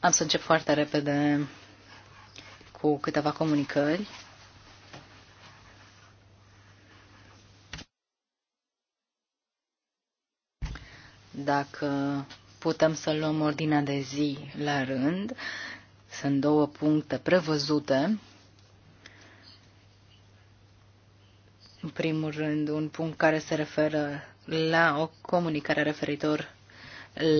Am să încep foarte repede cu câteva comunicări. Dacă putem să luăm ordinea de zi la rând, sunt două puncte prevăzute. În primul rând, un punct care se referă la o comunicare referitor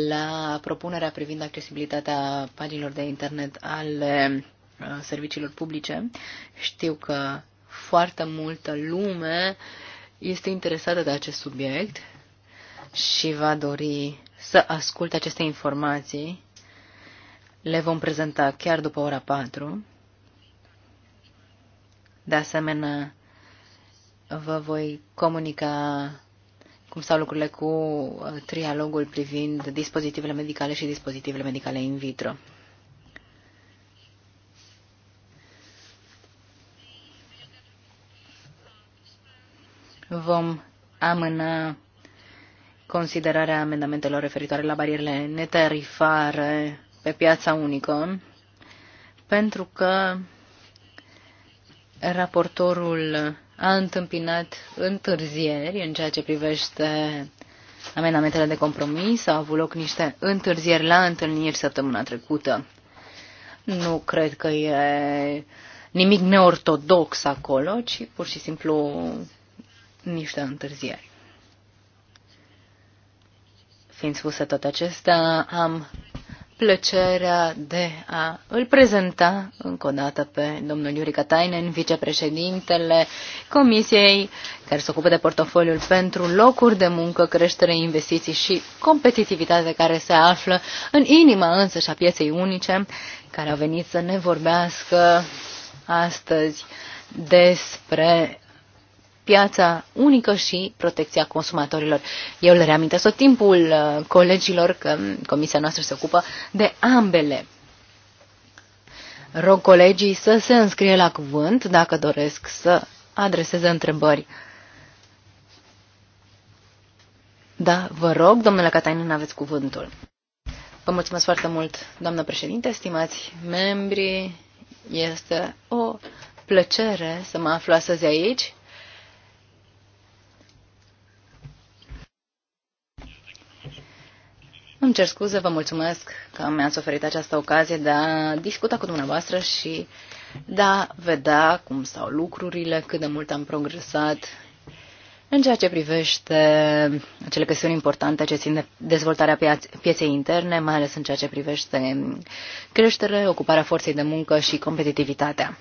la propunerea privind accesibilitatea paginilor de internet ale uh, serviciilor publice. Știu că foarte multă lume este interesată de acest subiect și va dori să asculte aceste informații. Le vom prezenta chiar după ora 4. De asemenea, vă voi comunica cum stau lucrurile cu uh, trialogul privind dispozitivele medicale și dispozitivele medicale in vitro. Vom amâna considerarea amendamentelor referitoare la barierele netarifare pe piața unică, pentru că raportorul a întâmpinat întârzieri în ceea ce privește amendamentele de compromis. Au avut loc niște întârzieri la întâlniri săptămâna trecută. Nu cred că e nimic neortodox acolo, ci pur și simplu niște întârzieri. Fiind spuse toate acestea, am plăcerea de a îl prezenta încă o dată pe domnul Iurica Tainen, vicepreședintele Comisiei care se ocupă de portofoliul pentru locuri de muncă, creștere, investiții și competitivitate care se află în inima însă și a pieței unice, care a venit să ne vorbească astăzi despre piața unică și protecția consumatorilor. Eu le reamintesc tot timpul uh, colegilor că comisia noastră se ocupă de ambele. Rog colegii să se înscrie la cuvânt dacă doresc să adreseze întrebări. Da, vă rog, domnule Catainen, aveți cuvântul. Vă mulțumesc foarte mult, doamnă președinte, stimați membri. Este o plăcere să mă aflu astăzi aici Îmi cer scuze, vă mulțumesc că mi-ați oferit această ocazie de a discuta cu dumneavoastră și de a vedea cum stau lucrurile, cât de mult am progresat în ceea ce privește acele chestiuni importante ce țin de dezvoltarea pieței interne, mai ales în ceea ce privește creștere, ocuparea forței de muncă și competitivitatea.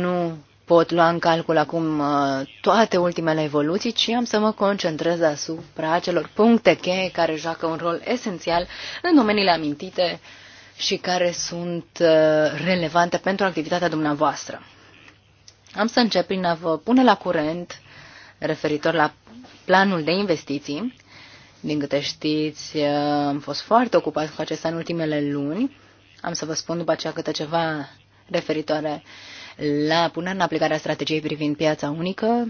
Nu pot lua în calcul acum uh, toate ultimele evoluții, ci am să mă concentrez asupra acelor puncte cheie care joacă un rol esențial în domeniile amintite și care sunt uh, relevante pentru activitatea dumneavoastră. Am să încep prin a vă pune la curent referitor la planul de investiții. Din câte știți, uh, am fost foarte ocupat cu acesta în ultimele luni. Am să vă spun după aceea câte ceva referitoare uh, la punerea în aplicare a strategiei privind piața unică.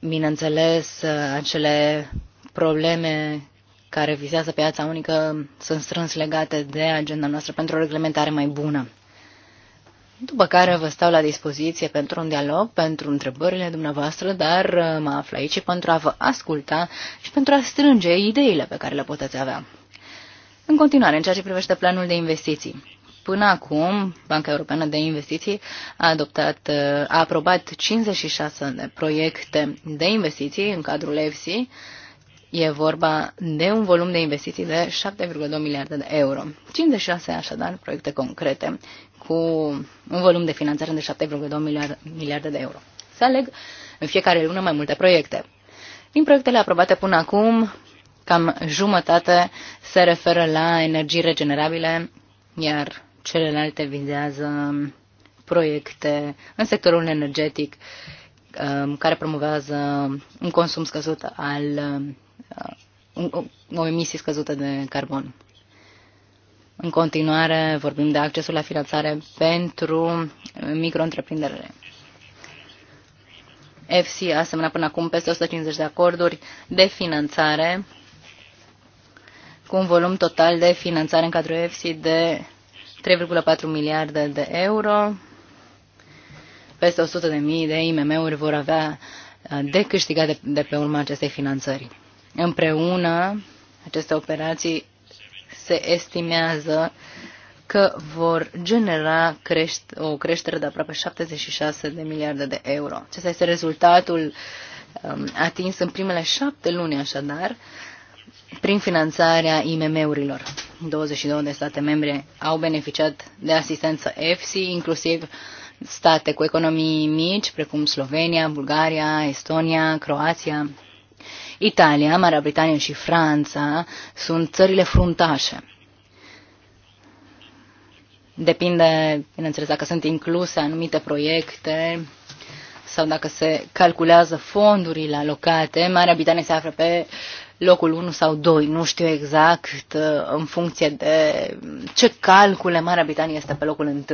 Bineînțeles, acele probleme care vizează piața unică sunt strâns legate de agenda noastră pentru o reglementare mai bună. După care vă stau la dispoziție pentru un dialog, pentru întrebările dumneavoastră, dar uh, mă aflu aici pentru a vă asculta și pentru a strânge ideile pe care le puteți avea. În continuare, în ceea ce privește planul de investiții. Până acum, Banca Europeană de Investiții a adoptat, a aprobat 56 de proiecte de investiții în cadrul EFSI. E vorba de un volum de investiții de 7,2 miliarde de euro. 56 așadar proiecte concrete cu un volum de finanțare de 7,2 miliarde de euro. Se aleg în fiecare lună mai multe proiecte. Din proiectele aprobate până acum, cam jumătate se referă la energii regenerabile, iar celelalte vizează um, proiecte în sectorul energetic um, care promovează un consum scăzut al um, o emisie scăzută de carbon. În continuare vorbim de accesul la finanțare pentru micro-întreprinderile. FC a semnat până acum peste 150 de acorduri de finanțare cu un volum total de finanțare în cadrul EFSI de 3,4 miliarde de euro. Peste 100 de mii de IMM-uri vor avea uh, de câștigat de, de pe urma acestei finanțări. Împreună, aceste operații se estimează că vor genera creșt, o creștere de aproape 76 de miliarde de euro. Acesta este rezultatul um, atins în primele șapte luni, așadar, uh, prin finanțarea IMM-urilor. 22 de state membre au beneficiat de asistență EFSI, inclusiv state cu economii mici, precum Slovenia, Bulgaria, Estonia, Croația. Italia, Marea Britanie și Franța sunt țările fruntașe. Depinde, bineînțeles, dacă sunt incluse anumite proiecte sau dacă se calculează fondurile alocate. Marea Britanie se află pe uh, locul 1 sau 2, nu știu exact uh, în funcție de ce calcule Marea Britanie este pe locul 1.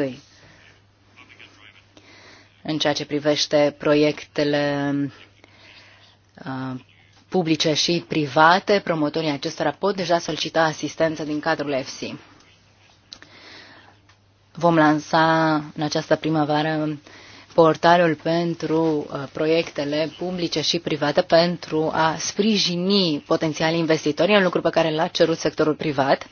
În ceea ce privește proiectele uh, publice și private, promotorii acestora pot deja solicita asistență din cadrul FC. Vom lansa în această primăvară portalul pentru uh, proiectele publice și private pentru a sprijini potențialii investitori. un lucru pe care l-a cerut sectorul privat.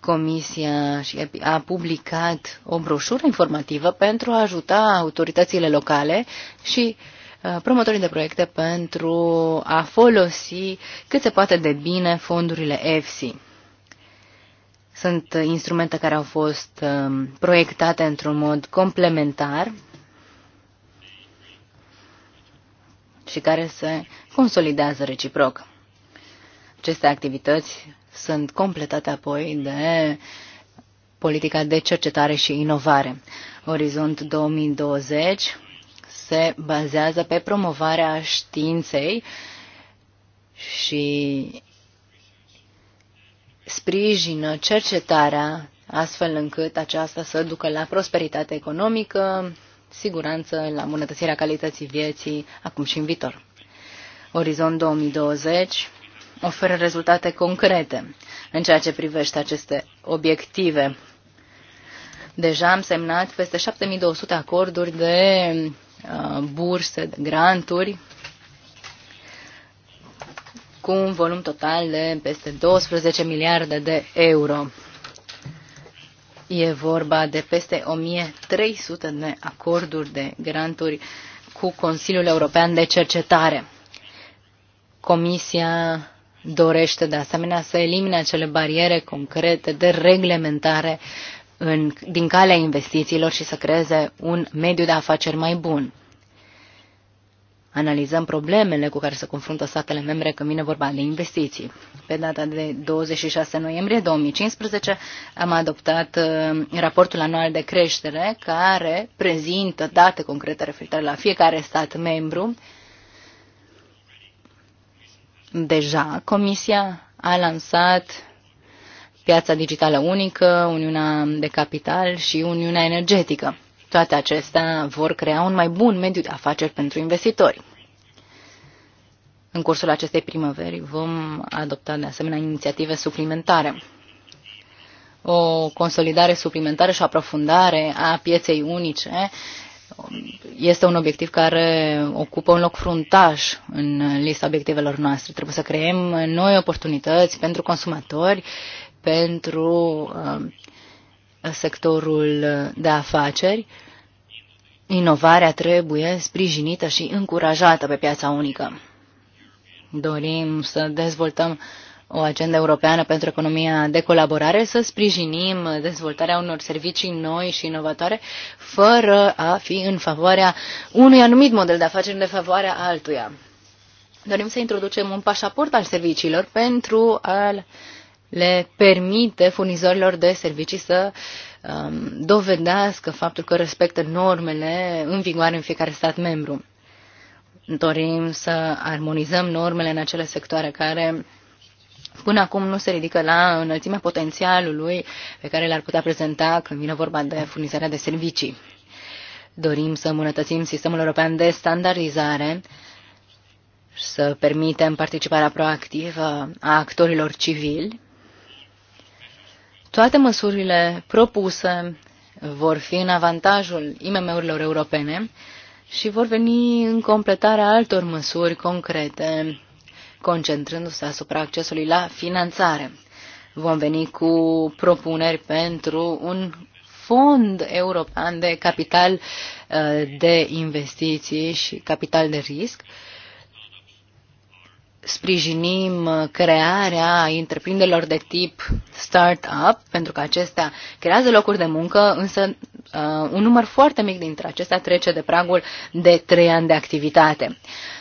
Comisia a publicat o broșură informativă pentru a ajuta autoritățile locale și uh, promotorii de proiecte pentru a folosi cât se poate de bine fondurile EFSI. Sunt instrumente care au fost um, proiectate într-un mod complementar și care se consolidează reciproc. Aceste activități sunt completate apoi de politica de cercetare și inovare. Orizont 2020 se bazează pe promovarea științei și sprijină cercetarea astfel încât aceasta să ducă la prosperitate economică, siguranță, la îmbunătățirea calității vieții, acum și în viitor. Orizont 2020 oferă rezultate concrete în ceea ce privește aceste obiective. Deja am semnat peste 7200 acorduri de uh, burse, de granturi, cu un volum total de peste 12 miliarde de euro. E vorba de peste 1300 de acorduri de granturi cu Consiliul European de Cercetare. Comisia dorește de asemenea să elimine acele bariere concrete de reglementare în, din calea investițiilor și să creeze un mediu de afaceri mai bun analizăm problemele cu care se confruntă statele membre când vine vorba de investiții. Pe data de 26 noiembrie 2015 am adoptat uh, raportul anual de creștere care prezintă date concrete referitoare la fiecare stat membru. Deja Comisia a lansat piața digitală unică, Uniunea de capital și Uniunea energetică. Toate acestea vor crea un mai bun mediu de afaceri pentru investitori. În cursul acestei primăveri vom adopta de asemenea inițiative suplimentare. O consolidare suplimentară și aprofundare a pieței unice este un obiectiv care ocupă un loc fruntaș în lista obiectivelor noastre. Trebuie să creăm noi oportunități pentru consumatori, pentru uh, sectorul de afaceri. Inovarea trebuie sprijinită și încurajată pe piața unică dorim să dezvoltăm o agendă europeană pentru economia de colaborare, să sprijinim dezvoltarea unor servicii noi și inovatoare, fără a fi în favoarea unui anumit model de afaceri, în favoarea altuia. Dorim să introducem un pașaport al serviciilor pentru a le permite furnizorilor de servicii să um, dovedească faptul că respectă normele în vigoare în fiecare stat membru. Dorim să armonizăm normele în acele sectoare care până acum nu se ridică la înălțimea potențialului pe care l-ar putea prezenta când vine vorba de furnizarea de servicii. Dorim să îmbunătățim sistemul european de standardizare, să permitem participarea proactivă a actorilor civili. Toate măsurile propuse vor fi în avantajul IMM-urilor europene, și vor veni în completarea altor măsuri concrete, concentrându-se asupra accesului la finanțare. Vom veni cu propuneri pentru un fond european de capital uh, de investiții și capital de risc, sprijinim uh, crearea întreprinderilor de tip start-up, pentru că acestea creează locuri de muncă, însă uh, un număr foarte mic dintre acestea trece de pragul de trei ani de activitate.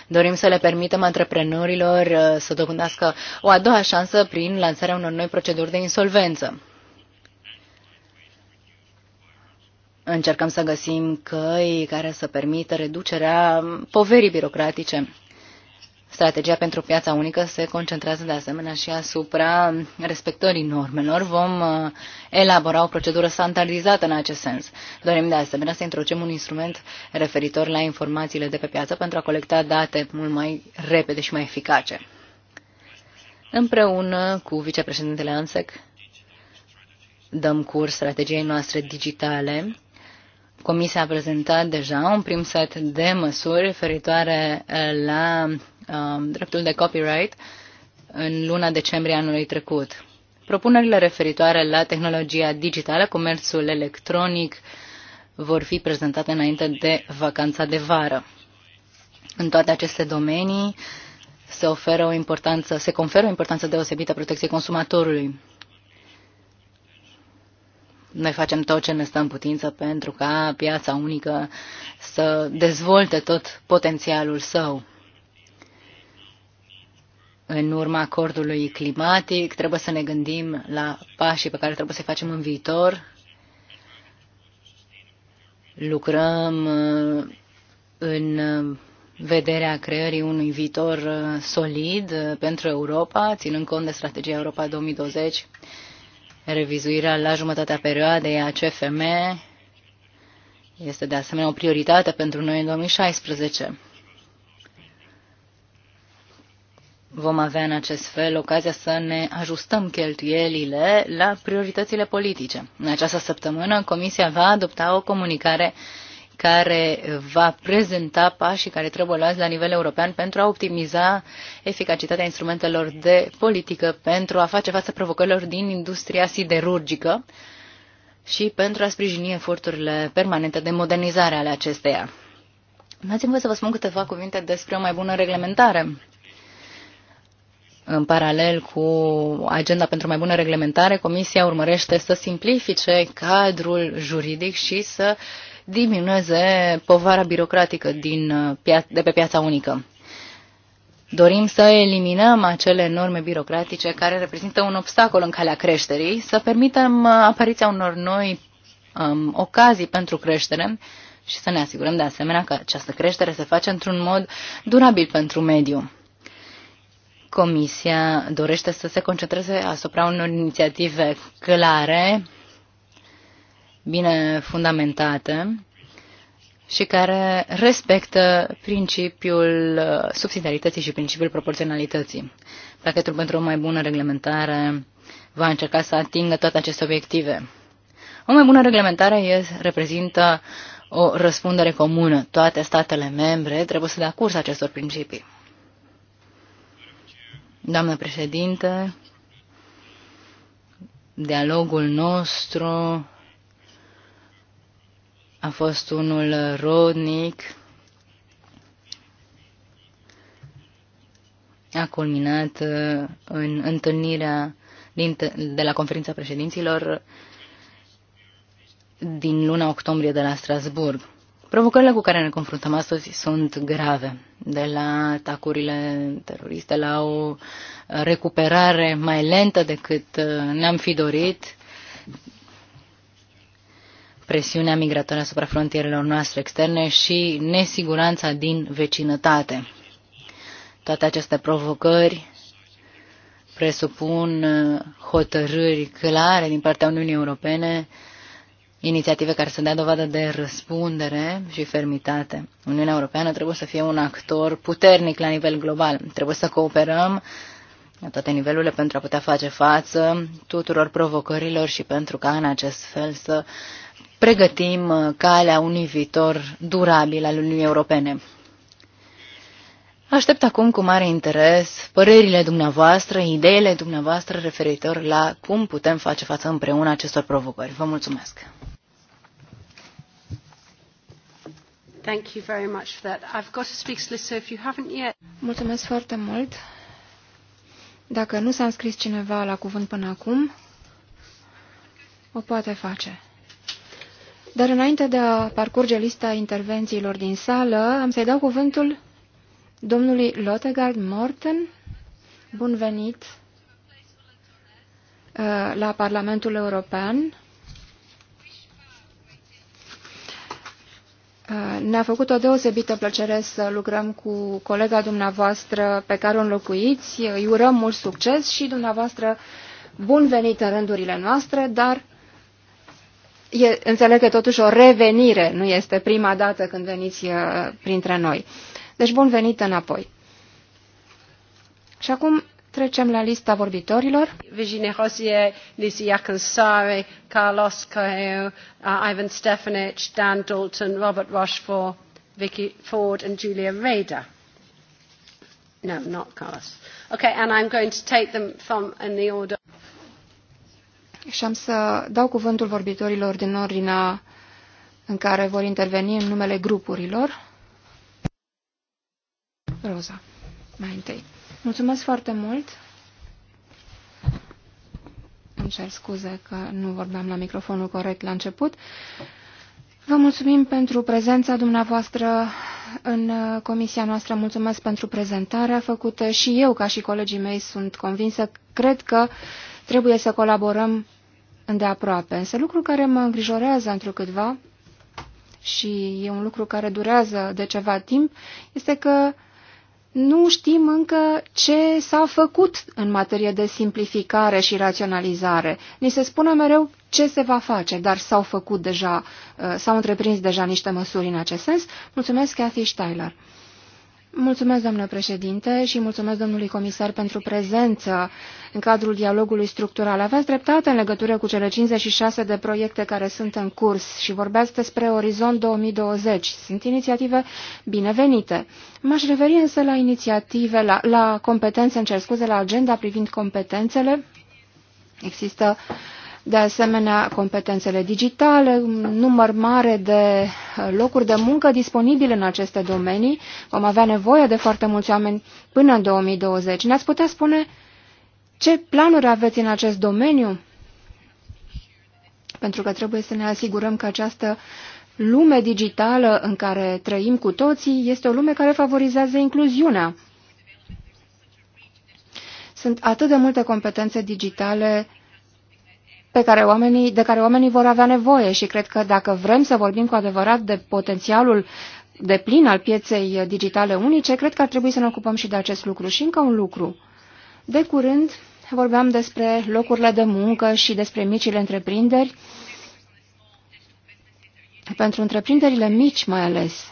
Dorim să le permitem antreprenorilor uh, să dobândească o a doua șansă prin lansarea unor noi proceduri de insolvență. Încercăm să găsim căi care să permită reducerea poverii birocratice Strategia pentru piața unică se concentrează de asemenea și asupra respectării normelor. Vom uh, elabora o procedură standardizată în acest sens. Dorim de asemenea să introducem un instrument referitor la informațiile de pe piață pentru a colecta date mult mai repede și mai eficace. Împreună cu vicepreședintele ANSEC dăm curs strategiei noastre digitale Comisia a prezentat deja un prim set de măsuri referitoare la um, dreptul de copyright în luna decembrie anului trecut. Propunerile referitoare la tehnologia digitală, comerțul electronic, vor fi prezentate înainte de vacanța de vară. În toate aceste domenii se, oferă o importanță, se conferă o importanță deosebită protecției consumatorului. Noi facem tot ce ne stă în putință pentru ca piața unică să dezvolte tot potențialul său în urma acordului climatic, trebuie să ne gândim la pașii pe care trebuie să-i facem în viitor. Lucrăm uh, în uh, vederea creării unui viitor uh, solid pentru Europa, ținând cont de strategia Europa 2020, revizuirea la jumătatea perioadei a CFM este de asemenea o prioritate pentru noi în 2016. Vom avea în acest fel ocazia să ne ajustăm cheltuielile la prioritățile politice. În această săptămână, Comisia va adopta o comunicare care va prezenta pașii care trebuie luați la nivel european pentru a optimiza eficacitatea instrumentelor de politică, pentru a face față provocărilor din industria siderurgică și pentru a sprijini eforturile permanente de modernizare ale acesteia. Dați-mi să vă spun câteva cuvinte despre o mai bună reglementare în paralel cu agenda pentru mai bună reglementare, Comisia urmărește să simplifice cadrul juridic și să diminueze povara birocratică din, uh, de pe piața unică. Dorim să eliminăm acele norme birocratice care reprezintă un obstacol în calea creșterii, să permitem uh, apariția unor noi um, ocazii pentru creștere și să ne asigurăm de asemenea că această creștere se face într-un mod durabil pentru mediu. Comisia dorește să se concentreze asupra unor inițiative clare, bine fundamentate și care respectă principiul uh, subsidiarității și principiul proporționalității. Pachetul pentru o mai bună reglementare va încerca să atingă toate aceste obiective. O mai bună reglementare reprezintă o răspundere comună. Toate statele membre trebuie să dea curs acestor principii. Doamnă președinte, dialogul nostru a fost unul rodnic, a culminat uh, în întâlnirea din, de la conferința președinților din luna octombrie de la Strasburg. Provocările cu care ne confruntăm astăzi sunt grave, de la atacurile teroriste la o recuperare mai lentă decât uh, ne-am fi dorit, presiunea migratoare asupra frontierelor noastre externe și nesiguranța din vecinătate. Toate aceste provocări presupun uh, hotărâri clare din partea Uniunii Europene inițiative care să dea dovadă de răspundere și fermitate. Uniunea Europeană trebuie să fie un actor puternic la nivel global. Trebuie să cooperăm la toate nivelurile pentru a putea face față tuturor provocărilor și pentru ca în acest fel să pregătim calea unui viitor durabil al Uniunii Europene. Aștept acum cu mare interes părerile dumneavoastră, ideile dumneavoastră referitor la cum putem face față împreună acestor provocări. Vă mulțumesc! Thank you very much for that. I've got to speak slowly, so if you haven't yet... Mulțumesc foarte mult! Dacă nu s-a înscris cineva la cuvânt până acum, o poate face. Dar înainte de a parcurge lista intervențiilor din sală, am să-i dau cuvântul Domnului Lotegard Morten, bun venit uh, la Parlamentul European. Uh, ne-a făcut o deosebită plăcere să lucrăm cu colega dumneavoastră pe care o înlocuiți. Îi urăm mult succes și dumneavoastră bun venit în rândurile noastre, dar e, înțeleg că totuși o revenire nu este prima dată când veniți uh, printre noi. Deci bun venit înapoi. Și acum trecem la lista vorbitorilor. Virginia Rosie, Lisi Iacansari, Carlos Coelho, uh, Ivan Stefanic, Dan Dalton, Robert Rochefort, Vicky Ford and Julia Rader. No, not Carlos. Okay, and I'm going to take them from in the order. Și am să dau cuvântul vorbitorilor din ordinea în care vor interveni în numele grupurilor. Roza, mai întâi. Mulțumesc foarte mult. Îmi cer scuze că nu vorbeam la microfonul corect la început. Vă mulțumim pentru prezența dumneavoastră în uh, comisia noastră. Mulțumesc pentru prezentarea făcută și eu, ca și colegii mei, sunt convinsă. Cred că trebuie să colaborăm îndeaproape. Însă lucru care mă îngrijorează într câtva și e un lucru care durează de ceva timp, este că nu știm încă ce s-a făcut în materie de simplificare și raționalizare. Ni se spune mereu ce se va face, dar s-au făcut deja, uh, s-au întreprins deja niște măsuri în acest sens. Mulțumesc, Cathy Steiler. Mulțumesc, doamnă președinte, și mulțumesc domnului comisar pentru prezență în cadrul dialogului structural. Aveți dreptate în legătură cu cele 56 de proiecte care sunt în curs și vorbeați despre Orizont 2020. Sunt inițiative binevenite. M-aș referi însă la inițiative, la, la competențe, încerc scuze, la agenda privind competențele. Există uh, de asemenea competențele digitale, un număr mare de uh, locuri de muncă disponibile în aceste domenii. Vom avea nevoie de foarte mulți oameni până în 2020. Ne-ați putea spune ce planuri aveți în acest domeniu? Pentru că trebuie să ne asigurăm că această lume digitală în care trăim cu toții este o lume care favorizează incluziunea. Sunt atât de multe competențe digitale pe care oamenii, de care oamenii vor avea nevoie și cred că dacă vrem să vorbim cu adevărat de potențialul de plin al pieței digitale unice, cred că ar trebui să ne ocupăm și de acest lucru. Și încă un lucru. De curând vorbeam despre locurile de muncă și despre micile întreprinderi. Pentru întreprinderile mici mai ales,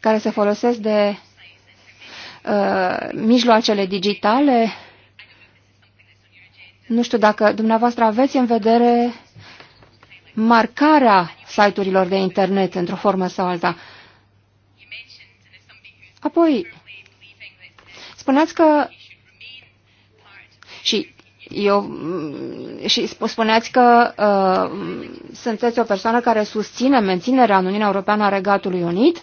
care se folosesc de uh, mijloacele digitale, nu știu dacă dumneavoastră aveți în vedere marcarea site-urilor de internet într-o formă sau alta. Apoi, spuneați că și eu mm, și spuneați că uh, sunteți o persoană care susține menținerea în Uniunea Europeană a Regatului Unit.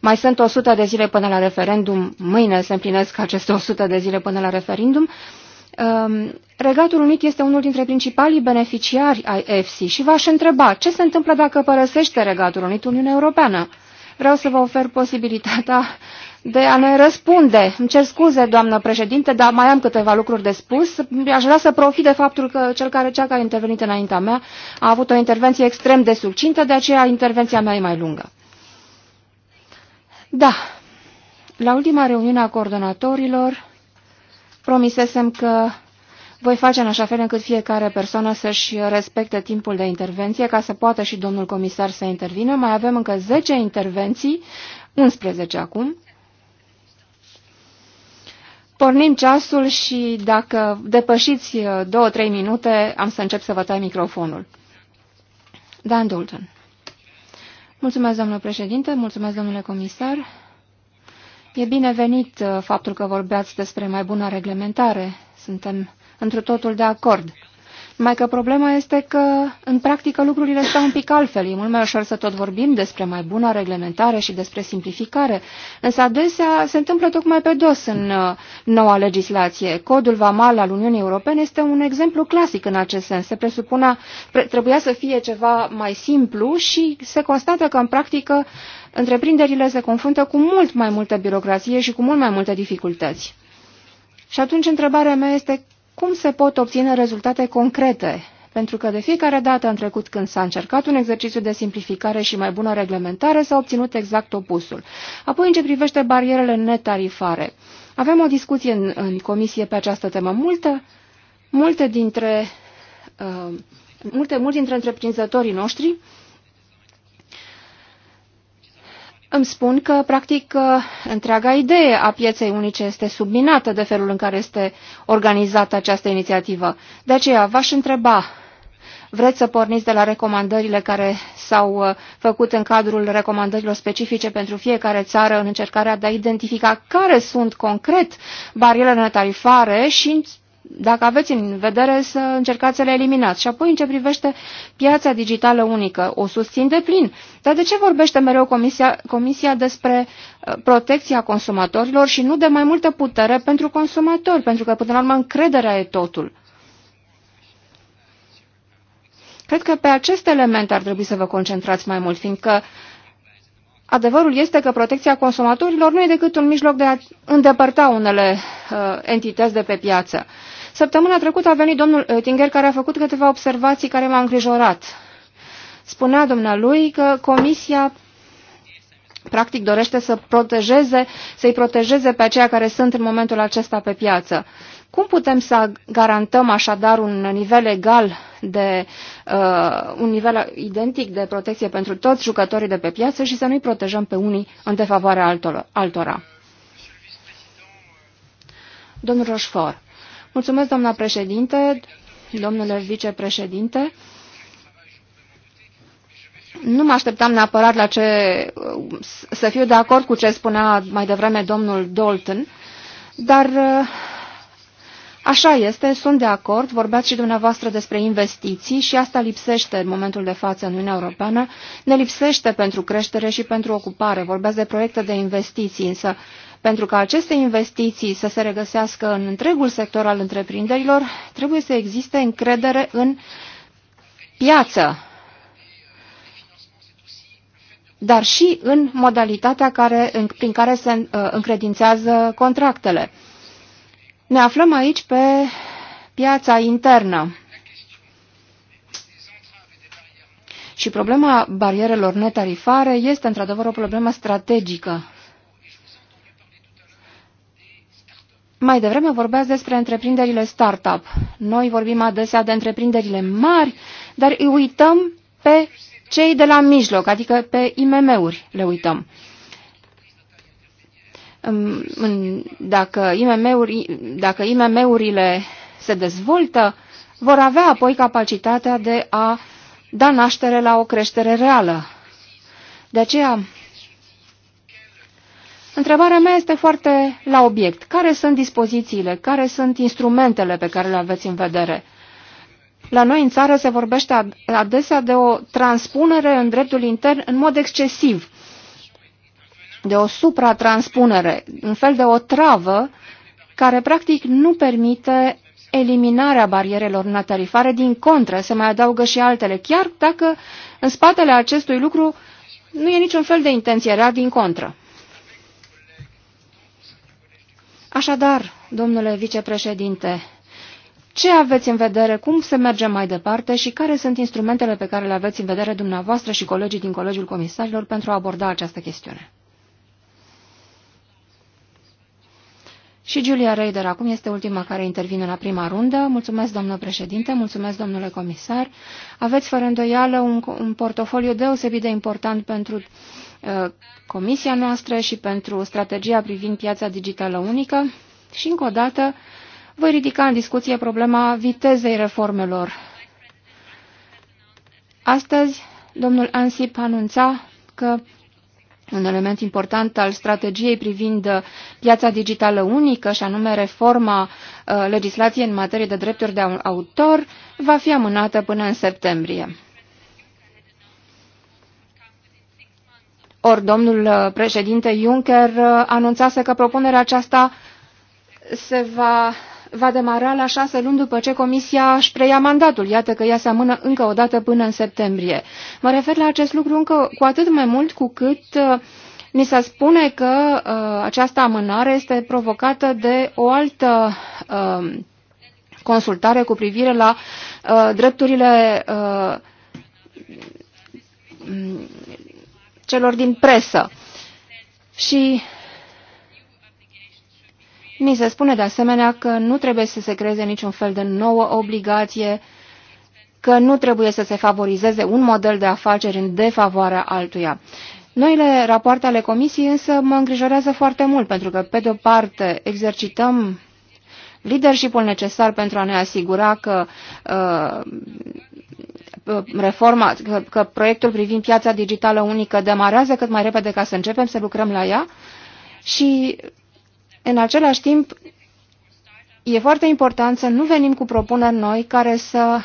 Mai sunt 100 de zile până la referendum. Mâine se împlinesc aceste 100 de zile până la referendum. Uh, Um, Regatul Unit este unul dintre principalii beneficiari ai EFSI și v-aș întreba ce se întâmplă dacă părăsește Regatul Unit Uniunea Europeană. Vreau să vă ofer posibilitatea de a ne răspunde. Îmi cer scuze, doamnă președinte, dar mai am câteva lucruri de spus. Aș vrea să profit de faptul că cel care, cea care a intervenit înaintea mea a avut o intervenție extrem de succintă, de aceea intervenția mea e mai lungă. Da, la ultima reuniune a coordonatorilor, promisesem că voi face în așa fel încât fiecare persoană să-și respecte timpul de intervenție ca să poată și domnul comisar să intervină. Mai avem încă 10 intervenții, 11 acum. Pornim ceasul și dacă depășiți 2-3 uh, minute, am să încep să vă tai microfonul. Dan Dalton. Mulțumesc, domnule președinte, mulțumesc, domnule comisar. E binevenit uh, faptul că vorbeați despre mai bună reglementare. Suntem întru totul de acord. Mai că problema este că, în practică, lucrurile stau un pic altfel. E mult mai ușor să tot vorbim despre mai bună reglementare și despre simplificare. Însă adesea se întâmplă tocmai pe dos în uh, noua legislație. Codul VAMAL al Uniunii Europene este un exemplu clasic în acest sens. Se presupunea, pre, trebuia să fie ceva mai simplu și se constată că, în practică, întreprinderile se confruntă cu mult mai multă birocrație și cu mult mai multe dificultăți. Și atunci întrebarea mea este cum se pot obține rezultate concrete pentru că de fiecare dată în trecut când s-a încercat un exercițiu de simplificare și mai bună reglementare, s-a obținut exact opusul. Apoi, în ce privește barierele netarifare, avem o discuție în, în comisie pe această temă. Multe, multe dintre, uh, multe, mulți dintre întreprinzătorii noștri uh, îmi spun că, practic, uh, întreaga idee a pieței unice este subminată de felul în care este organizată această inițiativă. De aceea, v-aș întreba, vreți să porniți de la recomandările care s-au uh, făcut în cadrul recomandărilor specifice pentru fiecare țară în încercarea de a identifica care sunt concret barierele tarifare și dacă aveți în vedere să încercați să le eliminați. Și apoi în ce privește piața digitală unică, o susțin de plin. Dar de ce vorbește mereu Comisia, comisia despre uh, protecția consumatorilor și nu de mai multă putere pentru consumatori? Pentru că, până la urmă, încrederea e totul. Cred că pe acest element ar trebui să vă concentrați mai mult, fiindcă adevărul este că protecția consumatorilor nu e decât un mijloc de a îndepărta unele uh, entități de pe piață. Săptămâna trecută a venit domnul Oettinger care a făcut câteva observații care m-au îngrijorat. Spunea dumnealui că Comisia practic dorește să protejeze, să-i protejeze pe aceia care sunt în momentul acesta pe piață. Cum putem să garantăm așadar un nivel egal de uh, un nivel identic de protecție pentru toți jucătorii de pe piață și să nu-i protejăm pe unii în defavoarea altora? Domnul Rochefort, Mulțumesc, doamna președinte, domnule vicepreședinte. Nu mă așteptam neapărat la ce, să fiu de acord cu ce spunea mai devreme domnul Dalton, dar așa este, sunt de acord, vorbeați și dumneavoastră despre investiții și asta lipsește în momentul de față în Uniunea Europeană, ne lipsește pentru creștere și pentru ocupare, vorbeați de proiecte de investiții, însă pentru ca aceste investiții să se regăsească în întregul sector al întreprinderilor, trebuie să existe încredere în piață, dar și în modalitatea care, în, prin care se uh, încredințează contractele. Ne aflăm aici pe piața internă. Și problema barierelor netarifare este într-adevăr o problemă strategică. Mai devreme vorbeați despre întreprinderile startup. Noi vorbim adesea de întreprinderile mari, dar îi uităm pe cei de la mijloc, adică pe IMM-uri le uităm. Dacă, IMM-uri, dacă IMM-urile se dezvoltă, vor avea apoi capacitatea de a da naștere la o creștere reală. De aceea, Întrebarea mea este foarte la obiect. Care sunt dispozițiile, care sunt instrumentele pe care le aveți în vedere? La noi în țară se vorbește adesea de o transpunere în dreptul intern în mod excesiv, de o supra transpunere, un fel de o travă care practic nu permite eliminarea barierelor natarifare. din contră se mai adaugă și altele, chiar dacă în spatele acestui lucru nu e niciun fel de intenție era din contră. Așadar, domnule vicepreședinte, ce aveți în vedere, cum se merge mai departe și care sunt instrumentele pe care le aveți în vedere dumneavoastră și colegii din Colegiul Comisarilor pentru a aborda această chestiune? Și Julia Reider acum este ultima care intervine la prima rundă. Mulțumesc, domnule președinte, mulțumesc, domnule comisar. Aveți, fără îndoială, un, un portofoliu deosebit de important pentru Uh, comisia noastră și pentru strategia privind piața digitală unică și, încă o dată, voi ridica în discuție problema vitezei reformelor. Astăzi, domnul Ansip anunța că un element important al strategiei privind uh, piața digitală unică, și anume reforma uh, legislației în materie de drepturi de autor, va fi amânată până în septembrie. Ori domnul uh, președinte Juncker uh, anunțase că propunerea aceasta se va, va demara la șase luni după ce Comisia își preia mandatul. Iată că ea se amână încă o dată până în septembrie. Mă refer la acest lucru încă cu atât mai mult cu cât uh, Ni se spune că uh, această amânare este provocată de o altă uh, consultare cu privire la uh, drepturile uh, celor din presă. Și ni se spune de asemenea că nu trebuie să se creeze niciun fel de nouă obligație, că nu trebuie să se favorizeze un model de afaceri în defavoarea altuia. Noile rapoarte ale Comisiei însă mă îngrijorează foarte mult, pentru că, pe de-o parte, exercităm leadership necesar pentru a ne asigura că uh, Uh, reforma, că, că proiectul privind piața digitală unică demarează cât mai repede ca să începem să lucrăm la ea și în același timp e foarte important să nu venim cu propuneri noi care să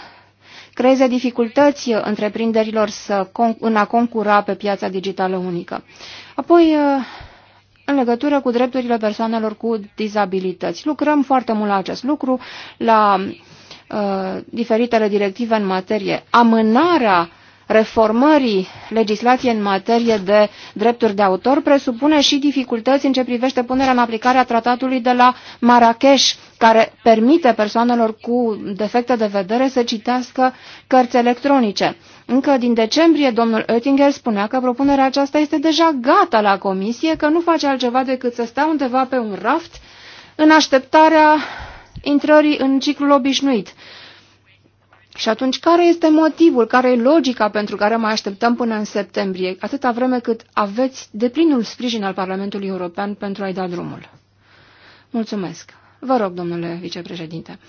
creeze dificultăți întreprinderilor să, în a concura pe piața digitală unică. Apoi, uh, în legătură cu drepturile persoanelor cu dizabilități. Lucrăm foarte mult la acest lucru, la Uh, diferitele directive în materie, amânarea reformării legislației în materie de drepturi de autor presupune și dificultăți în ce privește punerea în aplicare a tratatului de la Marrakesh, care permite persoanelor cu defecte de vedere să citească cărți electronice. Încă din decembrie, domnul Oettinger spunea că propunerea aceasta este deja gata la comisie, că nu face altceva decât să stea undeva pe un raft în așteptarea intrării în ciclul obișnuit. Și atunci, care este motivul, care e logica pentru care mai așteptăm până în septembrie, atâta vreme cât aveți deplinul sprijin al Parlamentului European pentru a-i da drumul? Mulțumesc. Vă rog, domnule vicepreședinte.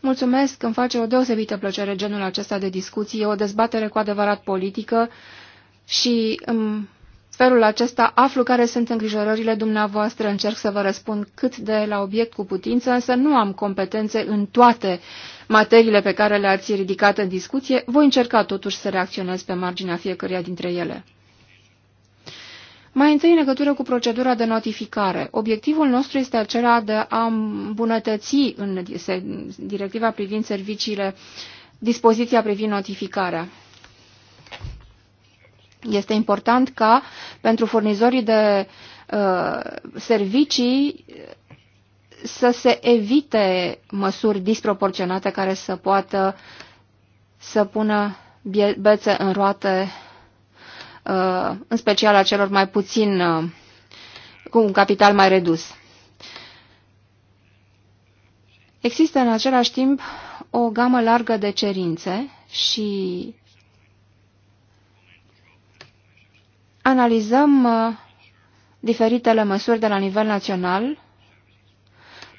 Mulțumesc, îmi face o deosebită plăcere genul acesta de discuții, e o dezbatere cu adevărat politică și îmi felul acesta aflu care sunt îngrijorările dumneavoastră, încerc să vă răspund cât de la obiect cu putință, însă nu am competențe în toate materiile pe care le-ați ridicat în discuție, voi încerca totuși să reacționez pe marginea fiecăruia dintre ele. Mai întâi, în legătură cu procedura de notificare. Obiectivul nostru este acela de a îmbunătăți în directiva privind serviciile dispoziția privind notificarea. Este important ca pentru furnizorii de uh, servicii să se evite măsuri disproporționate care să poată să pună bețe în roate, uh, în special a celor mai puțin uh, cu un capital mai redus. Există în același timp o gamă largă de cerințe și analizăm uh, diferitele măsuri de la nivel național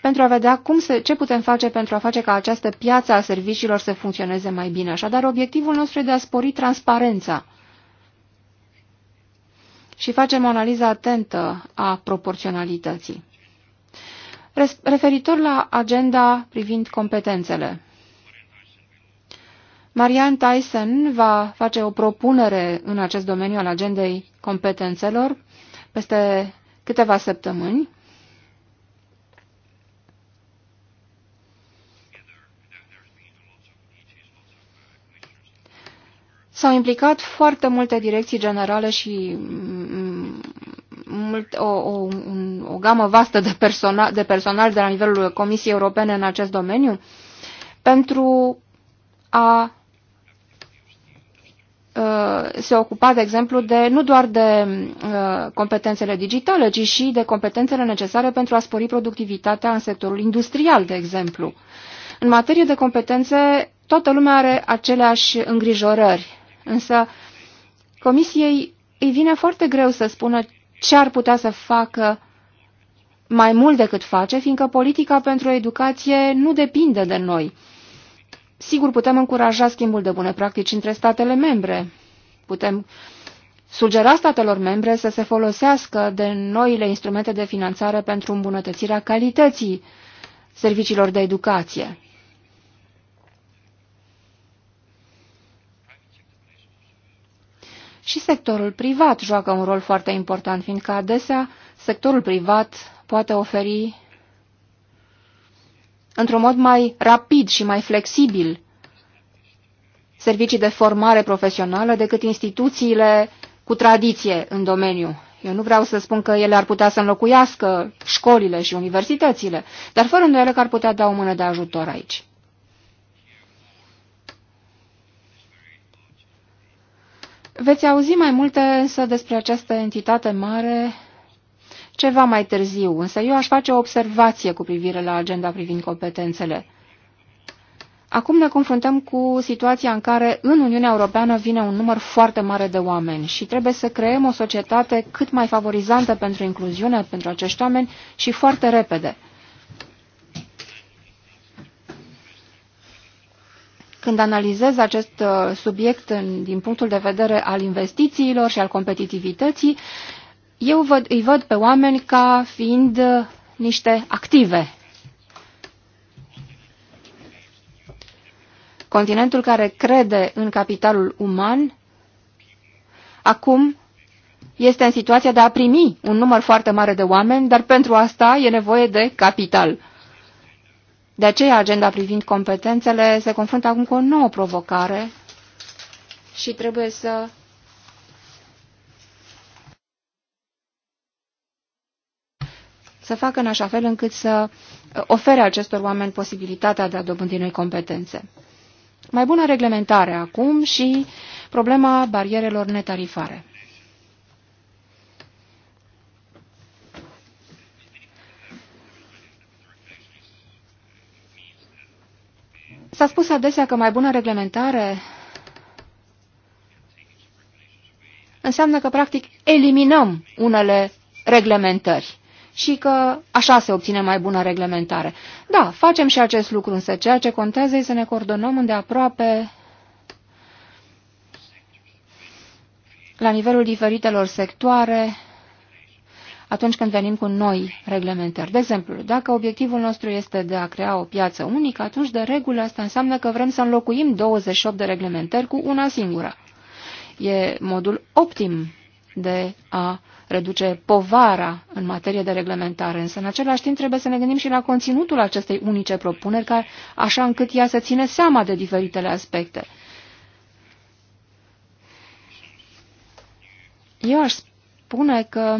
pentru a vedea cum se, ce putem face pentru a face ca această piață a serviciilor să funcționeze mai bine. Așadar, obiectivul nostru e de a spori transparența și facem o analiză atentă a proporționalității. Referitor la agenda privind competențele, Marian Tyson va face o propunere în acest domeniu al agendei competențelor peste câteva săptămâni. S-au implicat foarte multe direcții generale și mm, mult, o, o, un, o gamă vastă de personal, de personal de la nivelul Comisiei Europene în acest domeniu pentru a Uh, se ocupa, de exemplu, de, nu doar de uh, competențele digitale, ci și de competențele necesare pentru a spori productivitatea în sectorul industrial, de exemplu. În materie de competențe, toată lumea are aceleași îngrijorări, însă Comisiei îi vine foarte greu să spună ce ar putea să facă mai mult decât face, fiindcă politica pentru educație nu depinde de noi. Sigur, putem încuraja schimbul de bune practici între statele membre. Putem sugera statelor membre să se folosească de noile instrumente de finanțare pentru îmbunătățirea calității serviciilor de educație. Și sectorul privat joacă un rol foarte important, fiindcă adesea sectorul privat poate oferi într-un mod mai rapid și mai flexibil servicii de formare profesională decât instituțiile cu tradiție în domeniu. Eu nu vreau să spun că ele ar putea să înlocuiască școlile și universitățile, dar fără îndoială că ar putea da o mână de ajutor aici. Veți auzi mai multe însă despre această entitate mare ceva mai târziu, însă eu aș face o observație cu privire la agenda privind competențele. Acum ne confruntăm cu situația în care în Uniunea Europeană vine un număr foarte mare de oameni și trebuie să creăm o societate cât mai favorizantă pentru incluziune, pentru acești oameni și foarte repede. Când analizez acest uh, subiect din punctul de vedere al investițiilor și al competitivității, eu văd, îi văd pe oameni ca fiind uh, niște active. Continentul care crede în capitalul uman, acum este în situația de a primi un număr foarte mare de oameni, dar pentru asta e nevoie de capital. De aceea, agenda privind competențele se confruntă acum cu o nouă provocare și trebuie să să facă în așa fel încât să uh, ofere acestor oameni posibilitatea de a dobândi noi competențe. Mai bună reglementare acum și problema barierelor netarifare. S-a spus adesea că mai bună reglementare înseamnă că, practic, eliminăm unele reglementări și că așa se obține mai bună reglementare. Da, facem și acest lucru, însă ceea ce contează e să ne coordonăm îndeaproape la nivelul diferitelor sectoare atunci când venim cu noi reglementări. De exemplu, dacă obiectivul nostru este de a crea o piață unică, atunci de regulă asta înseamnă că vrem să înlocuim 28 de reglementări cu una singură. E modul optim de a reduce povara în materie de reglementare, însă în același timp trebuie să ne gândim și la conținutul acestei unice propuneri, ca așa încât ea să ține seama de diferitele aspecte. Eu aș spune că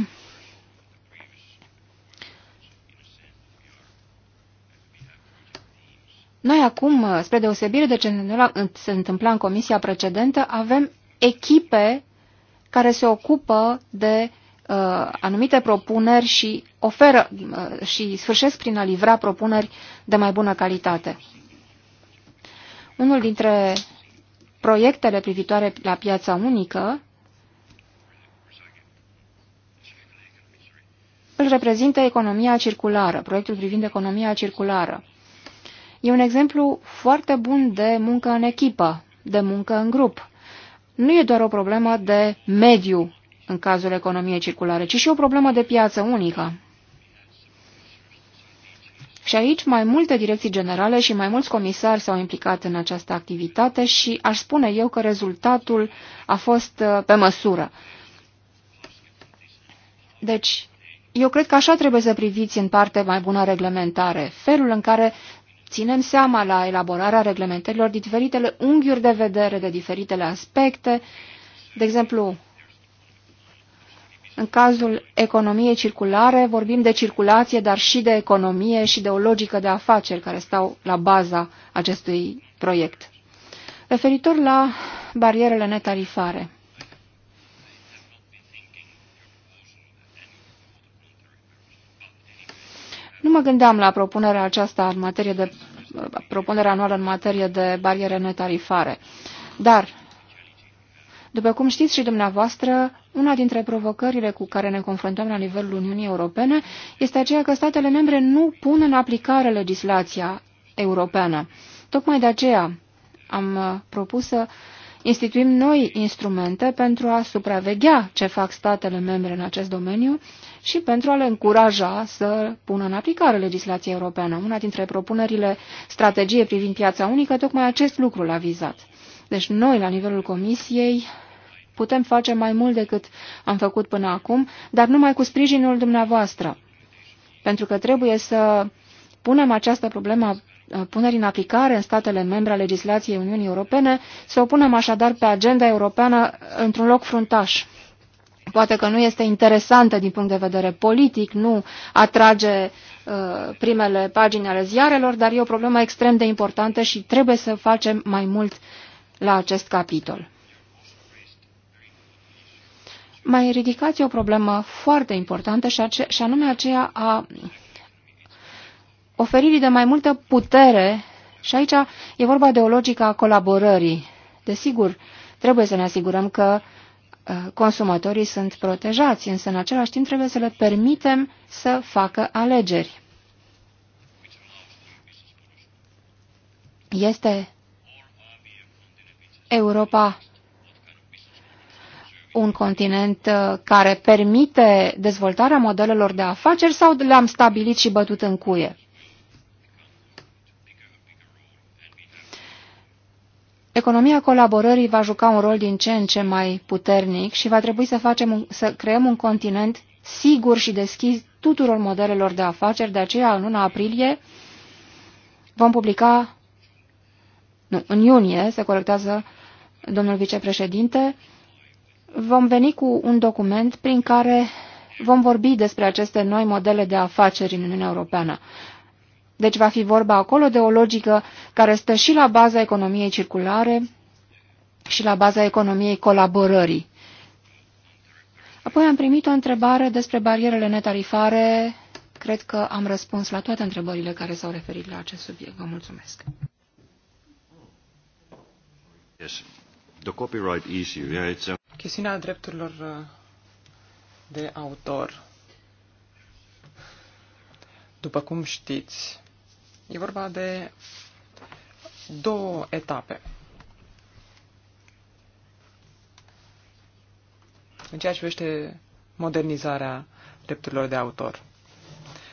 Noi acum, spre deosebire de ce se întâmpla în comisia precedentă, avem echipe care se ocupă de Uh, anumite propuneri și, oferă, uh, și sfârșesc prin a livra propuneri de mai bună calitate. Unul dintre proiectele privitoare la piața unică îl reprezintă economia circulară, proiectul privind economia circulară. E un exemplu foarte bun de muncă în echipă, de muncă în grup. Nu e doar o problemă de mediu în cazul economiei circulare, ci și o problemă de piață unică. Și aici mai multe direcții generale și mai mulți comisari s-au implicat în această activitate și aș spune eu că rezultatul a fost uh, pe măsură. Deci, eu cred că așa trebuie să priviți în parte mai bună reglementare, felul în care ținem seama la elaborarea reglementărilor de diferitele unghiuri de vedere, de diferitele aspecte, de exemplu, în cazul economiei circulare vorbim de circulație, dar și de economie și de o logică de afaceri care stau la baza acestui proiect. Referitor la barierele netarifare. Nu mă gândeam la propunerea aceasta în materie de propunerea anuală în materie de bariere netarifare. Dar după cum știți și dumneavoastră, una dintre provocările cu care ne confruntăm la nivelul Uniunii Europene este aceea că statele membre nu pun în aplicare legislația europeană. Tocmai de aceea am uh, propus să instituim noi instrumente pentru a supraveghea ce fac statele membre în acest domeniu și pentru a le încuraja să pună în aplicare legislația europeană. Una dintre propunerile strategiei privind piața unică, tocmai acest lucru l-a vizat. Deci noi, la nivelul Comisiei, Putem face mai mult decât am făcut până acum, dar numai cu sprijinul dumneavoastră. Pentru că trebuie să punem această problemă uh, punerii în aplicare în statele membre a legislației Uniunii Europene, să o punem așadar pe agenda europeană într-un loc fruntaș. Poate că nu este interesantă din punct de vedere politic, nu atrage uh, primele pagini ale ziarelor, dar e o problemă extrem de importantă și trebuie să facem mai mult la acest capitol mai ridicați o problemă foarte importantă și, ace și anume aceea a oferirii de mai multă putere și aici e vorba de o logică a colaborării. Desigur, trebuie să ne asigurăm că uh, consumatorii sunt protejați, însă în același timp trebuie să le permitem să facă alegeri. Este Europa un continent uh, care permite dezvoltarea modelelor de afaceri sau le-am stabilit și bătut în cuie? Economia colaborării va juca un rol din ce în ce mai puternic și va trebui să, facem, să creăm un continent sigur și deschis tuturor modelelor de afaceri. De aceea, în luna aprilie, vom publica, nu, în iunie, se corectează domnul vicepreședinte, vom veni cu un document prin care vom vorbi despre aceste noi modele de afaceri în Uniunea Europeană. Deci va fi vorba acolo de o logică care stă și la baza economiei circulare și la baza economiei colaborării. Apoi am primit o întrebare despre barierele netarifare. Cred că am răspuns la toate întrebările care s-au referit la acest subiect. Vă mulțumesc. Yes. The copyright issue, yeah, it's a... Chestiunea drepturilor uh, de autor. După cum știți, e vorba de două etape. În ceea ce vește modernizarea drepturilor de autor.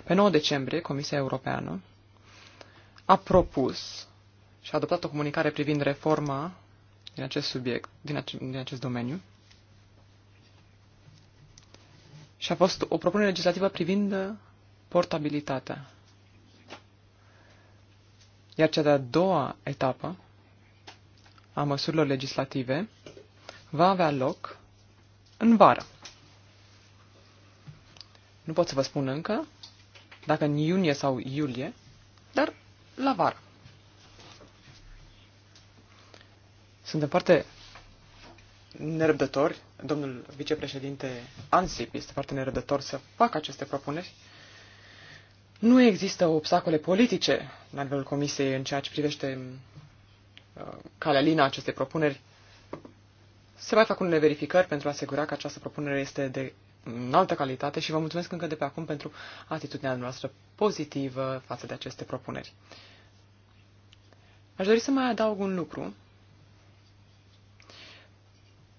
Pe 9 decembrie, Comisia Europeană a propus și a adoptat o comunicare privind reforma din acest subiect, din, ace- din acest domeniu, Și a fost o propunere legislativă privind uh, portabilitatea. Iar cea de-a doua etapă a măsurilor legislative va avea loc în vară. Nu pot să vă spun încă dacă în iunie sau iulie, dar la vară. Suntem foarte nerăbdători domnul vicepreședinte Ansip este foarte nerădător să facă aceste propuneri. Nu există obstacole politice la nivelul Comisiei în ceea ce privește uh, calea lina acestei propuneri. Se mai fac unele verificări pentru a asigura că această propunere este de înaltă calitate și vă mulțumesc încă de pe acum pentru atitudinea noastră pozitivă față de aceste propuneri. Aș dori să mai adaug un lucru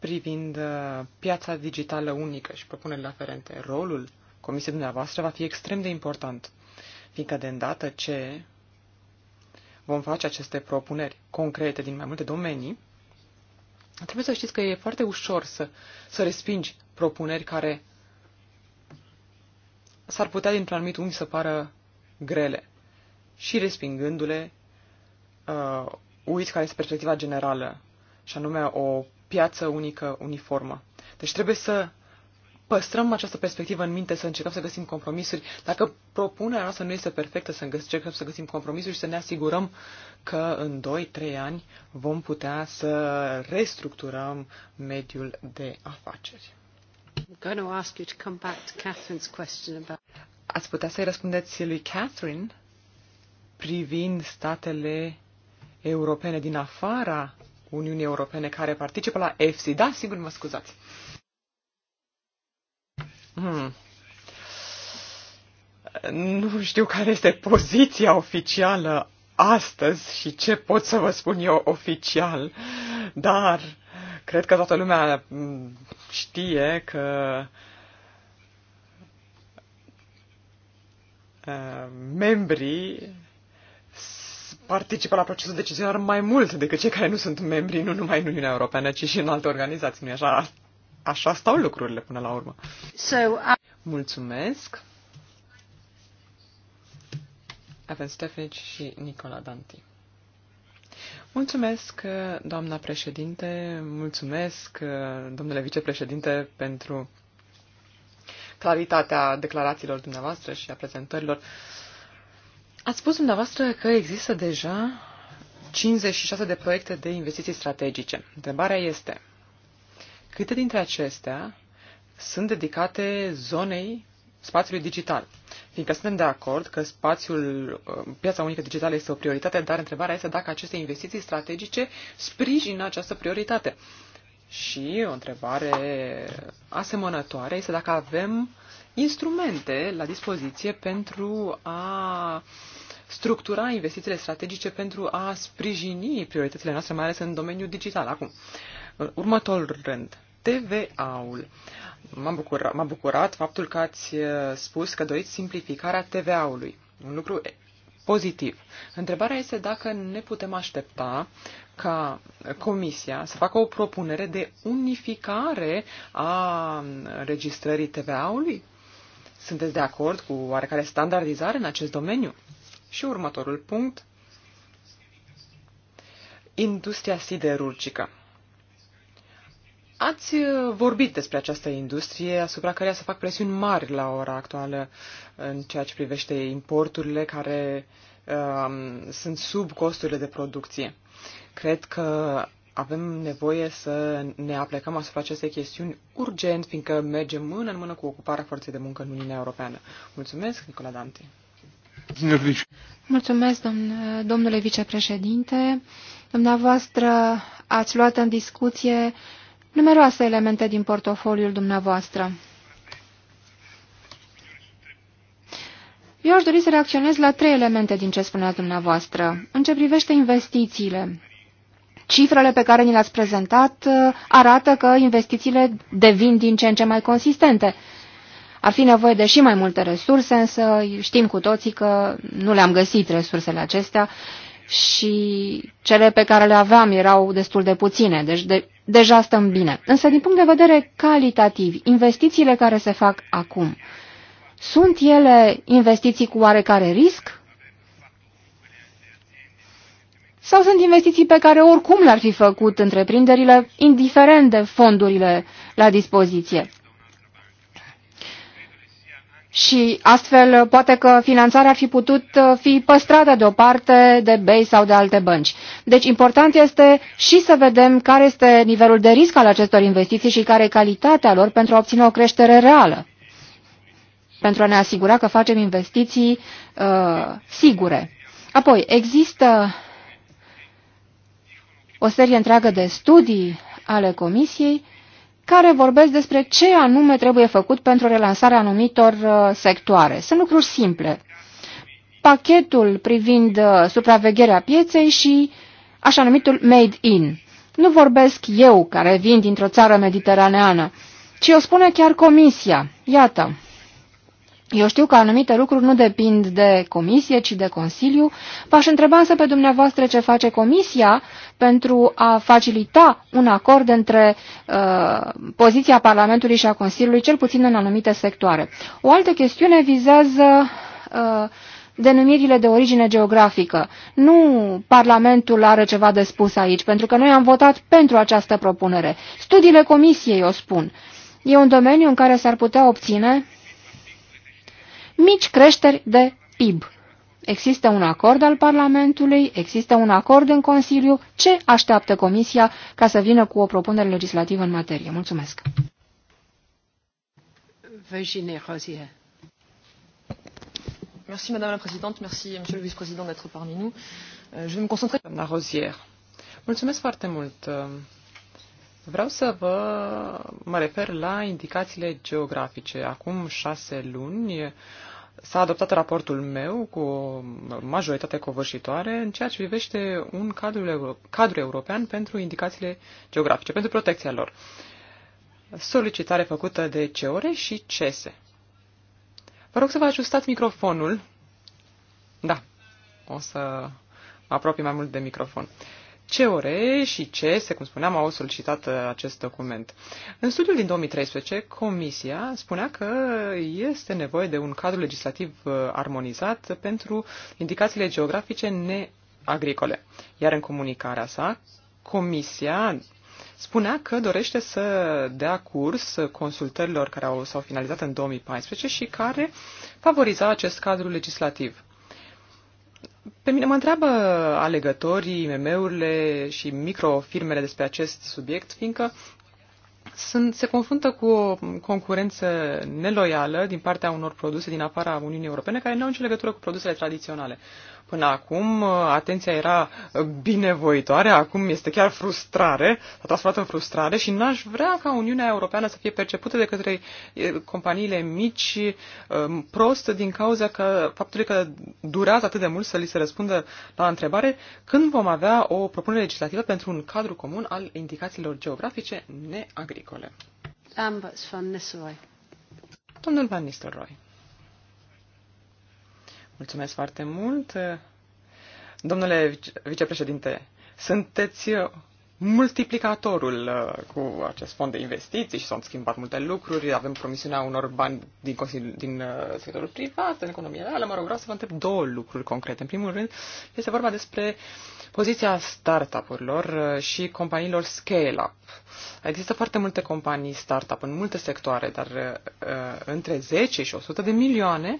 privind uh, piața digitală unică și propunerile aferente. Rolul comisiei dumneavoastră va fi extrem de important, fiindcă de îndată ce vom face aceste propuneri concrete din mai multe domenii, trebuie să știți că e foarte ușor să, să respingi propuneri care s-ar putea dintr-un anumit unghi să pară grele. Și respingându-le, uh, uiți care este perspectiva generală, și anume o piață unică uniformă. Deci trebuie să păstrăm această perspectivă în minte, să încercăm să găsim compromisuri. Dacă propunerea noastră nu este perfectă, să încercăm să găsim compromisuri și să ne asigurăm că în 2-3 ani vom putea să restructurăm mediul de afaceri. Ați putea să-i răspundeți lui Catherine privind statele europene din afara Uniunii Europene care participă la EFSI. Da, sigur, mă scuzați. Hmm. Nu știu care este poziția oficială astăzi și ce pot să vă spun eu oficial, dar cred că toată lumea hmm, știe că eh, membrii participă la procesul decizional mai mult decât cei care nu sunt membri nu numai în Uniunea Europeană, ci și în alte organizații. Nu așa? Așa stau lucrurile până la urmă. So, I... Mulțumesc. Avem Stefanici și Nicola Danti. Mulțumesc, doamna președinte, mulțumesc, domnule vicepreședinte, pentru claritatea declarațiilor dumneavoastră și a prezentărilor. Uh, Ați spus dumneavoastră că există deja 56 de proiecte de investiții strategice. Întrebarea este, câte dintre acestea sunt dedicate zonei spațiului digital? Fiindcă suntem de acord că spațiul, uh, piața unică digitală este o prioritate, dar întrebarea este dacă aceste investiții strategice sprijină această prioritate. Și o întrebare asemănătoare este dacă avem instrumente la dispoziție pentru a uh, structura investițiile strategice pentru a sprijini prioritățile noastre, mai ales în domeniul digital. Acum, următorul rând, TVA-ul. M-am bucurat, m-a bucurat faptul că ați uh, spus că doriți simplificarea TVA-ului. Un lucru pozitiv. Întrebarea este dacă ne putem aștepta ca Comisia să facă o propunere de unificare a registrării TVA-ului? Sunteți de acord cu oarecare standardizare în acest domeniu? Și următorul punct, industria siderurgică. Ați uh, vorbit despre această industrie asupra care să fac presiuni mari la ora actuală în ceea ce privește importurile care uh, sunt sub costurile de producție. Cred că avem nevoie să ne aplecăm asupra acestei chestiuni urgent, fiindcă mergem mână în mână cu ocuparea forței de muncă în Uniunea Europeană. Mulțumesc, Nicola Dante. Mulțumesc, domn, domnule vicepreședinte. Dumneavoastră ați luat în discuție numeroase elemente din portofoliul dumneavoastră. Eu aș dori să reacționez la trei elemente din ce spuneați dumneavoastră. În ce privește investițiile, cifrele pe care ni le-ați prezentat uh, arată că investițiile devin din ce în ce mai consistente. Ar fi nevoie de și mai multe resurse, însă știm cu toții că nu le-am găsit resursele acestea și cele pe care le aveam erau destul de puține, deci de, deja stăm bine. Însă, din punct de vedere calitativ, investițiile care se fac acum, sunt ele investiții cu oarecare risc? Sau sunt investiții pe care oricum le-ar fi făcut întreprinderile, indiferent de fondurile la dispoziție? și astfel uh, poate că finanțarea ar fi putut uh, fi păstrată deoparte de BEI sau de alte bănci. Deci important este și să vedem care este nivelul de risc al acestor investiții și care e calitatea lor pentru a obține o creștere reală, pentru a ne asigura că facem investiții uh, sigure. Apoi, există o serie întreagă de studii ale Comisiei care vorbesc despre ce anume trebuie făcut pentru relansarea anumitor uh, sectoare. Sunt lucruri simple. Pachetul privind uh, supravegherea pieței și așa numitul made in. Nu vorbesc eu, care vin dintr-o țară mediteraneană, ci o spune chiar Comisia. Iată, eu știu că anumite lucruri nu depind de comisie, ci de Consiliu. V-aș întreba însă pe dumneavoastră ce face comisia pentru a facilita un acord între uh, poziția Parlamentului și a Consiliului, cel puțin în anumite sectoare. O altă chestiune vizează uh, denumirile de origine geografică. Nu Parlamentul are ceva de spus aici, pentru că noi am votat pentru această propunere. Studiile comisiei o spun. E un domeniu în care s-ar putea obține mici creșteri de PIB. Există un acord al Parlamentului, există un acord în Consiliu. Ce așteaptă Comisia ca să vină cu o propunere legislativă în materie? Mulțumesc. Virginie Rosier. Merci Madame la Présidente, merci Monsieur le Vice-président d'être parmi nous. Euh, je vais me concentrer. Doamna Rosière. mulțumesc foarte mult. Vreau să vă mă refer la indicațiile geografice. Acum șase luni S-a adoptat raportul meu cu o majoritate covârșitoare în ceea ce privește un cadru, euro, cadru european pentru indicațiile geografice, pentru protecția lor. Solicitare făcută de CEORE și CESE. Vă rog să vă ajustați microfonul. Da, o să apropii mai mult de microfon. Uh, ore și ce, se cum spuneam, au solicitat uh, acest document. În studiul din 2013, Comisia spunea că este nevoie de un cadru legislativ uh, armonizat pentru indicațiile geografice neagricole. Iar în comunicarea sa, Comisia spunea că dorește să dea curs consultărilor care au, s-au finalizat în 2014 și care favoriza acest cadru legislativ. Pe mine mă întreabă alegătorii, MM-urile și microfirmele despre acest subiect, fiindcă sunt, se confruntă cu o concurență neloială din partea unor produse din afara Uniunii Europene care nu au nicio legătură cu produsele tradiționale. Până acum atenția era binevoitoare, acum este chiar frustrare, s-a transformat în frustrare și n-aș vrea ca Uniunea Europeană să fie percepută de către companiile mici prost din cauza că faptului că durează atât de mult să li se răspundă la întrebare când vom avea o propunere legislativă pentru un cadru comun al indicațiilor geografice neagricole. Lambert von Nistelrooy. Domnul Van Nistelrooy. Mulțumesc foarte mult. Domnule vice vicepreședinte, sunteți multiplicatorul uh, cu acest fond de investiții și s-au schimbat multe lucruri, avem promisiunea unor bani din, din uh, sectorul privat, în economia reală, mă rog, vreau să vă întreb două lucruri concrete. În primul rând, este vorba despre poziția startup-urilor uh, și companiilor scale-up. Există foarte multe companii startup în multe sectoare, dar uh, între 10 și 100 de milioane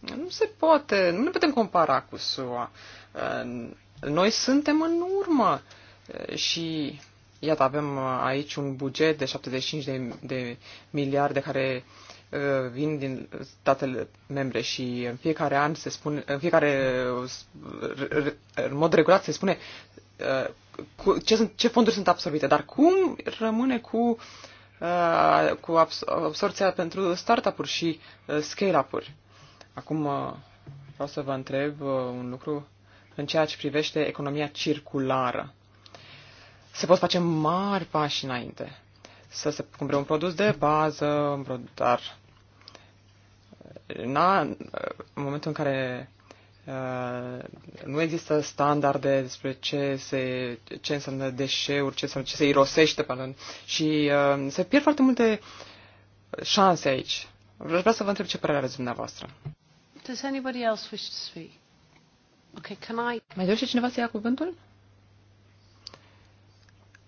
nu se poate, nu ne putem compara cu SUA. Noi suntem în urmă și iată, avem aici un buget de 75 de, de miliarde care uh, vin din statele membre și în fiecare an se spune, în fiecare uh, în mod regulat se spune uh, ce, sunt, ce fonduri sunt absorbite, dar cum rămâne cu, cu absorția pentru startup-uri și scale-up-uri? Acum uh, vreau să vă întreb uh, un lucru în ceea ce privește economia circulară. Se pot face mari pași înainte. Să se cumpere un produs de bază, dar uh, na, în momentul în care nu există standarde despre ce, se, ce înseamnă deșeuri, ce, înseamnă, ce se irosește pardon, și uh, se pierd foarte multe șanse aici. Vreau să vă întreb ce părere aveți dumneavoastră. Does anybody else wish to speak? Okay, can I... Mai dorește cineva să ia cuvântul?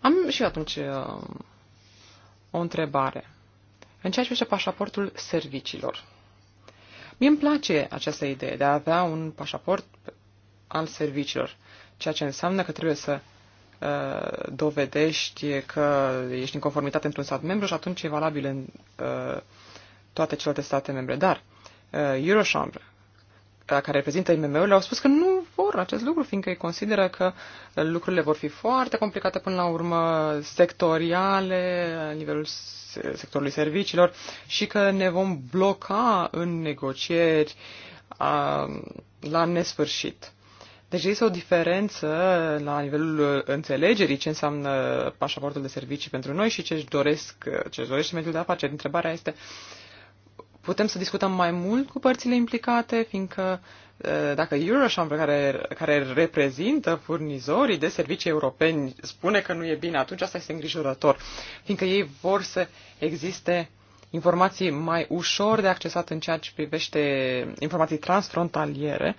Am și eu atunci uh, o întrebare. În ceea ce privește pașaportul serviciilor. Mie îmi place această idee de a avea un pașaport al serviciilor, ceea ce înseamnă că trebuie să uh, dovedești că ești în conformitate într-un stat membru și atunci e valabil în uh, toate celelalte state membre. Dar uh, Eurochambre care reprezintă IMM-urile au spus că nu vor acest lucru, fiindcă ei consideră că lucrurile vor fi foarte complicate până la urmă, sectoriale, la nivelul sectorului serviciilor și că ne vom bloca în negocieri a, la nesfârșit. Deci este o diferență la nivelul înțelegerii ce înseamnă pașaportul de servicii pentru noi și ce-și doresc, ce-și dorește mediul de afaceri. Întrebarea este uh, putem să discutăm mai mult cu părțile implicate, fiindcă dacă Eurosham, care, care reprezintă furnizorii de servicii europeni, spune că nu e bine, atunci asta este îngrijorător, fiindcă ei vor să existe informații mai ușor de accesat în ceea ce privește informații transfrontaliere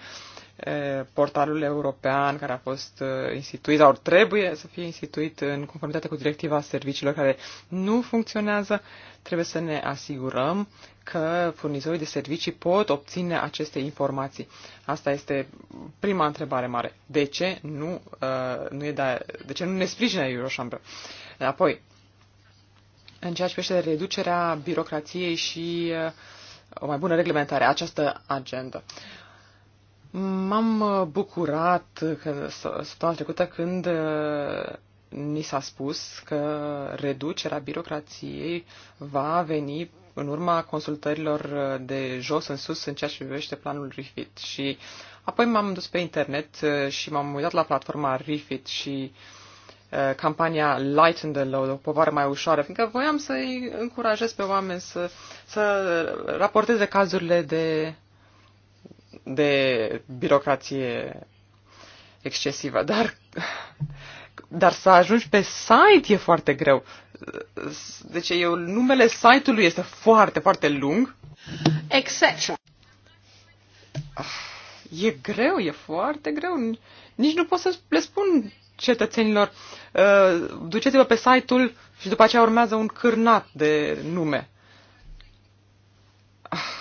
portalul european care a fost instituit sau trebuie să fie instituit în conformitate cu directiva serviciilor care nu funcționează, trebuie să ne asigurăm că furnizorii de servicii pot obține aceste informații. Asta este prima întrebare mare. De ce nu, nu, e de, da, de ce nu ne sprijină Euroșambră? Apoi, în ceea ce privește reducerea birocrației și o mai bună reglementare, această agendă. Uh, M-am uh, bucurat când, săptămâna trecută când uh, ni s-a spus că reducerea birocrației va veni în urma consultărilor uh, de jos în sus în ceea ce privește planul Refit. Și apoi m-am dus pe internet și m-am uitat la platforma Refit și campania Lighten the Load, o povară mai ușoară, fiindcă voiam să-i încurajez pe oameni să, să raporteze cazurile de de birocrație excesivă, dar, dar să ajungi pe site e foarte greu. Deci eu, numele site-ului este foarte, foarte lung. Etc. Ah, e greu, e foarte greu. Nici nu pot să le spun cetățenilor, uh, duceți-vă pe site-ul și după aceea urmează un cârnat de nume. Uh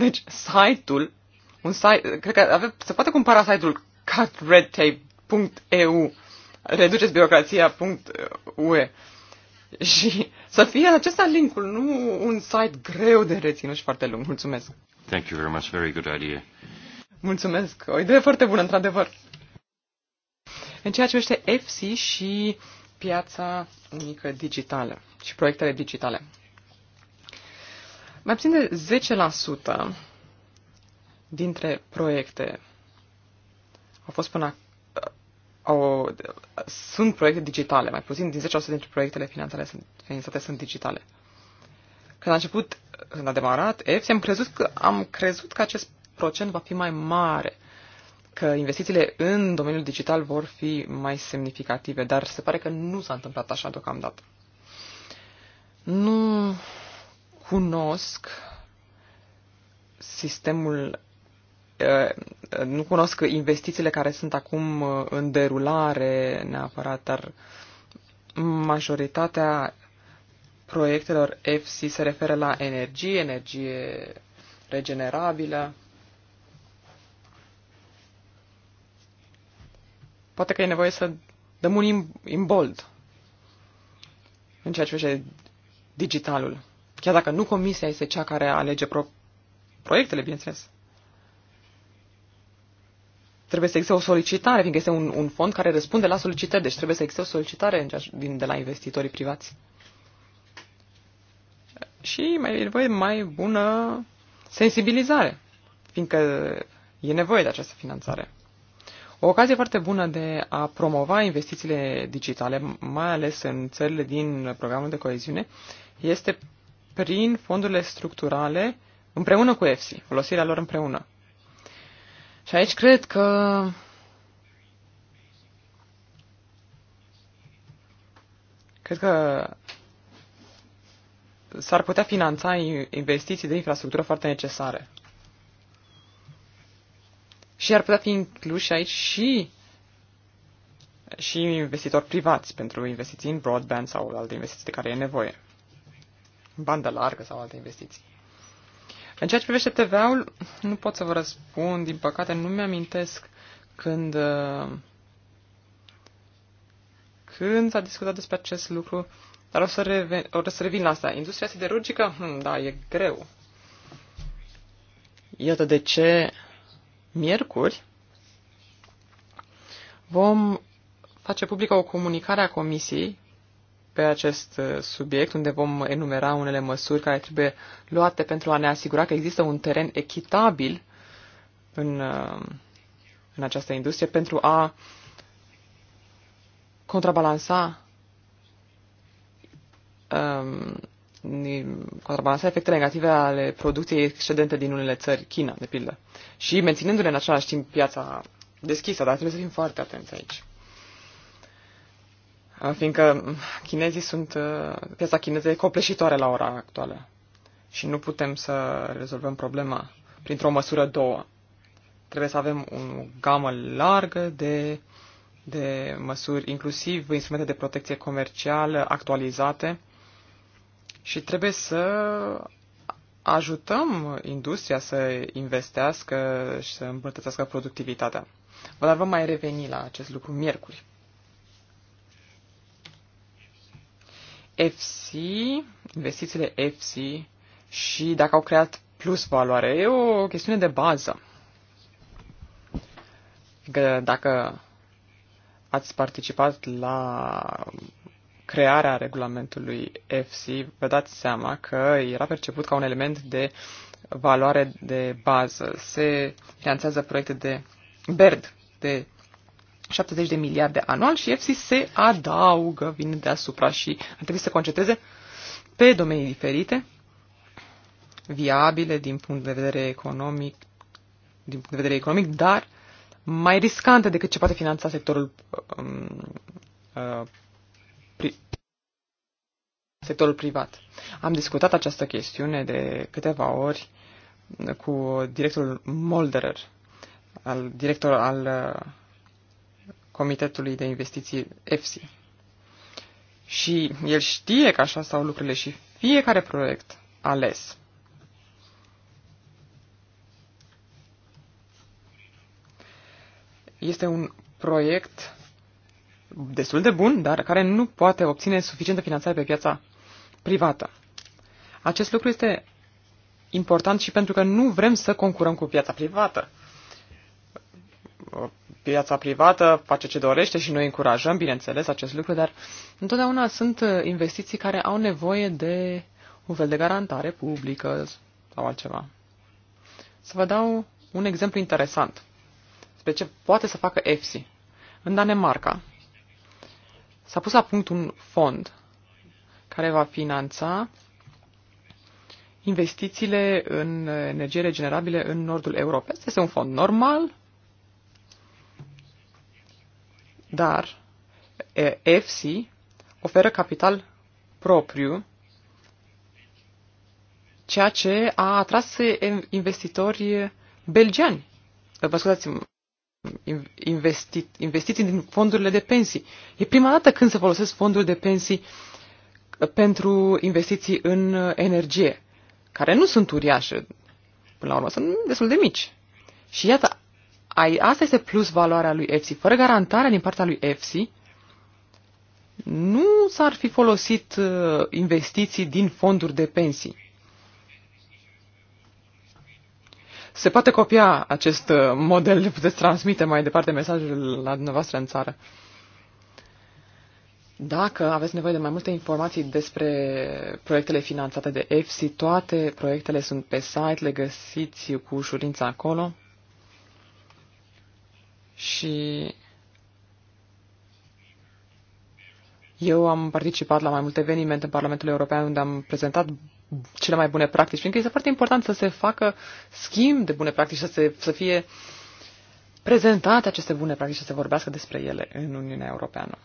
deci, site-ul, un site, cred că ave, se poate cumpăra site-ul cutredtape.eu, reduceți birocrația.ue și să fie acesta linkul, nu un site greu de reținut și foarte lung. Mulțumesc! Thank you very much, very good idea. Mulțumesc, o idee foarte bună, într-adevăr. În ceea ce este FC și piața unică digitală și proiectele digitale. Mai puțin de 10% dintre proiecte au fost până au, sunt proiecte digitale, mai puțin din 10% dintre proiectele finanțate sunt, finanțate sunt digitale. Când a început, când a demarat EFS, am crezut că, am crezut că acest procent va fi mai mare, că investițiile în domeniul digital vor fi mai semnificative, dar se pare că nu s-a întâmplat așa deocamdată. Nu cunosc sistemul uh, nu cunosc investițiile care sunt acum uh, în derulare neapărat, dar majoritatea proiectelor EFSI se referă la energie, energie regenerabilă. Poate că e nevoie să dăm un imbold în ceea ce face digitalul. Chiar dacă nu comisia este cea care alege pro- proiectele, bineînțeles. Trebuie să existe o solicitare, fiindcă este un, un fond care răspunde la solicitări, deci trebuie să existe o solicitare din, de la investitorii privați. Și mai e nevoie mai bună sensibilizare, fiindcă e nevoie de această finanțare. O ocazie foarte bună de a promova investițiile digitale, mai ales în țările din programul de coeziune, este prin fondurile structurale împreună cu EFSI, folosirea lor împreună. Și aici cred că cred că s-ar putea finanța investiții de infrastructură foarte necesare. Și ar putea fi incluși aici și și investitori privați pentru investiții în broadband sau alte investiții de care e nevoie bandă largă sau alte investiții. În ceea ce privește TVA-ul, nu pot să vă răspund, din păcate nu mi-amintesc când, uh, când s-a discutat despre acest lucru, dar o să, reven, o să revin la asta. Industria siderurgică, hmm, da, e greu. Iată de ce miercuri vom face publică o comunicare a Comisiei pe acest uh, subiect, unde vom enumera unele măsuri care trebuie luate pentru a ne asigura că există un teren echitabil în, uh, în această industrie pentru a contrabalansa um, contrabalansa efectele negative ale producției excedente din unele țări, China, de pildă, și menținându-le în același timp piața deschisă, dar trebuie să fim foarte atenți aici. Ah, fiindcă mm, chinezii sunt, uh, piața chineză e copleșitoare la ora actuală și nu putem să rezolvăm problema printr-o măsură două. Trebuie să avem o gamă largă de, de măsuri, inclusiv instrumente de protecție comercială actualizate și trebuie să ajutăm industria să investească și să îmbunătățească productivitatea. Dar vom mai reveni la acest lucru miercuri. FC, investițiile FC și dacă au creat plus valoare. E o chestiune de bază. Că dacă ați participat la crearea regulamentului FC, vă dați seama că era perceput ca un element de valoare de bază. Se finanțează proiecte de BERD, de 70 de miliarde anual și EFSI se adaugă, vine deasupra și ar trebui să se concentreze pe domenii diferite, viabile din punct de vedere economic, din punct de vedere economic, dar mai riscante decât ce poate finanța sectorul um, uh, pri- sectorul privat. Am discutat această chestiune de câteva ori cu directorul Molderer, al director al uh, Comitetului de Investiții EFSI. Și el știe că așa stau lucrurile și fiecare proiect ales este un proiect destul de bun, dar care nu poate obține suficientă finanțare pe piața privată. Acest lucru este important și pentru că nu vrem să concurăm cu piața privată viața privată face ce dorește și noi încurajăm, bineînțeles, acest lucru, dar întotdeauna sunt uh, investiții care au nevoie de un fel de garantare publică sau altceva. Să vă dau un exemplu interesant despre ce poate să facă EFSI. În Danemarca s-a pus la punct un fond care va finanța investițiile în energie regenerabile în nordul Europei. Este un fond normal, Dar EFSI oferă capital propriu, ceea ce a atras investitori belgiani. Vă scuzați, investit, investiții din fondurile de pensii. E prima dată când se folosesc fonduri de pensii uh, pentru investiții în uh, energie, care nu sunt uriașe, până la urmă, sunt destul de mici. Și iată, ai, asta este plus valoarea lui EFSI. Fără garantarea din partea lui EFSI, nu s-ar fi folosit uh, investiții din fonduri de pensii. Se poate copia acest uh, model, puteți transmite mai departe mesajul la dumneavoastră în țară. Dacă aveți nevoie de mai multe informații despre proiectele finanțate de EFSI, toate proiectele sunt pe site, le găsiți cu ușurință acolo și eu am participat la mai multe evenimente în Parlamentul European unde am prezentat cele mai bune practici, fiindcă este foarte important să se facă schimb de bune practici, să, se, să fie prezentate aceste bune practici, să se vorbească despre ele în Uniunea Europeană.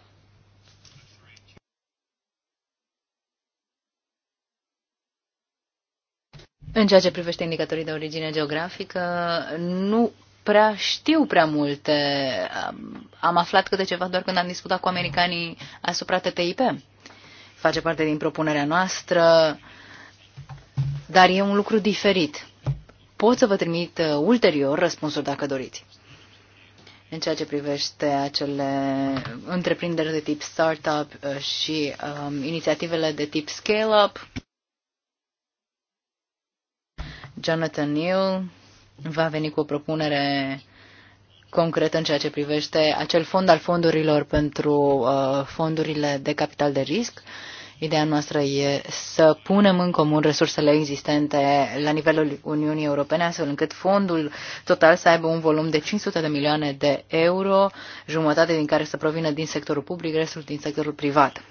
În ceea ce privește indicatorii de origine geografică, nu prea știu prea multe. Am aflat câte ceva doar când am discutat cu americanii asupra TTIP. Face parte din propunerea noastră, dar e un lucru diferit. Pot să vă trimit uh, ulterior răspunsuri dacă doriți. În ceea ce privește acele întreprinderi de tip startup uh, și um, inițiativele de tip scale-up, Jonathan Neal, va veni cu o propunere concretă în ceea ce privește acel fond al fondurilor pentru uh, fondurile de capital de risc. Ideea noastră e să punem în comun resursele existente la nivelul Uniunii Europene, astfel încât fondul total să aibă un volum de 500 de milioane de euro, jumătate din care să provină din sectorul public, restul din sectorul privat.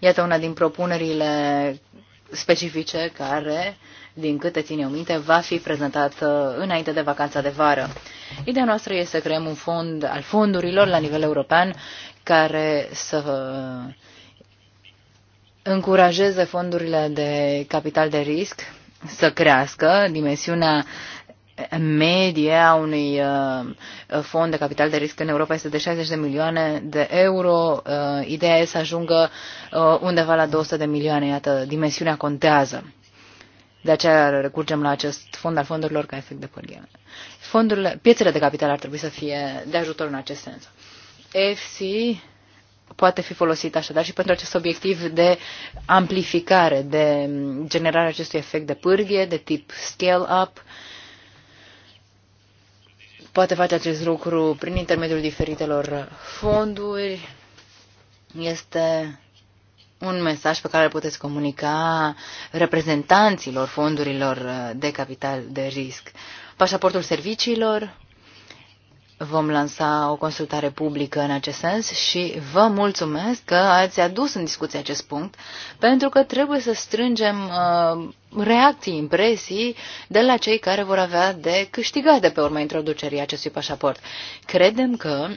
Iată una din propunerile specifice care uh, din câte țin eu minte, va fi prezentat uh, înainte de vacanța de vară. Ideea noastră este să creăm un fond al fondurilor la nivel european care să uh, încurajeze fondurile de capital de risc să crească dimensiunea medie a unui uh, fond de capital de risc în Europa este de 60 de milioane de euro. Ideea e să ajungă undeva la 200 de milioane. Iată, dimensiunea contează. De aceea recurgem la acest fond al fondurilor ca efect de pârghie. Fondurile, piețele de capital ar trebui să fie de ajutor în acest sens. FC poate fi folosit așadar și pentru acest obiectiv de amplificare, de generarea acestui efect de pârghie, de tip scale-up. Poate face acest lucru prin intermediul diferitelor fonduri. Este un mesaj pe care îl puteți comunica reprezentanților fondurilor uh, de capital de risc. Pașaportul serviciilor, vom lansa o consultare publică în acest sens și vă mulțumesc că ați adus în discuție acest punct, pentru că trebuie să strângem uh, reacții, impresii de la cei care vor avea de câștigat de pe urma introducerii acestui pașaport. Credem că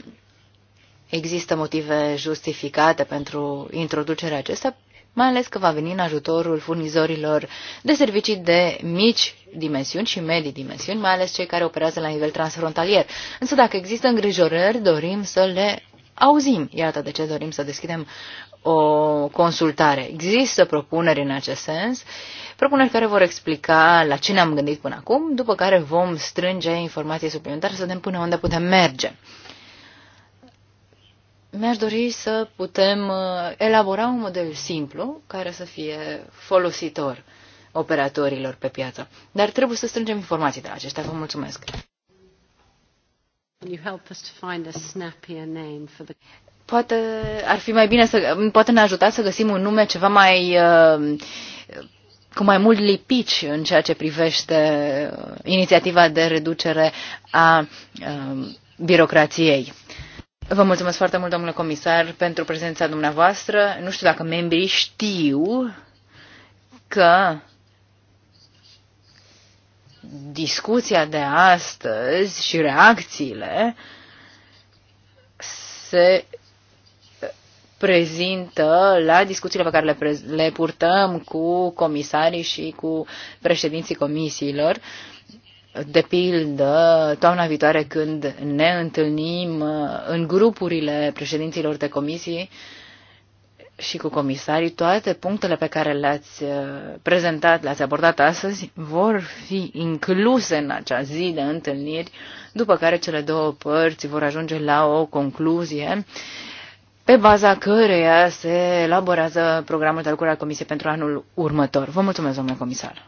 există motive justificate pentru introducerea acestea, mai ales că va veni în ajutorul furnizorilor de servicii de mici dimensiuni și medii dimensiuni, mai ales cei care operează la nivel transfrontalier. Însă dacă există îngrijorări, dorim să le auzim. Iată de ce dorim să deschidem o consultare. Există propuneri în acest sens, propuneri care vor explica la ce ne-am gândit până acum, după care vom strânge informații suplimentare să vedem până unde putem merge. Mi-aș dori să putem uh, elabora un model simplu care să fie folositor operatorilor pe piață. Dar trebuie să strângem informații de la aceștia. Vă mulțumesc. Poate ar fi mai bine să poate ne ajuta să găsim un nume ceva mai uh, cu mai mult lipici în ceea ce privește uh, inițiativa de reducere a birocrației. Vă mulțumesc foarte mult, domnule comisar, pentru prezența dumneavoastră. Nu știu dacă membrii știu că discuția de astăzi și reacțiile se prezintă la discuțiile pe care le, le purtăm cu comisarii și cu președinții comisiilor. Uh, de pildă, toamna viitoare când ne întâlnim uh, în grupurile președinților de comisii și cu comisarii, toate punctele pe care le-ați uh, prezentat, le-ați abordat astăzi, vor fi incluse în acea zi de întâlniri, după care cele două părți vor ajunge la o concluzie pe baza căreia se elaborează programul de lucru al Comisiei pentru anul următor. Vă mulțumesc, domnule comisar.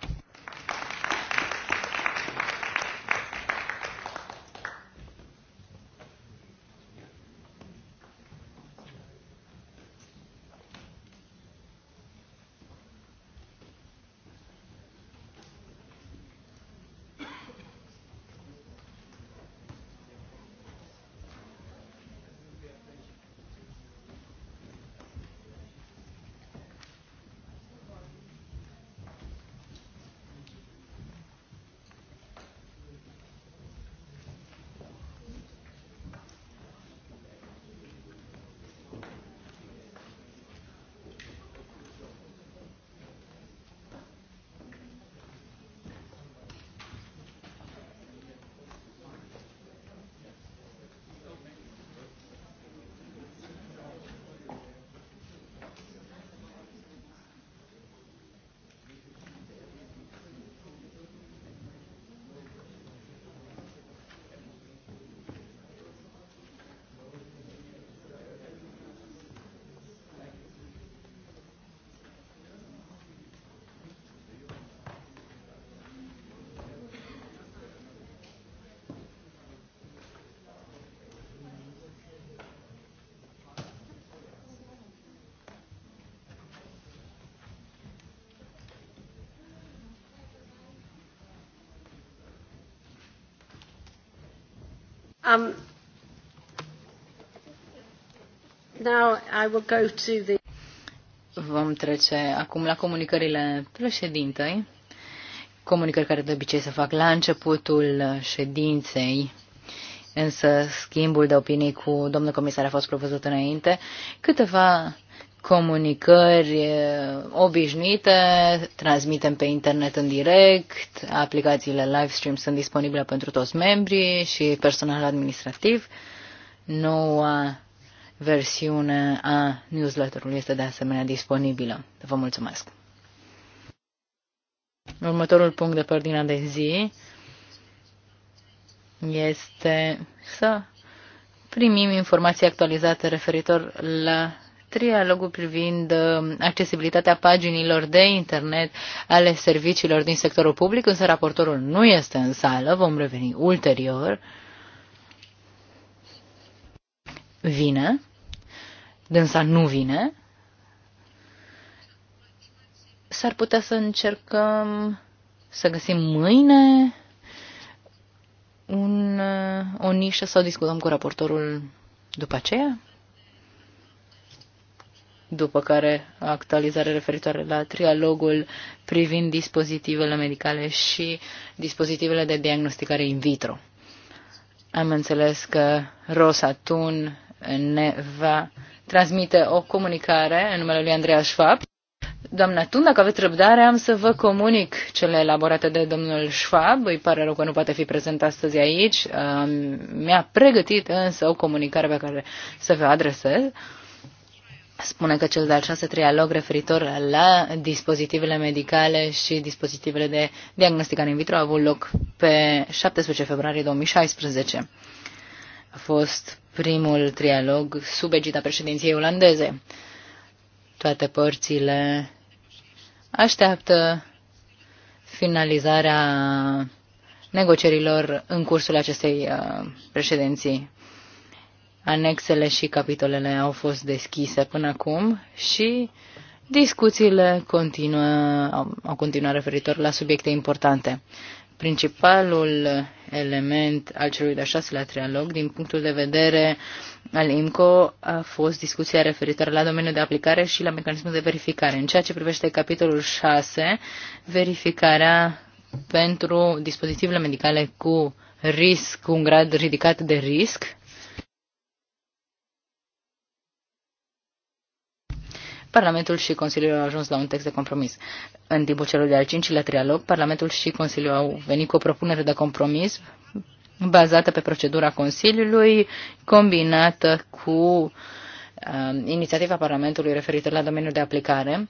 Um, now I will go to the... Vom trece acum la comunicările președintei, comunicări care de obicei se fac la începutul ședinței, însă schimbul de opinii cu domnul comisar a fost prevăzut înainte. Câteva comunicări obișnuite, transmitem pe internet în direct, aplicațiile live stream sunt disponibile pentru toți membrii și personal administrativ. Noua versiune a newsletterului este de asemenea disponibilă. Vă mulțumesc! Următorul punct de părdinea de zi este să primim informații actualizate referitor la trialogul privind uh, accesibilitatea paginilor de internet ale serviciilor din sectorul public, însă raportorul nu este în sală, vom reveni ulterior. Vine, dânsa nu vine. S-ar putea să încercăm să găsim mâine un, uh, o nișă sau discutăm cu raportorul după aceea? după care actualizare referitoare la trialogul privind dispozitivele medicale și dispozitivele de diagnosticare in vitro. Am înțeles că Rosatun ne va transmite o comunicare în numele lui Andreea Schwab. Doamna Tun, dacă aveți răbdare, am să vă comunic cele elaborate de domnul Schwab. Îi pare rău că nu poate fi prezent astăzi aici. Mi-a pregătit însă o comunicare pe care să vă adresez spune că cel de-al șase trialog referitor la dispozitivele medicale și dispozitivele de diagnosticare in vitro a avut loc pe 17 februarie 2016. A fost primul trialog sub egida președinției olandeze. Toate părțile așteaptă finalizarea negocierilor în cursul acestei uh, președinții. Anexele și capitolele au fost deschise până acum și discuțiile continuă, au continuat referitor la subiecte importante. Principalul element al celui de-a șaselea trialog, din punctul de vedere al IMCO, a fost discuția referitoare la domeniul de aplicare și la mecanismul de verificare. În ceea ce privește capitolul 6, verificarea pentru dispozitivele medicale cu risc, cu un grad ridicat de risc, Parlamentul și Consiliul au ajuns la un text de compromis. În timpul celor de-al cincilea trialog, Parlamentul și Consiliul au venit cu o propunere de compromis bazată pe procedura Consiliului, combinată cu uh, inițiativa Parlamentului referitor la domeniul de aplicare.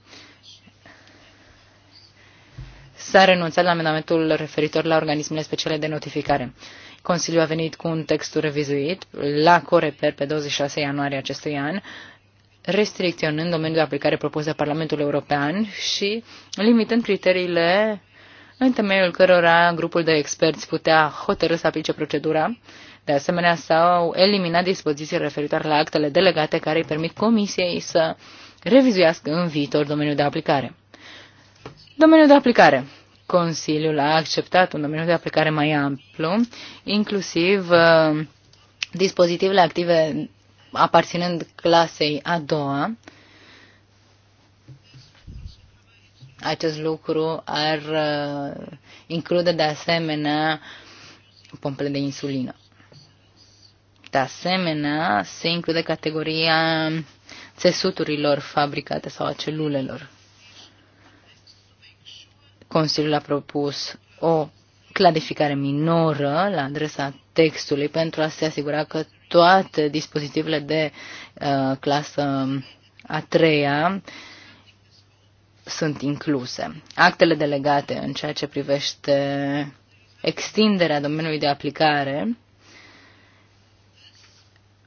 S-a renunțat la amendamentul referitor la organismele speciale de notificare. Consiliul a venit cu un text revizuit la Coreper pe 26 ianuarie acestui an, uh, restricționând domeniul de aplicare propus de Parlamentul European și limitând criteriile în temeiul cărora grupul de experți putea hotărâ să aplice procedura. De asemenea, s-au eliminat dispoziții referitoare la actele delegate care îi permit Comisiei să revizuiască în viitor domeniul de aplicare. Domeniul de aplicare. Consiliul a acceptat un domeniu de aplicare mai amplu, inclusiv uh, dispozitivele active aparținând clasei a doua, acest lucru ar uh, include de asemenea pompele de insulină. De asemenea, se include categoria țesuturilor fabricate sau a celulelor. Consiliul a propus o clarificare minoră la adresa textului pentru a se asigura că toate dispozitivele de uh, clasă a treia sunt incluse. Actele delegate în ceea ce privește extinderea domeniului de aplicare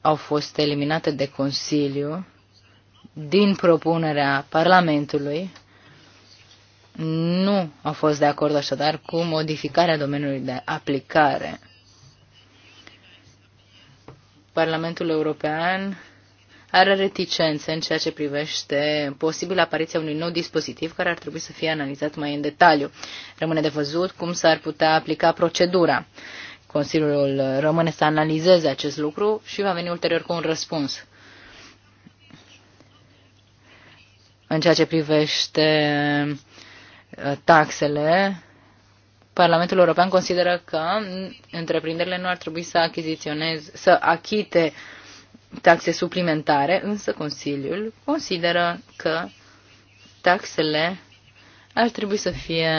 au fost eliminate de Consiliu din propunerea Parlamentului. Nu au fost de acord așadar cu modificarea domeniului de aplicare Parlamentul European are reticențe în ceea ce privește posibil apariția unui nou dispozitiv care ar trebui să fie analizat mai în detaliu. Rămâne de văzut cum s-ar putea aplica procedura. Consiliul rămâne să analizeze acest lucru și va veni ulterior cu un răspuns. În ceea ce privește uh, taxele, Parlamentul European consideră că întreprinderile nu ar trebui să achiziționeze, să achite taxe suplimentare, însă Consiliul consideră că taxele ar trebui să fie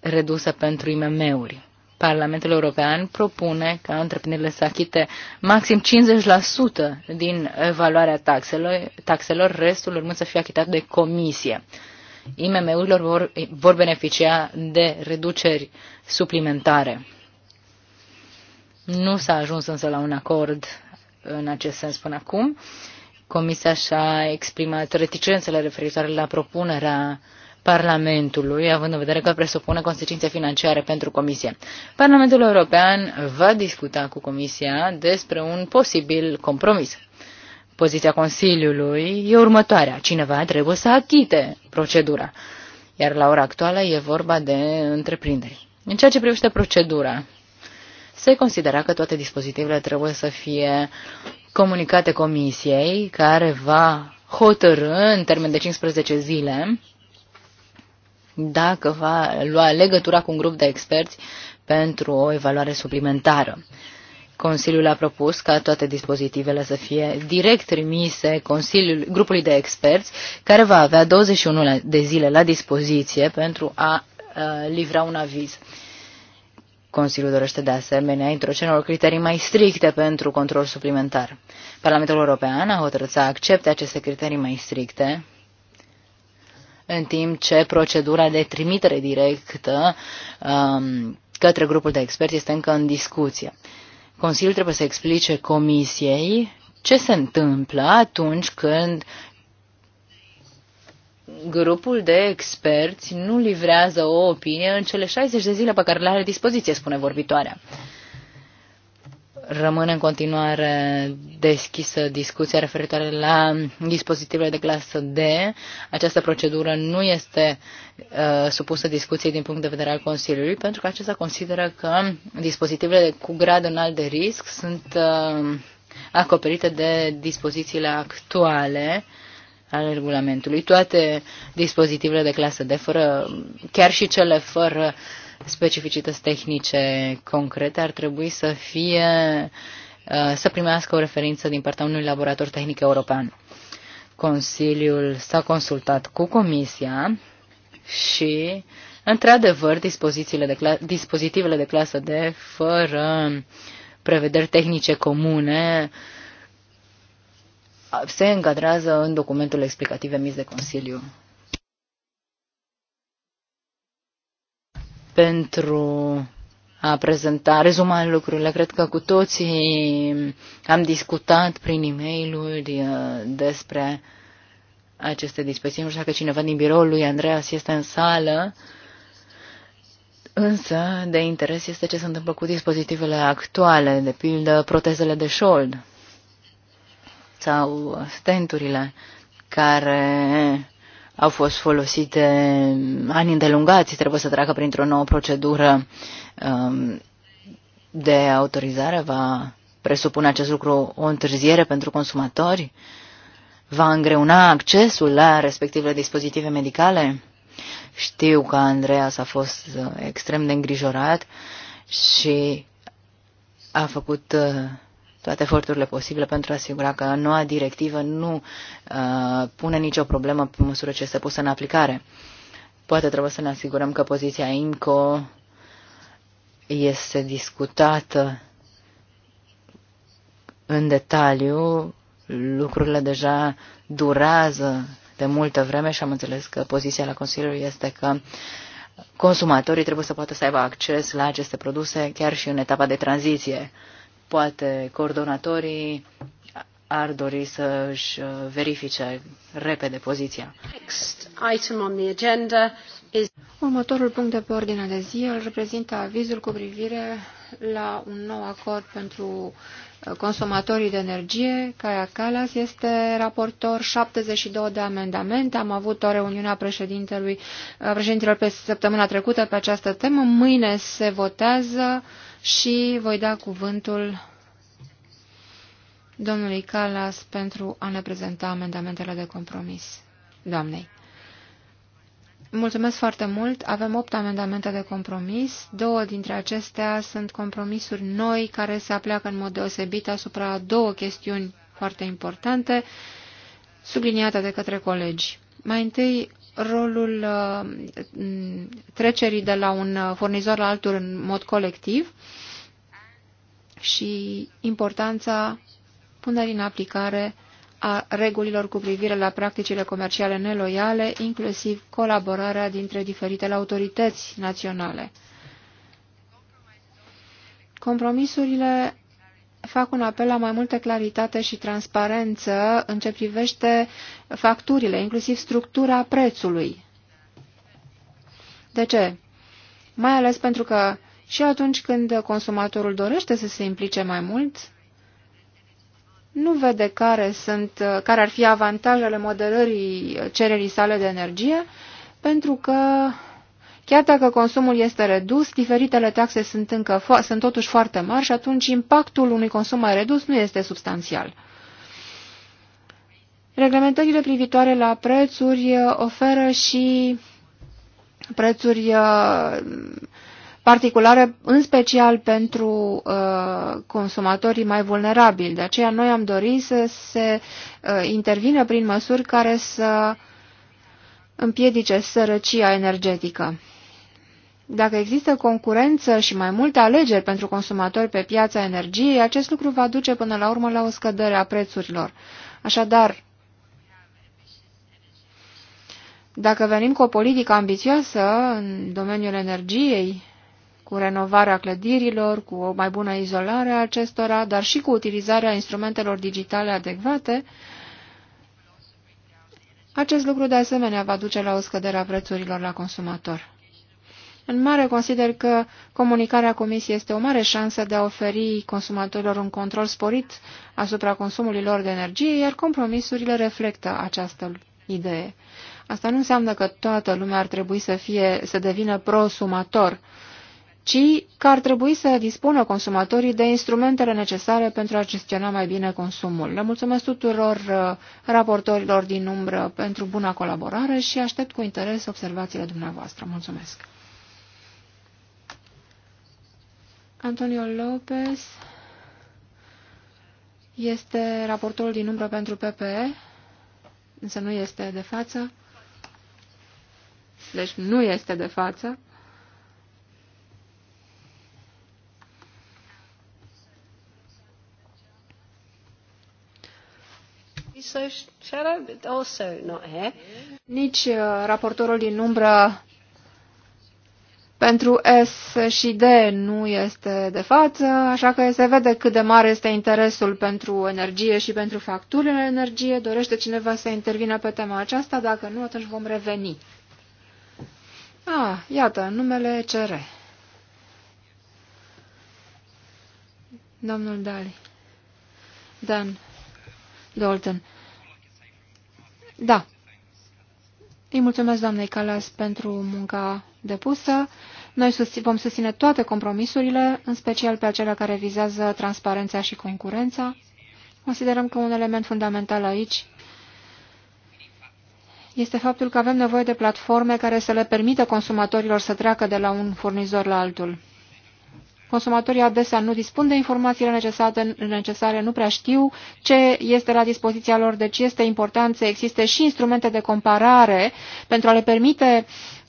reduse pentru IMM-uri. Parlamentul European propune ca întreprinderile să achite maxim 50% din valoarea taxelor, taxelor, restul urmând să fie achitat de comisie. IMM-urilor vor, vor beneficia de reduceri suplimentare. Nu s-a ajuns însă la un acord în acest sens până acum. Comisia și-a exprimat reticențele referitoare la propunerea Parlamentului, având în vedere că presupune consecințe financiare pentru Comisie. Parlamentul European va discuta cu Comisia despre un posibil compromis. Poziția Consiliului e următoarea. Cineva trebuie să achite procedura. Iar la ora actuală e vorba de întreprinderi. În ceea ce privește procedura, se considera că toate dispozitivele trebuie să fie comunicate comisiei, care va hotărâ în termen de 15 zile dacă va lua legătura cu un grup de experți pentru o evaluare suplimentară. Consiliul a propus ca toate dispozitivele să fie direct trimise Consiliul, grupului de experți, care va avea 21 de zile la dispoziție pentru a uh, livra un aviz. Consiliul dorește de asemenea introducerea unor criterii mai stricte pentru control suplimentar. Parlamentul European a hotărât să accepte aceste criterii mai stricte, în timp ce procedura de trimitere directă um, către grupul de experți este încă în discuție. Consiliul trebuie să explice Comisiei ce se întâmplă atunci când grupul de experți nu livrează o opinie în cele 60 de zile pe care le are dispoziție, spune vorbitoarea. Rămâne în continuare deschisă discuția referitoare la dispozitivele de clasă D. Această procedură nu este uh, supusă discuției din punct de vedere al Consiliului, pentru că acesta consideră că dispozitivele cu grad înalt de risc sunt uh, acoperite de dispozițiile actuale al regulamentului. Toate dispozitivele de clasă D, fără, chiar și cele fără specificități tehnice concrete ar trebui să fie uh, să primească o referință din partea unui laborator tehnic european. Consiliul s-a consultat cu Comisia și, într-adevăr, dispozițiile de dispozitivele de clasă de fără prevederi tehnice comune, se încadrează în documentul explicativ emis de Consiliu pentru a prezenta, rezuma lucrurile. Cred că cu toții am discutat prin e mail uh, despre aceste dispoziții. Nu știu dacă cineva din biroul lui Andreas este în sală, însă de interes este ce se întâmplă cu dispozitivele actuale, de pildă protezele de șold sau stenturile care au fost folosite ani îndelungați, trebuie să treacă printr-o nouă procedură um, de autorizare, va presupune acest lucru o întârziere pentru consumatori, va îngreuna accesul la respectivele dispozitive medicale. Știu că Andreas a fost uh, extrem de îngrijorat și a făcut uh, toate eforturile posibile pentru a asigura că noua directivă nu uh, pune nicio problemă pe măsură ce este pusă în aplicare. Poate trebuie să ne asigurăm că poziția IMCO este discutată în detaliu. Lucrurile deja durează de multă vreme și am înțeles că poziția la Consiliu este că consumatorii trebuie să poată să aibă acces la aceste produse chiar și în etapa de tranziție. Poate coordonatorii ar dori să își uh, verifice repede poziția. Next item on the agenda is... Următorul punct de pe ordinea de zi îl reprezintă avizul cu privire la un nou acord pentru consumatorii de energie, Caia Calas este raportor, 72 de amendamente. Am avut o reuniune a președintelui, a președintelor pe săptămâna trecută pe această temă. Mâine se votează și voi da cuvântul domnului Calas pentru a ne prezenta amendamentele de compromis. Doamnei. Mulțumesc foarte mult. Avem opt amendamente de compromis. Două dintre acestea sunt compromisuri noi care se apleacă în mod deosebit asupra două chestiuni foarte importante subliniate de către colegi. Mai întâi, rolul uh, trecerii de la un furnizor la altul în mod colectiv și importanța punerii în aplicare a regulilor cu privire la practicile comerciale neloiale, inclusiv colaborarea dintre diferitele autorități naționale. Compromisurile fac un apel la mai multă claritate și transparență în ce privește facturile, inclusiv structura prețului. De ce? Mai ales pentru că și atunci când consumatorul dorește să se implice mai mult, nu vede care, sunt, care ar fi avantajele moderării cererii sale de energie, pentru că chiar dacă consumul este redus, diferitele taxe sunt, încă, sunt totuși foarte mari și atunci impactul unui consum mai redus nu este substanțial. Reglementările privitoare la prețuri uh, oferă și prețuri uh, particulară, în special pentru uh, consumatorii mai vulnerabili. De aceea noi am dorit să se uh, intervină prin măsuri care să împiedice sărăcia energetică. Dacă există concurență și mai multe alegeri pentru consumatori pe piața energiei, acest lucru va duce până la urmă la o scădere a prețurilor. Așadar, dacă venim cu o politică ambițioasă în domeniul energiei, cu renovarea clădirilor, cu o mai bună izolare a acestora, dar și cu utilizarea instrumentelor digitale adecvate, acest lucru de asemenea va duce la o scădere a prețurilor la consumator. În mare consider că comunicarea Comisiei este o mare șansă de a oferi consumatorilor un control sporit asupra consumului lor de energie, iar compromisurile reflectă această idee. Asta nu înseamnă că toată lumea ar trebui să, fie, să devină prosumator, ci că ar trebui să dispună consumatorii de instrumentele necesare pentru a gestiona mai bine consumul. Le mulțumesc tuturor uh, raportorilor din umbră pentru buna colaborare și aștept cu interes observațiile dumneavoastră. Mulțumesc! Antonio Lopez este raportorul din umbră pentru PPE, însă nu este de față. Deci nu este de față. Nici uh, raportorul din umbră pentru S și D nu este de față, așa că se vede cât de mare este interesul pentru energie și pentru facturile energie. Dorește cineva să intervină pe tema aceasta? Dacă nu, atunci vom reveni. Ah, iată, numele CR. Domnul Dali. Dan Dalton. Da. Îi mulțumesc doamnei Calas pentru munca depusă. Noi vom susține toate compromisurile, în special pe acelea care vizează transparența și concurența. Considerăm că un element fundamental aici este faptul că avem nevoie de platforme care să le permită consumatorilor să treacă de la un furnizor la altul. Consumatorii adesea nu dispun de informațiile necesare, necesare, nu prea știu ce este la dispoziția lor, deci este important să existe și instrumente de comparare pentru a le permite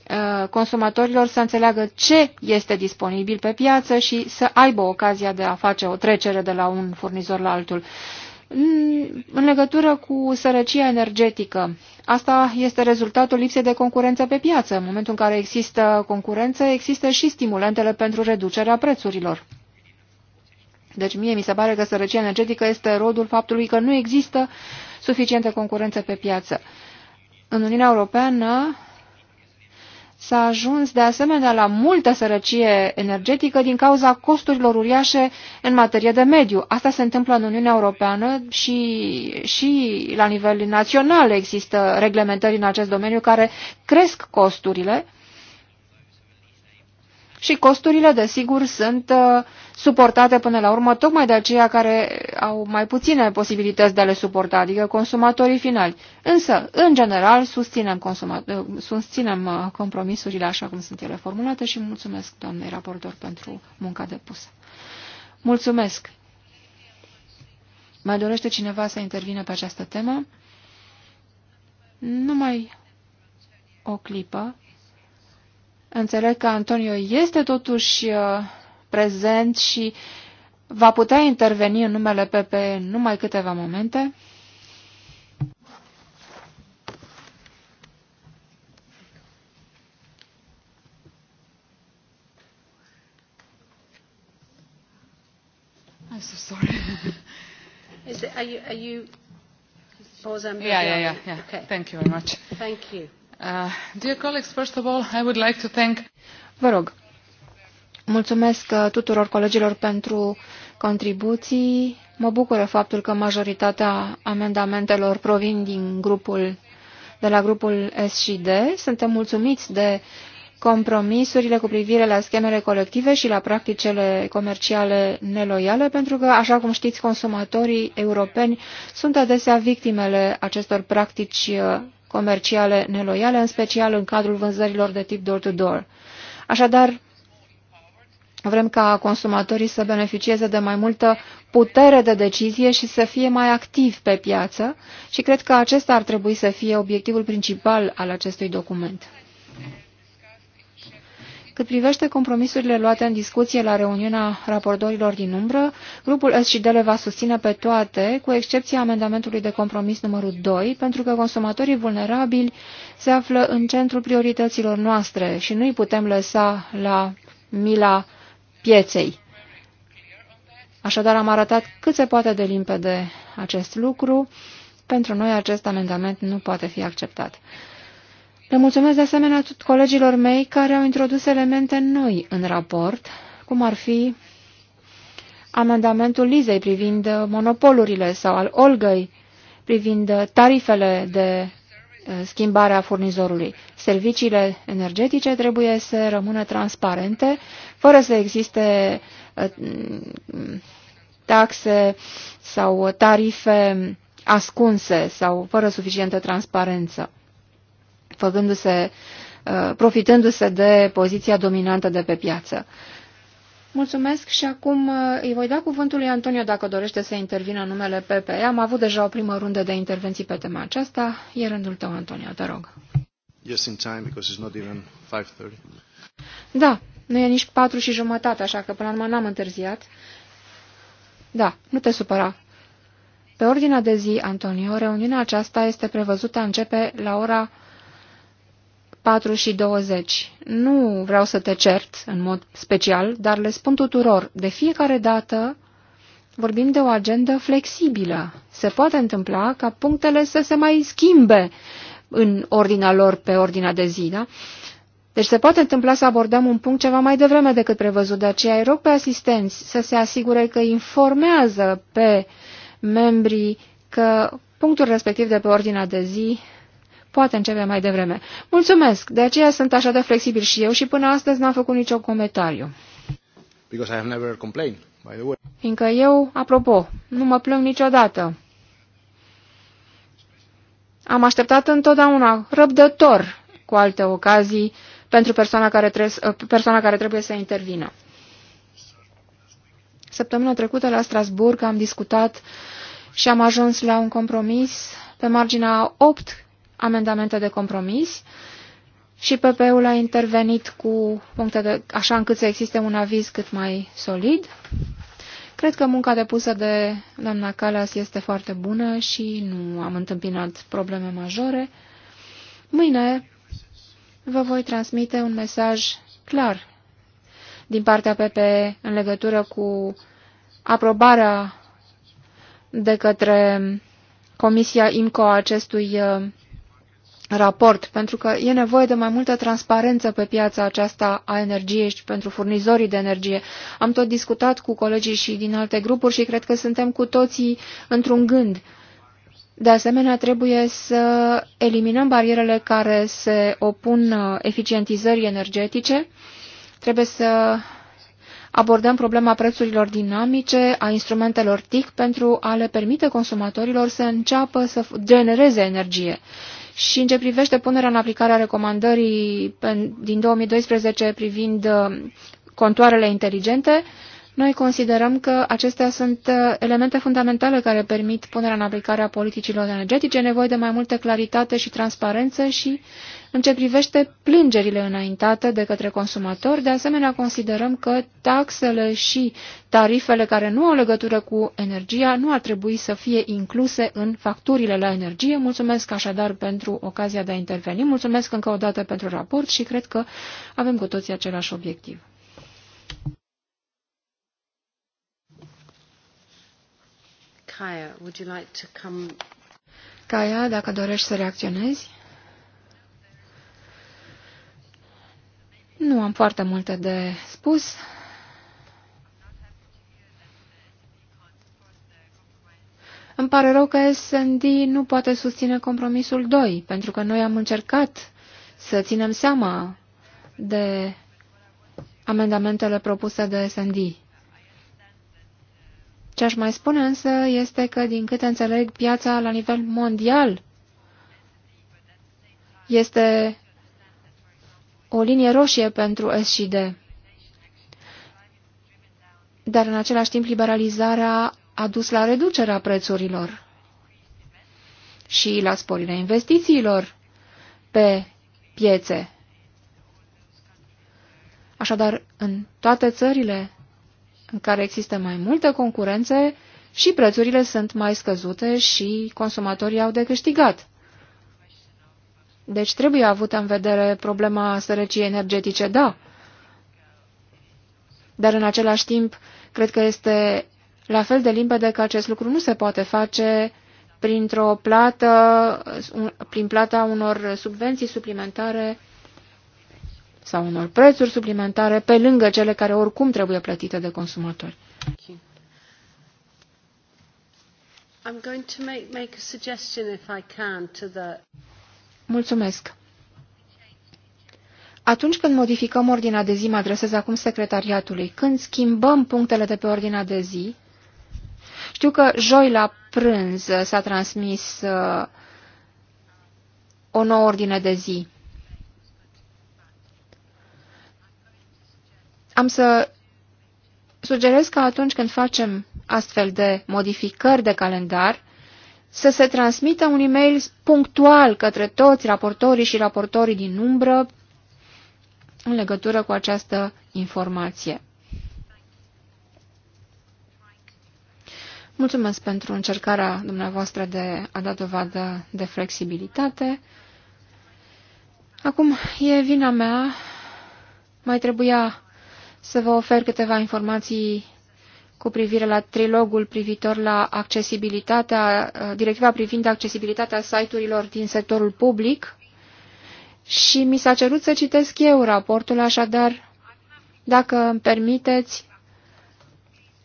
uh, consumatorilor să înțeleagă ce este disponibil pe piață și să aibă ocazia de a face o trecere de la un furnizor la altul. Mm, în legătură cu sărăcia energetică. Asta este rezultatul lipsei de concurență pe piață. În momentul în care există concurență, există și stimulentele pentru reducerea prețurilor. Deci mie mi se pare că sărăcia energetică este rodul faptului că nu există suficientă concurență pe piață. În Uniunea Europeană, S-a ajuns de asemenea la multă sărăcie energetică din cauza costurilor uriașe în materie de mediu. Asta se întâmplă în Uniunea Europeană și, și la nivel național există reglementări în acest domeniu care cresc costurile și costurile, desigur, sunt uh, suportate până la urmă tocmai de aceia care au mai puține posibilități de a le suporta, adică consumatorii finali. Însă, în general, susținem, uh, susținem uh, compromisurile așa cum sunt ele formulate și mulțumesc doamnei raportor pentru munca depusă. Mulțumesc! Mai dorește cineva să intervină pe această temă? Numai o clipă. Înțeleg că Antonio este totuși uh, prezent și va putea interveni în numele PP în numai câteva momente. I'm so sorry. Is it, are you, are you... Yeah, yeah, yeah, yeah. Okay. Thank you very much. Thank you. Vă rog, mulțumesc uh, tuturor colegilor pentru contribuții. Mă bucură faptul că majoritatea amendamentelor provin din grupul, de la grupul S și D. Suntem mulțumiți de compromisurile cu privire la schemele colective și la practicele comerciale neloiale, pentru că, așa cum știți, consumatorii europeni sunt adesea victimele acestor practici uh, comerciale neloiale, în special în cadrul vânzărilor de tip door-to-door. -door. Așadar, vrem ca consumatorii să beneficieze de mai multă putere de decizie și să fie mai activi pe piață și cred că acesta ar trebui să fie obiectivul principal al acestui document. Cât privește compromisurile luate în discuție la reuniunea raportorilor din umbră, grupul S și D le va susține pe toate, cu excepția amendamentului de compromis numărul 2, pentru că consumatorii vulnerabili se află în centrul priorităților noastre și nu îi putem lăsa la mila pieței. Așadar, am arătat cât se poate de limpede acest lucru. Pentru noi acest amendament nu poate fi acceptat. Le mulțumesc de asemenea colegilor mei care au introdus elemente noi în raport, cum ar fi amendamentul Lizei privind monopolurile sau al Olgăi privind tarifele de eh, schimbare a furnizorului. Serviciile energetice trebuie să rămână transparente, fără să existe eh, taxe sau tarife ascunse sau fără suficientă transparență făcându-se, uh, profitându-se de poziția dominantă de pe piață. Mulțumesc și acum uh, îi voi da cuvântul lui Antonio dacă dorește să intervină în numele PPE. Am avut deja o primă rundă de intervenții pe tema aceasta. E rândul tău, Antonio, te rog. Yes, in time, because it's not even 5.30. Da, nu e nici patru și jumătate, așa că până la urmă n-am întârziat. Da, nu te supăra. Pe ordinea de zi, Antonio, reuniunea aceasta este prevăzută a începe la ora 4 și 20. Nu vreau să te cert în mod special, dar le spun tuturor, de fiecare dată vorbim de o agendă flexibilă. Se poate întâmpla ca punctele să se mai schimbe în ordinea lor pe ordinea de zi, da? Deci se poate întâmpla să abordăm un punct ceva mai devreme decât prevăzut, de aceea îi rog pe asistenți să se asigure că informează pe membrii că punctul respectiv de pe ordinea de zi poate începe mai devreme. Mulțumesc, de aceea sunt așa de flexibil și eu și până astăzi n-am făcut niciun comentariu. Because I have never complained, by the way. Fiindcă eu, apropo, nu mă plâng niciodată. Am așteptat întotdeauna răbdător cu alte ocazii pentru persoana care, trebuie, ă, persoana care trebuie să intervină. Săptămâna trecută la Strasburg am discutat și am ajuns la un compromis pe marginea 8 amendamente de compromis și PP-ul a intervenit cu puncte de, așa încât să existe un aviz cât mai solid. Cred că munca depusă de doamna Calas este foarte bună și nu am întâmpinat probleme majore. Mâine vă voi transmite un mesaj clar din partea PP în legătură cu aprobarea de către Comisia IMCO a acestui uh, raport, pentru că e nevoie de mai multă transparență pe piața aceasta a energiei și pentru furnizorii de energie. Am tot discutat cu colegii și din alte grupuri și cred că suntem cu toții într-un gând. De asemenea, trebuie să eliminăm barierele care se opun uh, eficientizării energetice. Trebuie să abordăm problema prețurilor dinamice, a instrumentelor TIC pentru a le permite consumatorilor să înceapă să genereze energie. Și în ce privește punerea în aplicare a recomandării din 2012 privind uh, contoarele inteligente, noi considerăm că acestea sunt uh, elemente fundamentale care permit punerea în aplicare a politicilor energetice, nevoie de mai multă claritate și transparență și în ce privește plângerile înaintate de către consumatori. De asemenea, considerăm că taxele și tarifele care nu au legătură cu energia nu ar trebui să fie incluse în facturile la energie. Mulțumesc așadar pentru ocazia de a interveni, mulțumesc încă o dată pentru raport și cred că avem cu toții același obiectiv. Kaya, would you like to come... Kaya, dacă dorești să reacționezi? Nu am foarte multe de spus. Îmi pare rău că S&D nu poate susține compromisul 2, pentru că noi am încercat să ținem seama de amendamentele propuse de S&D. Ce aș mai spune însă este că, din câte înțeleg, piața la nivel mondial este o linie roșie pentru S și D. Dar în același timp liberalizarea a dus la reducerea prețurilor și la sporirea investițiilor pe piețe. Așadar, în toate țările în care există mai multe concurențe și prețurile sunt mai scăzute și consumatorii au de câștigat. Deci trebuie avută în vedere problema sărăciei energetice, da. Dar în același timp, cred că este la fel de limpede că acest lucru nu se poate face printr-o plată, prin plata unor subvenții suplimentare sau unor prețuri suplimentare pe lângă cele care oricum trebuie plătite de consumatori. I'm going to make, make a suggestion if I can to the... Mulțumesc. Atunci când modificăm ordinea de zi, mă adresez acum secretariatului, când schimbăm punctele de pe ordinea de zi, știu că joi la prânz s-a transmis uh, o nouă ordine de zi. Am să sugerez că atunci când facem astfel de modificări de calendar, să se transmită un e-mail punctual către toți raportorii și raportorii din umbră în legătură cu această informație. Mulțumesc pentru încercarea dumneavoastră de a da dovadă de flexibilitate. Acum e vina mea. Mai trebuia să vă ofer câteva informații cu privire la trilogul privitor la accesibilitatea, directiva privind accesibilitatea site-urilor din sectorul public și mi s-a cerut să citesc eu raportul, așadar, dacă îmi permiteți,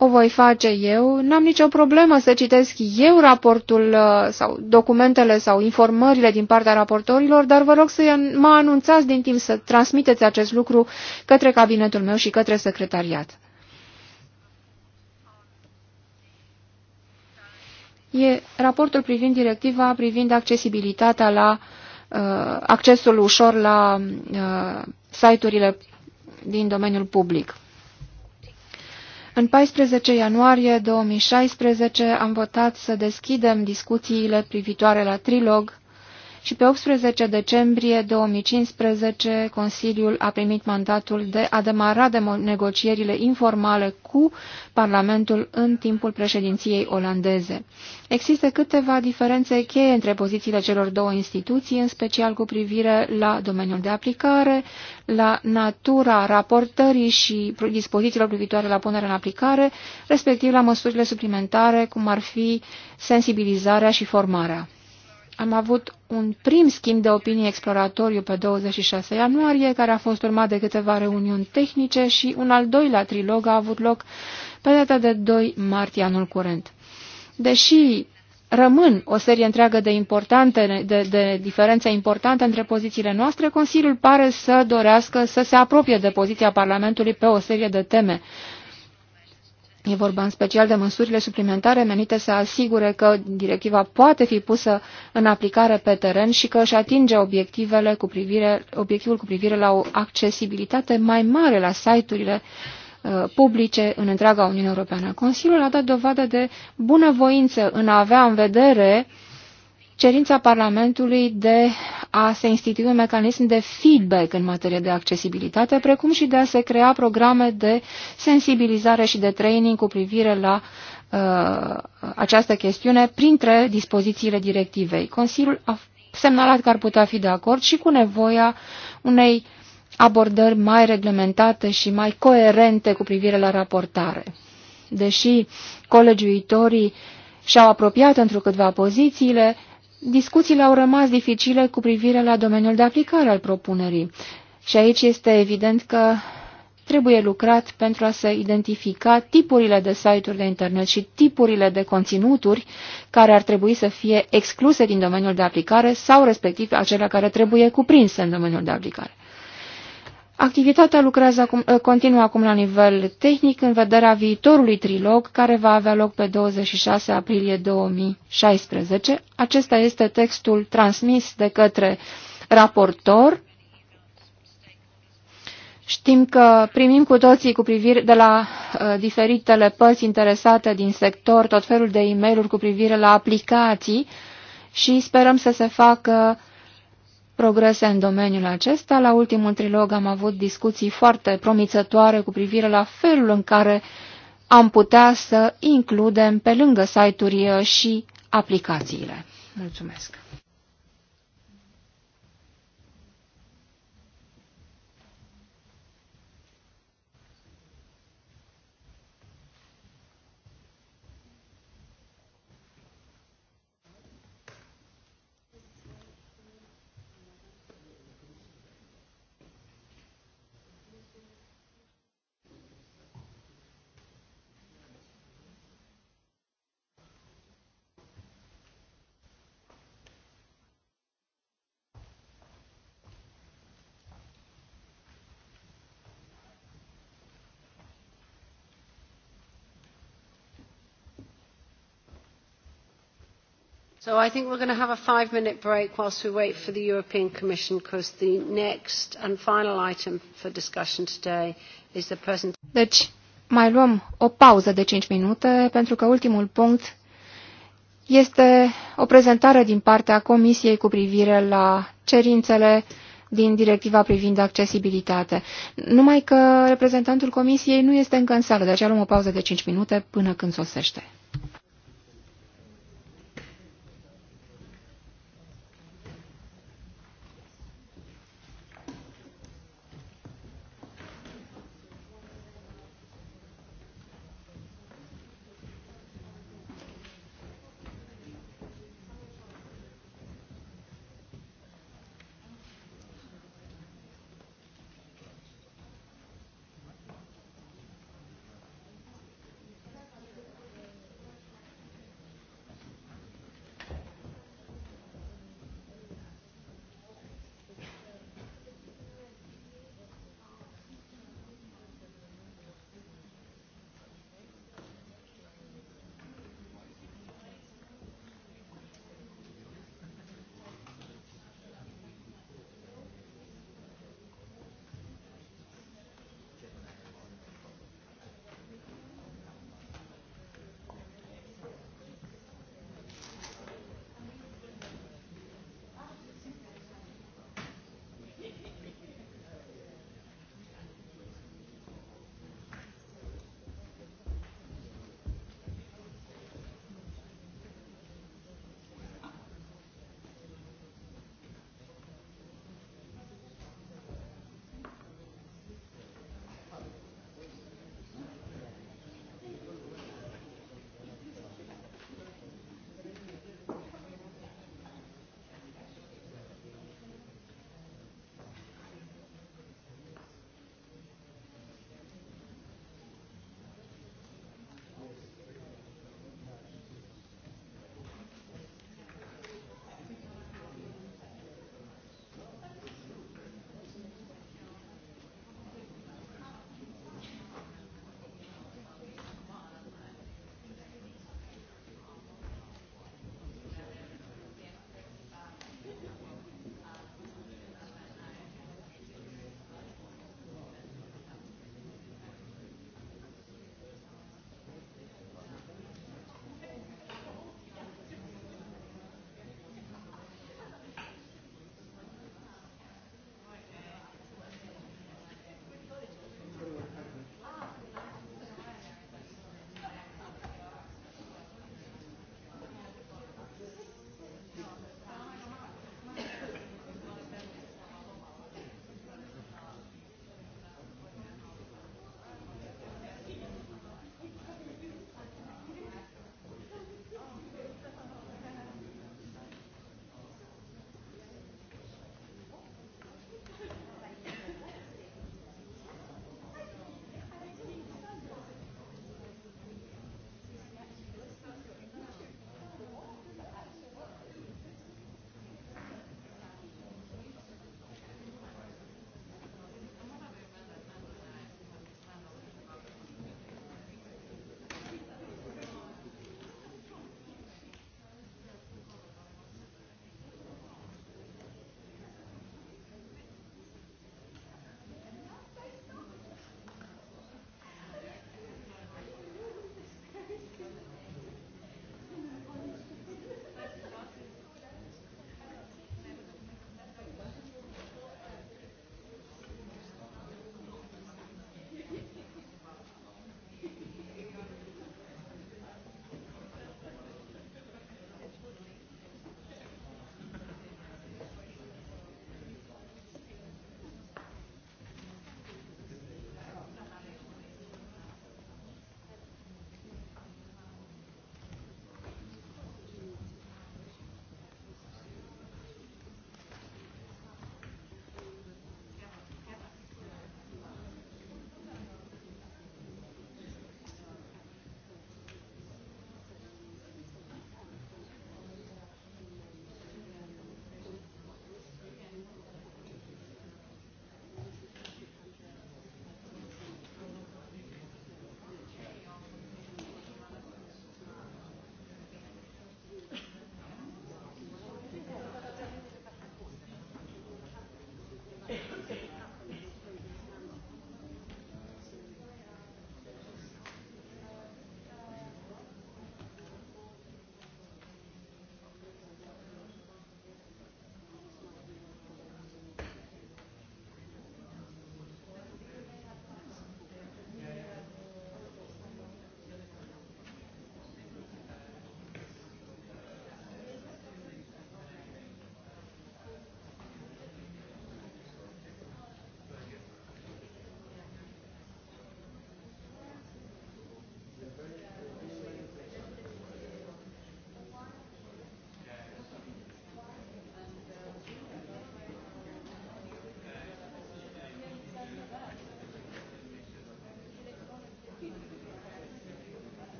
o voi face eu, n-am nicio problemă să citesc eu raportul uh, sau documentele sau informările din partea raportorilor, dar vă rog să mă anunțați din timp să transmiteți acest lucru către cabinetul meu și către secretariat. E raportul privind directiva privind accesibilitatea la uh, accesul ușor la uh, site-urile din domeniul public. În 14 ianuarie 2016 am votat să deschidem discuțiile privitoare la trilog și pe 18 decembrie 2015 Consiliul a primit mandatul de a demara de negocierile informale cu Parlamentul în timpul președinției olandeze. Există câteva diferențe cheie între pozițiile celor două instituții, în special cu privire la domeniul de aplicare, la natura raportării și dispozițiilor privitoare la punerea în aplicare, respectiv la măsurile suplimentare, cum ar fi sensibilizarea și formarea am avut un prim schimb de opinie exploratoriu pe 26 ianuarie, care a fost urmat de câteva reuniuni tehnice și un al doilea trilog a avut loc pe data de 2 martie anul curent. Deși rămân o serie întreagă de, importante, de, de diferențe importante între pozițiile noastre, Consiliul pare să dorească să se apropie de poziția Parlamentului pe o serie de teme, E vorba în special de măsurile suplimentare menite să asigure că directiva poate fi pusă în aplicare pe teren și că își atinge obiectivele cu privire, obiectivul cu privire la o accesibilitate mai mare la site-urile uh, publice în întreaga Uniune Europeană. Consiliul a dat dovadă de bunăvoință în a avea în vedere uh, cerința Parlamentului de a se institui un mecanism de feedback în materie de accesibilitate, precum și de a se crea programe de sensibilizare și de training cu privire la uh, această chestiune printre dispozițiile directivei. Consiliul a semnalat că ar putea fi de acord și cu nevoia unei abordări mai reglementate și mai coerente cu privire la raportare. Deși colegiuitorii și-au apropiat într-o câtva pozițiile, Discuțiile au rămas dificile cu privire la domeniul de aplicare al propunerii și aici este evident că trebuie lucrat pentru a se identifica tipurile de site-uri de internet și tipurile de conținuturi care ar trebui să fie excluse din domeniul de aplicare sau respectiv acelea care trebuie cuprinse în domeniul de aplicare. Activitatea lucrează acum, ă, continuă acum la nivel tehnic în vederea viitorului trilog care va avea loc pe 26 aprilie 2016. Acesta este textul transmis de către raportor. Știm că primim cu toții cu privire de la uh, diferitele părți interesate din sector tot felul de e-mail-uri cu privire la aplicații și sperăm să se facă progrese în domeniul acesta. La ultimul trilog am avut discuții foarte promițătoare cu privire la felul în care am putea să includem pe lângă site-uri uh, și aplicațiile. Mulțumesc! So I think we're going to have a five-minute break whilst we wait for the European Commission because the next and final item for discussion today is the present. Deci, mai luăm o pauză de 5 minute pentru că ultimul punct este o prezentare din partea Comisiei cu privire la cerințele din directiva privind accesibilitate. Numai că reprezentantul Comisiei nu este încă în sală, de aceea luăm o pauză de 5 minute până când sosește.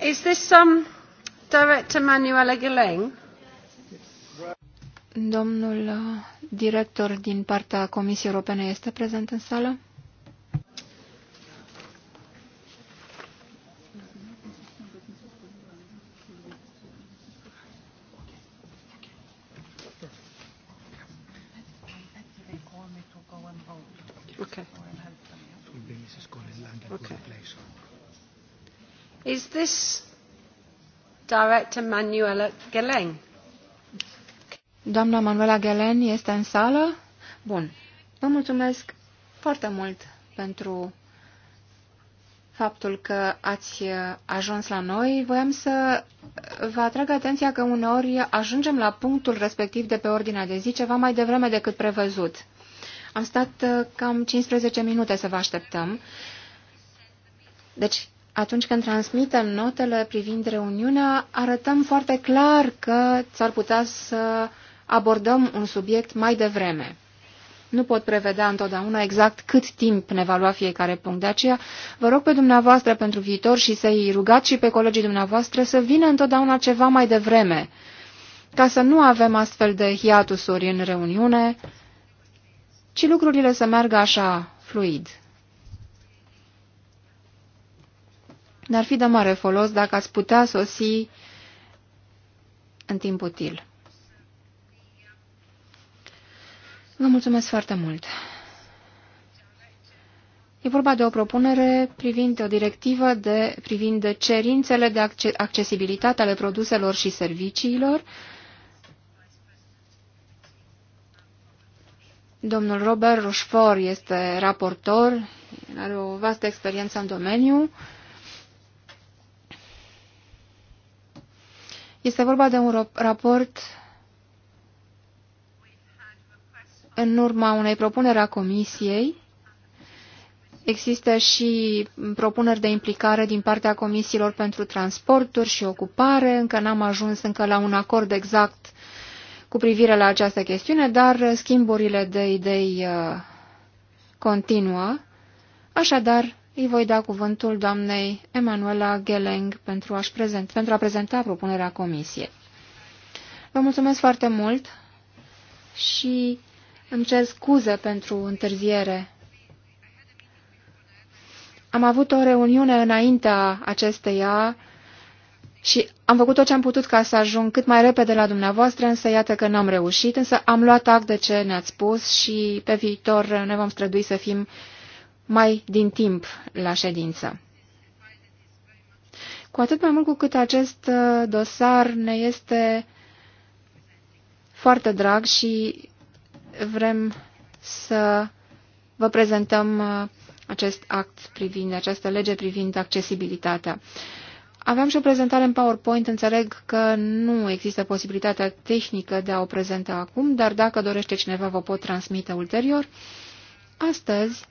Is this um, Director Manuela Aguileng? Domnul uh, director din partea Comisiei Europene este prezent în sală? this Director Manuela Galen, Doamna Manuela Galen, este în sală? Bun. Vă mulțumesc foarte mult pentru faptul că ați ajuns la noi. Voiam să vă atrag atenția că uneori ajungem la punctul respectiv de pe ordinea de zi ceva mai devreme decât prevăzut. Am stat cam 15 minute să vă așteptăm. Deci, atunci când transmitem notele privind reuniunea, arătăm foarte clar că s-ar putea să abordăm un subiect mai devreme. Nu pot prevedea întotdeauna exact cât timp ne va lua fiecare punct. De aceea vă rog pe dumneavoastră pentru viitor și să-i rugați și pe colegii dumneavoastră să vină întotdeauna ceva mai devreme, ca să nu avem astfel de hiatusuri în reuniune, ci lucrurile să meargă așa, fluid. N-ar fi de mare folos dacă ați putea sosi în timp util. Vă mulțumesc foarte mult! E vorba de o propunere privind o directivă de, privind de cerințele de accesibilitate ale produselor și serviciilor. Domnul Robert Rochefort este raportor, are o vastă experiență în domeniu. Este vorba de un raport în urma unei propuneri a Comisiei. Există și propuneri de implicare din partea comisiilor pentru transporturi și ocupare. Încă n-am ajuns încă la un acord exact cu privire la această chestiune, dar schimburile de idei uh, continuă. Așadar, îi voi da cuvântul doamnei Emanuela Geleng pentru, a prezent, pentru a prezenta propunerea comisiei. Vă mulțumesc foarte mult și îmi cer scuze pentru întârziere. Am avut o reuniune înaintea acesteia și am făcut tot ce am putut ca să ajung cât mai repede la dumneavoastră, însă iată că n-am reușit, însă am luat act de ce ne-ați spus și pe viitor ne vom strădui să fim mai din timp la ședință. Cu atât mai mult cu cât acest uh, dosar ne este foarte drag și vrem să vă prezentăm uh, acest act privind, această lege privind accesibilitatea. Aveam și o prezentare în PowerPoint, înțeleg că nu există posibilitatea tehnică de a o prezenta acum, dar dacă dorește cineva vă pot transmite ulterior. Astăzi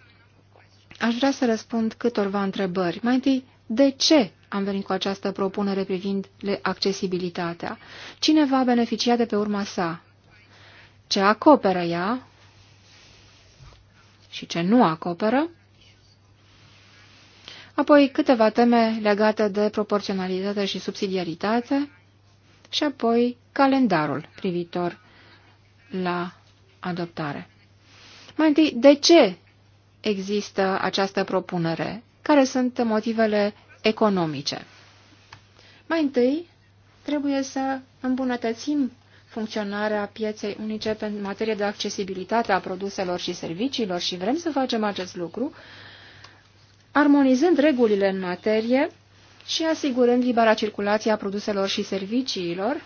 Aș vrea să răspund câtorva întrebări. Mai întâi, de ce am venit cu această propunere privind accesibilitatea? Cine va beneficia de pe urma sa? Ce acoperă ea și ce nu acoperă? Apoi câteva teme legate de proporționalitate și subsidiaritate și apoi calendarul privitor la adoptare. Mai întâi, de ce există această propunere? Care sunt motivele economice? Mai întâi, trebuie să îmbunătățim funcționarea pieței unice în materie de accesibilitate a produselor și serviciilor și vrem să facem acest lucru, armonizând regulile în materie și asigurând libera circulație a produselor și serviciilor,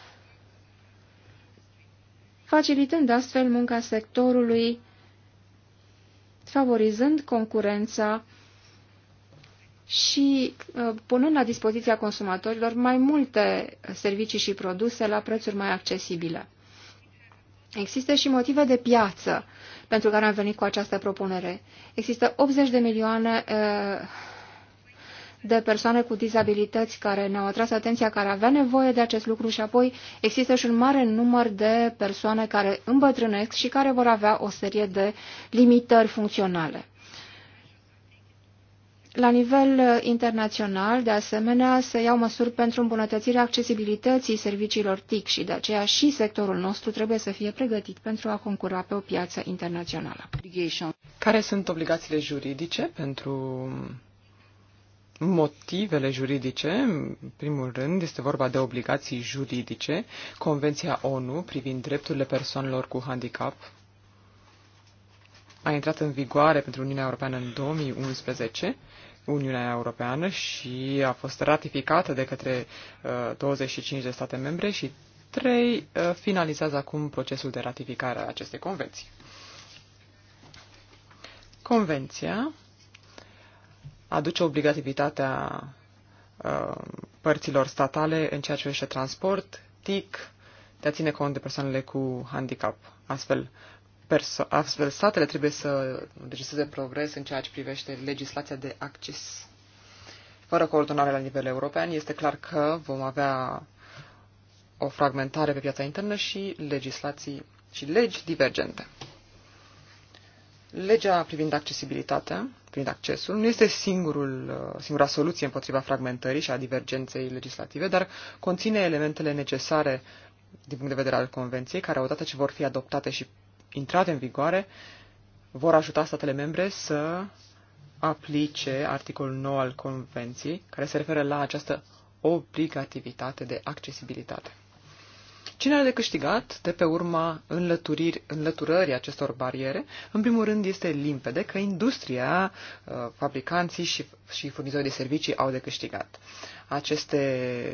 facilitând astfel munca sectorului favorizând concurența și uh, punând la dispoziția consumatorilor mai multe servicii și produse la prețuri mai accesibile. Există și motive de piață pentru care am venit cu această propunere. Există 80 de milioane uh, de persoane cu dizabilități care ne-au atras atenția, care avea nevoie de acest lucru și apoi există și un mare număr de persoane care îmbătrânesc și care vor avea o serie de limitări funcționale. La nivel internațional, de asemenea, se iau măsuri pentru îmbunătățirea accesibilității serviciilor TIC și de aceea și sectorul nostru trebuie să fie pregătit pentru a concura pe o piață internațională. Care sunt obligațiile juridice pentru motivele juridice, în primul rând, este vorba de obligații juridice, Convenția ONU privind drepturile persoanelor cu handicap a intrat în vigoare pentru Uniunea Europeană în 2011, Uniunea Europeană și a fost ratificată de către uh, 25 de state membre și 3 uh, finalizează acum procesul de ratificare a acestei convenții. Convenția aduce obligativitatea uh, părților statale în ceea ce privește transport, TIC, de a ține cont de persoanele cu handicap. Astfel, perso- astfel statele trebuie să registreze progres în ceea ce privește legislația de acces. Fără coordonare la nivel european, este clar că vom avea o fragmentare pe piața internă și legislații și legi divergente. Legea privind accesibilitatea, privind accesul, nu este singurul, uh, singura soluție împotriva fragmentării și a divergenței legislative, dar conține elementele necesare din punct de vedere al Convenției, care odată ce vor fi adoptate și intrate în vigoare, vor ajuta statele membre să aplice articolul 9 al Convenției, care se referă la această obligativitate de accesibilitate. Cine are de câștigat de pe urma înlăturării acestor bariere? În primul rând este limpede că industria, uh, fabricanții și, și furnizorii de servicii au de câștigat. Aceste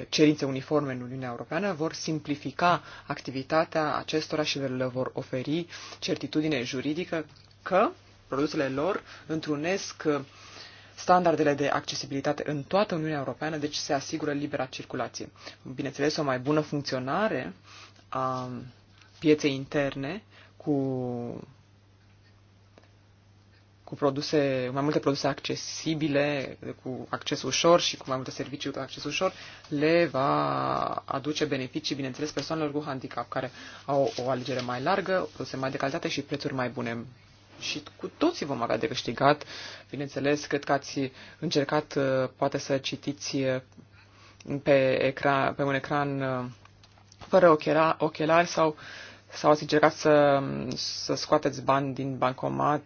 cerințe uniforme în Uniunea Europeană vor simplifica activitatea acestora și le vor oferi certitudine juridică că produsele lor întrunesc uh, standardele de accesibilitate în toată Uniunea Europeană, deci se asigură libera circulație. Bineînțeles, o mai bună funcționare a pieței interne cu cu produse, mai multe produse accesibile, cu acces ușor și cu mai multe servicii cu acces ușor, le va aduce beneficii, bineînțeles, persoanelor cu handicap, care au o alegere mai largă, produse mai de calitate și prețuri mai bune și cu toții vom avea de câștigat. Bineînțeles, cred că ați încercat uh, poate să citiți uh, pe, ecran, pe un ecran uh, fără ochelari, ochelari sau, sau ați încercat să, să scoateți bani din bancomat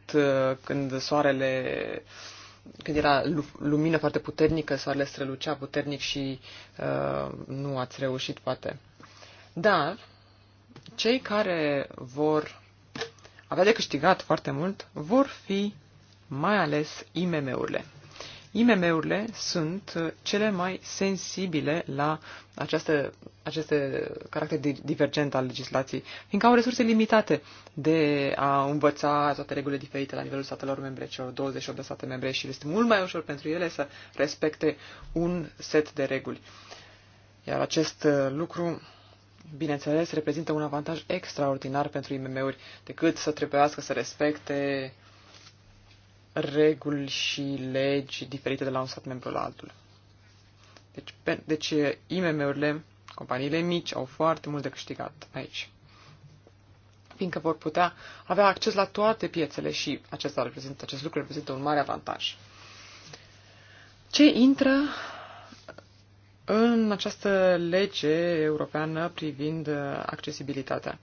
când soarele când era lumină foarte puternică, soarele strălucea puternic și uh, nu ați reușit, poate. Dar cei care vor avea de câștigat foarte mult vor fi mai ales IMM-urile. IMM-urile sunt cele mai sensibile la această, aceste caracter divergent al legislației, fiindcă au resurse limitate de a învăța toate regulile diferite la nivelul statelor membre, celor 28 de state membre și este mult mai ușor pentru ele să respecte un set de reguli. Iar acest lucru bineînțeles, reprezintă un avantaj extraordinar pentru IMM-uri, decât să trebuiască să respecte reguli și legi diferite de la un stat membru la altul. Deci, pe, deci IMM-urile, companiile mici, au foarte mult de câștigat aici, fiindcă vor putea avea acces la toate piețele și acesta reprezintă, acest lucru reprezintă un mare avantaj. Ce intră în această lege europeană privind uh, accesibilitatea.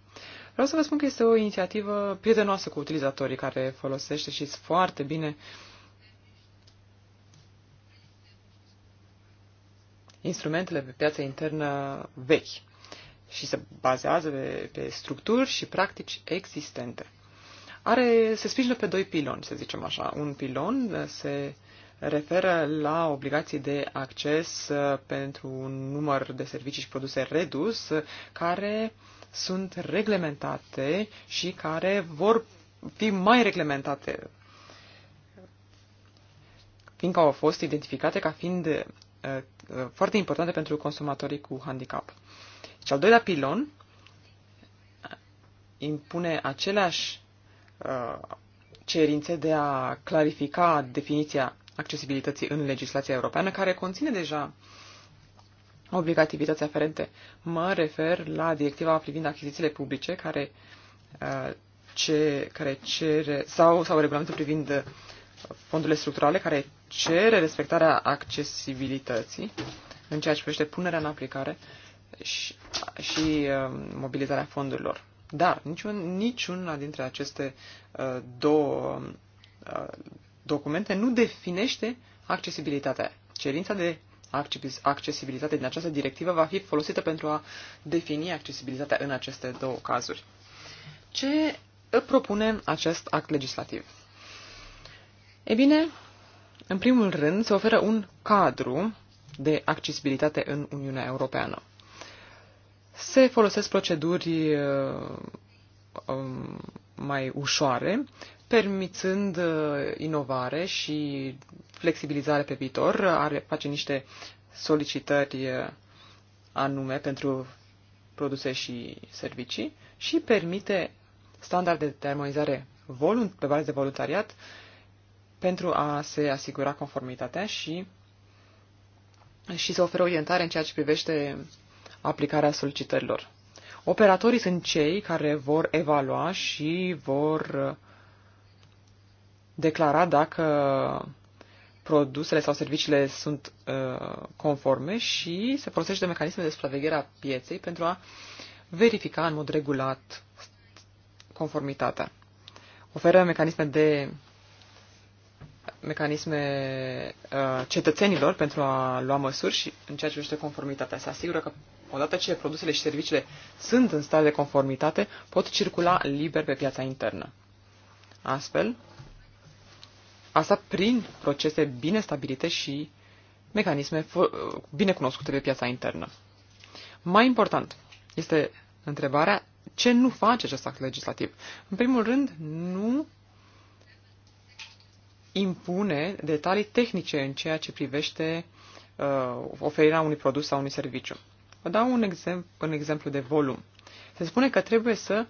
Vreau să vă spun că este o inițiativă prietenoasă cu utilizatorii care folosește și foarte bine instrumentele pe piața internă vechi și se bazează pe, pe structuri și practici existente. Are, se sprijină pe doi piloni, să zicem așa. Un pilon se referă la obligații de acces uh, pentru un număr de servicii și produse redus uh, care sunt reglementate și care vor fi mai reglementate, fiindcă au fost identificate ca fiind uh, foarte importante pentru consumatorii cu handicap. Și deci, al doilea pilon impune aceleași cerințe de a clarifica definiția accesibilității în legislația europeană, care conține deja obligativități aferente. Mă refer la directiva privind achizițiile publice, care, uh, ce, care cere, sau, sau regulamentul privind uh, fondurile structurale, care cere respectarea accesibilității în ceea ce privește punerea în aplicare și, și uh, mobilizarea fondurilor. Dar niciun, niciuna dintre aceste două documente nu definește accesibilitatea. Cerința de accesibilitate din această directivă va fi folosită pentru a defini accesibilitatea în aceste două cazuri. Ce propune acest act legislativ? E bine, în primul rând, se oferă un cadru de accesibilitate în Uniunea Europeană. Se folosesc proceduri uh, um, mai ușoare, permițând uh, inovare și flexibilizare pe viitor. Are, face niște solicitări uh, anume pentru produse și servicii și permite standarde de armonizare pe bază de voluntariat pentru a se asigura conformitatea și, și să oferă orientare în ceea ce privește aplicarea solicitărilor. Operatorii sunt cei care vor evalua și vor uh, declara dacă produsele sau serviciile sunt uh, conforme și se folosește de mecanisme de supraveghere a pieței pentru a verifica în mod regulat conformitatea. Oferă mecanisme de mecanisme uh, cetățenilor pentru a lua măsuri și în ceea ce privește conformitatea. Se asigură că odată ce produsele și serviciile sunt în stare de conformitate, pot circula liber pe piața internă. Astfel, asta prin procese bine stabilite și mecanisme uh, bine cunoscute pe piața internă. Mai important este întrebarea ce nu face acest act legislativ. În primul rând, nu impune detalii tehnice în ceea ce privește uh, oferirea unui produs sau unui serviciu. Vă dau un, exemp- un exemplu de volum. Se spune că trebuie să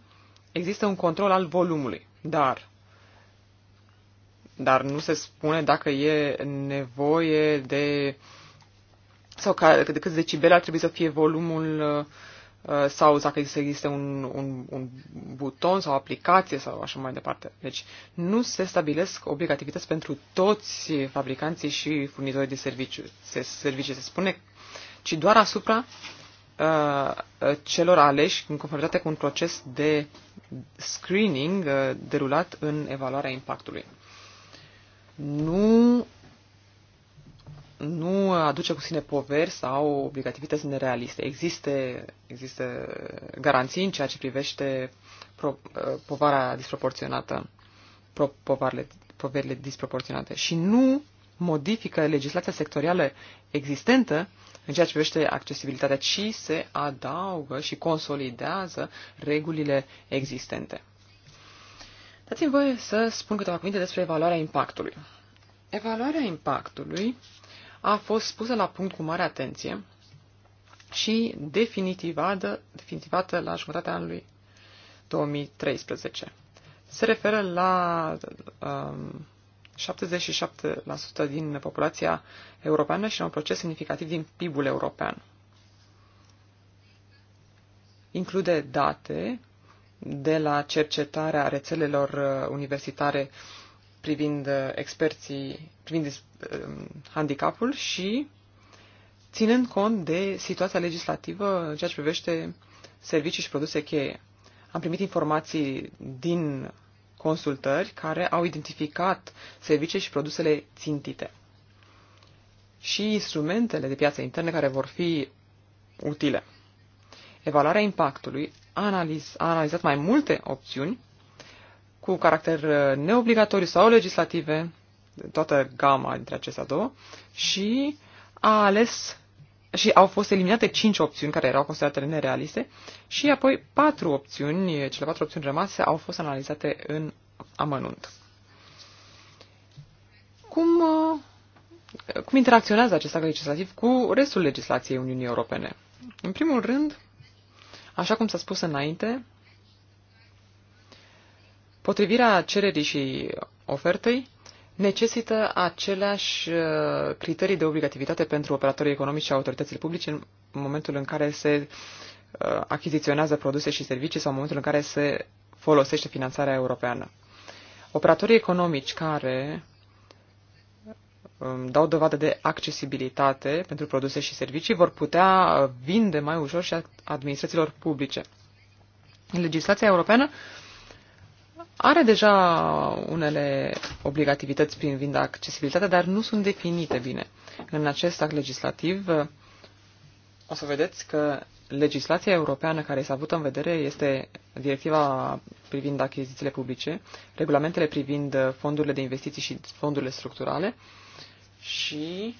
există un control al volumului, dar dar nu se spune dacă e nevoie de sau ca, câți decibeli ar trebui să fie volumul uh, Uh, sau dacă există, există un, un, un buton sau aplicație sau așa mai departe. Deci nu se stabilesc obligativități pentru toți fabricanții și furnizorii de serviciu, se, servicii, se spune, ci doar asupra uh, uh celor aleși în conformitate cu un proces de screening uh, derulat în evaluarea impactului. Nu nu aduce cu sine poveri sau obligativități nerealiste. Există există garanții în ceea ce privește pro, uh, povara disproporționată, pro, povarele, poverile disproporționate și nu modifică legislația sectorială existentă în ceea ce privește accesibilitatea, ci se adaugă și consolidează regulile existente. Dați-mi voie să spun câteva cuvinte despre evaluarea impactului. Evaluarea impactului a fost pusă la punct cu mare atenție și definitivată, definitivată la jumătatea anului 2013. Se referă la um, 77% din populația europeană și la un proces semnificativ din PIB-ul european. Include date de la cercetarea rețelelor uh, universitare uh, privind uh, experții, privind uh, handicapul și ținând cont de situația legislativă în ceea ce privește servicii și produse cheie. Am primit informații din consultări care au identificat servicii și produsele țintite și instrumentele de piață interne care vor fi utile. Evaluarea impactului a, analiz, a analizat mai multe opțiuni cu caracter uh, neobligatoriu sau legislative, toată gama dintre acestea două, și a ales și au fost eliminate cinci opțiuni care erau considerate nerealiste și apoi patru opțiuni, cele patru opțiuni rămase au fost analizate în amănunt. Cum, uh, cum interacționează acest act legislativ cu restul legislației Uniunii Europene? În primul rând, așa cum s-a spus înainte, Potrivirea cererii și ofertei necesită aceleași uh, criterii de obligativitate pentru operatorii economici și autoritățile publice în momentul în care se uh, achiziționează produse și servicii sau în momentul în care se folosește finanțarea europeană. Operatorii economici care um, dau dovadă de accesibilitate pentru produse și servicii vor putea uh, vinde mai ușor și administrațiilor publice. Legislația europeană uh, are deja unele obligativități privind accesibilitatea, dar nu sunt definite bine. În acest act legislativ o să vedeți că legislația europeană care s-a avut în vedere este directiva privind achizițiile publice, regulamentele privind fondurile de investiții și fondurile structurale și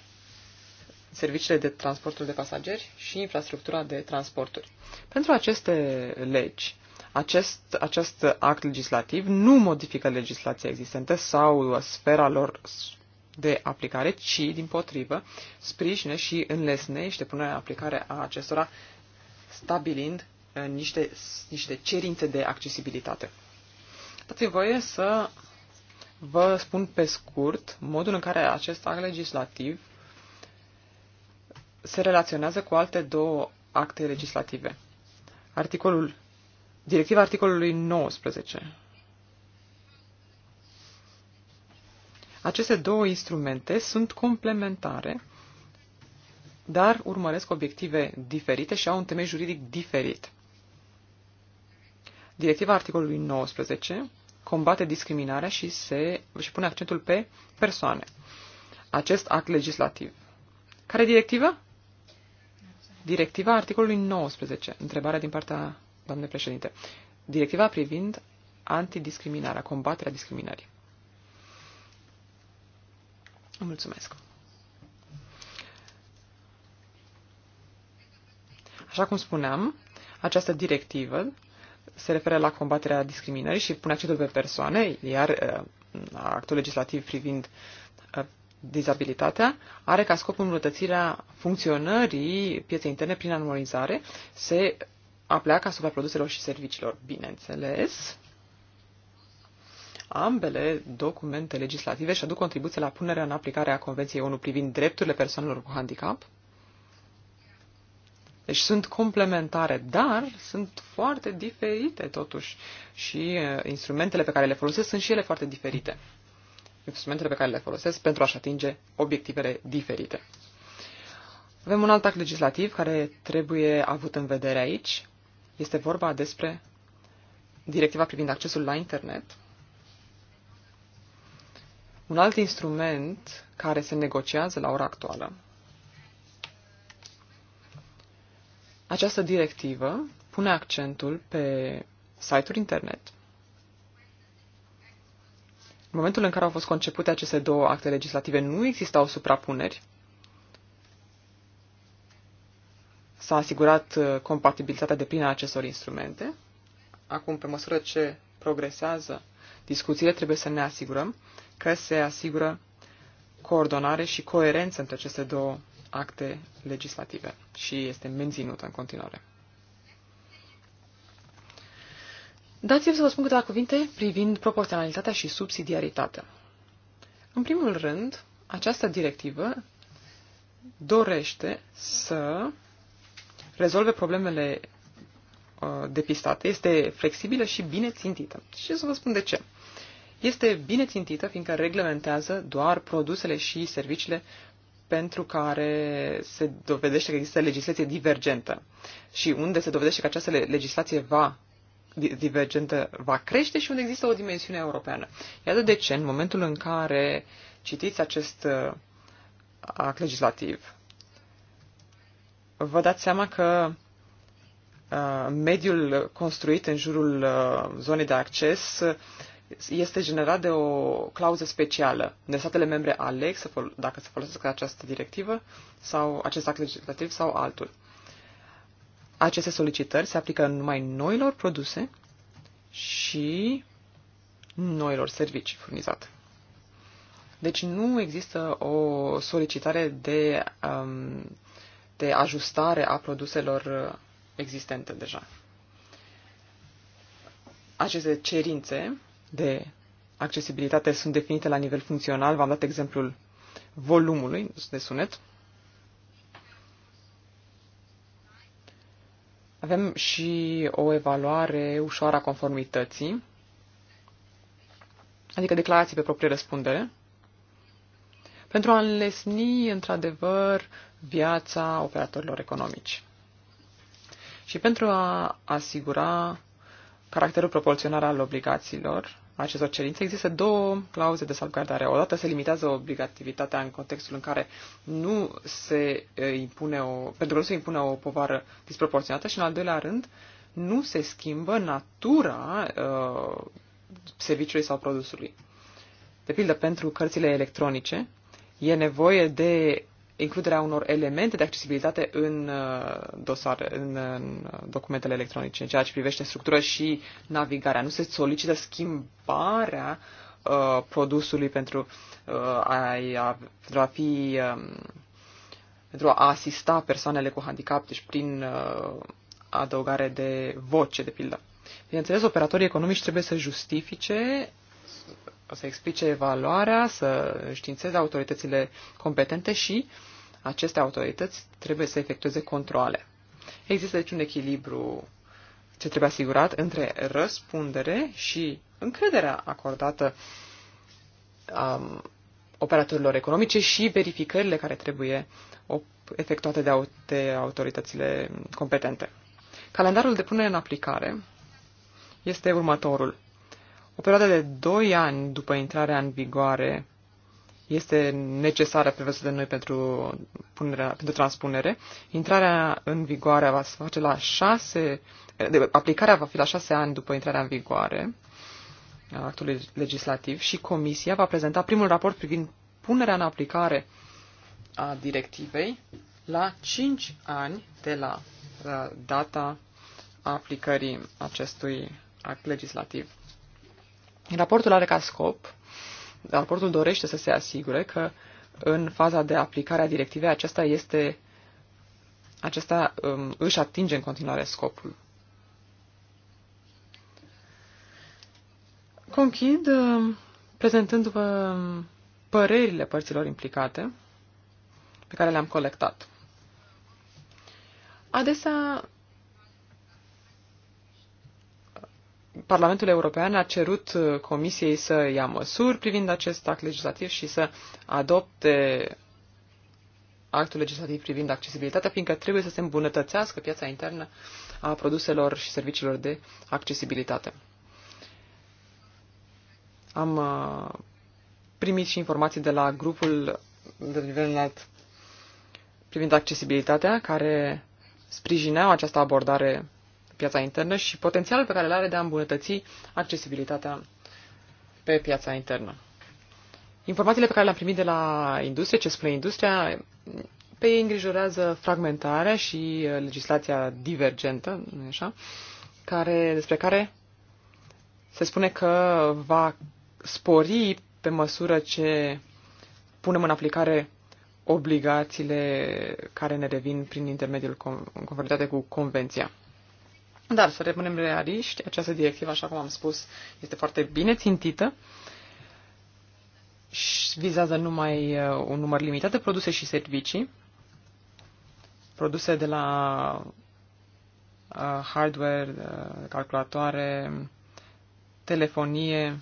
serviciile de transportul de pasageri și infrastructura de transporturi. Pentru aceste legi, acest, acest act legislativ nu modifică legislația existentă sau sfera lor de aplicare, ci, din potrivă, sprijine și înlesnește punerea în aplicare a acestora, stabilind uh, niște, niște cerințe de accesibilitate. Dați-mi voie să vă spun pe scurt modul în care acest act legislativ se relaționează cu alte două acte legislative. Articolul directiva articolului 19. Aceste două instrumente sunt complementare, dar urmăresc obiective diferite și au un temei juridic diferit. Directiva articolului 19 combate discriminarea și, se, și pune accentul pe persoane. Acest act legislativ. Care directivă? Directiva articolului 19. Întrebarea din partea doamne președinte. Directiva privind antidiscriminarea, combaterea discriminării. Mulțumesc. Așa cum spuneam, această directivă se referă la combaterea discriminării și pune accentul pe persoane, iar uh, actul legislativ privind uh, dizabilitatea are ca scop îmbunătățirea funcționării pieței interne prin anualizare, se a pleacă asupra produselor și serviciilor. Bineînțeles, ambele documente legislative și aduc contribuție la punerea în aplicare a Convenției ONU privind drepturile persoanelor cu handicap. Deci sunt complementare, dar sunt foarte diferite totuși și uh, instrumentele pe care le folosesc sunt și ele foarte diferite. Instrumentele pe care le folosesc pentru a-și atinge obiectivele diferite. Avem un alt act legislativ care trebuie avut în vedere aici, este vorba despre directiva privind accesul la internet. Un alt instrument care se negociază la ora actuală. Această directivă pune accentul pe site-uri internet. În momentul în care au fost concepute aceste două acte legislative, nu existau suprapuneri s-a asigurat uh, compatibilitatea de plină a acestor instrumente. Acum, pe măsură ce progresează discuțiile, trebuie să ne asigurăm că se asigură coordonare și coerență între aceste două acte legislative și este menținută în continuare. Dați-mi să vă spun câteva cuvinte privind proporționalitatea și subsidiaritatea. În primul rând, această directivă dorește să rezolve problemele uh, depistate, este flexibilă și bine țintită. Și să vă spun de ce. Este bine țintită fiindcă reglementează doar produsele și serviciile pentru care se dovedește că există legislație divergentă și unde se dovedește că această legislație va divergentă va crește și unde există o dimensiune europeană. Iată de ce, în momentul în care citiți acest uh, act legislativ, vă dați seama că uh, mediul construit în jurul uh, zonei de acces este generat de o clauză specială. De statele membre aleg să fol- dacă se folosesc această directivă sau acest act legislativ sau altul. Aceste solicitări se aplică numai noilor produse și noilor servicii furnizate. Deci nu există o solicitare de um, de ajustare a produselor uh, existente deja. Aceste cerințe de accesibilitate sunt definite la nivel funcțional. V-am dat exemplul volumului de sunet. Avem și o evaluare ușoară a conformității, adică declarații pe proprie răspundere, pentru a înlesni, într-adevăr, viața operatorilor economici. Și pentru a asigura caracterul proporțional al obligațiilor, acestor cerințe, există două clauze de salvgardare. Odată se limitează obligativitatea în contextul în care nu se impune o, pentru că nu se impune o povară disproporționată și, în al doilea rând, nu se schimbă natura uh, serviciului sau produsului. De pildă, pentru cărțile electronice, e nevoie de includerea unor elemente de accesibilitate în uh, dosare, în, în documentele electronice, în ceea ce privește structura și navigarea. Nu se solicită schimbarea uh, produsului pentru, uh, a, a, pentru a fi um, pentru a asista persoanele cu handicap, deci prin uh, adăugare de voce, de pildă. Bineînțeles, operatorii economici trebuie să justifice să explice evaluarea, să științeze autoritățile competente și aceste autorități trebuie să efectueze controle. Există deci un echilibru ce trebuie asigurat între răspundere și încrederea acordată um, operatorilor economice și verificările care trebuie efectuate de, de autoritățile competente. Calendarul de punere în aplicare este următorul. O perioadă de 2 ani după intrarea în vigoare este necesară prevăzută de noi pentru, punerea, pentru transpunere. Intrarea în vigoare va se face la 6, de, aplicarea va fi la 6 ani după intrarea în vigoare a actului legislativ și Comisia va prezenta primul raport privind punerea în aplicare a directivei la 5 ani de la uh, data aplicării acestui act legislativ. Raportul are ca scop, raportul dorește să se asigure că în faza de aplicare a directivei acesta este acesta um, își atinge în continuare scopul. Conchid um, prezentându-vă um, părerile părților implicate pe care le-am colectat. Adesea Parlamentul European a cerut uh, Comisiei să ia măsuri privind acest act legislativ și să adopte actul legislativ privind accesibilitatea, fiindcă trebuie să se îmbunătățească piața internă a produselor și serviciilor de accesibilitate. Am uh, primit și informații de la grupul de nivel înalt privind accesibilitatea, care sprijineau această abordare piața internă și potențialul pe care îl are de a îmbunătăți accesibilitatea pe piața internă. Informațiile pe care le-am primit de la industrie, ce spune industria, pe ei îngrijorează fragmentarea și uh, legislația divergentă, așa, care, despre care se spune că va spori pe măsură ce punem în aplicare obligațiile care ne revin prin intermediul conformitate cu convenția. Dar să rămânem realiști, această directivă, așa cum am spus, este foarte bine țintită și vizează numai uh, un număr limitat de produse și servicii, produse de la uh, hardware, uh, calculatoare, telefonie,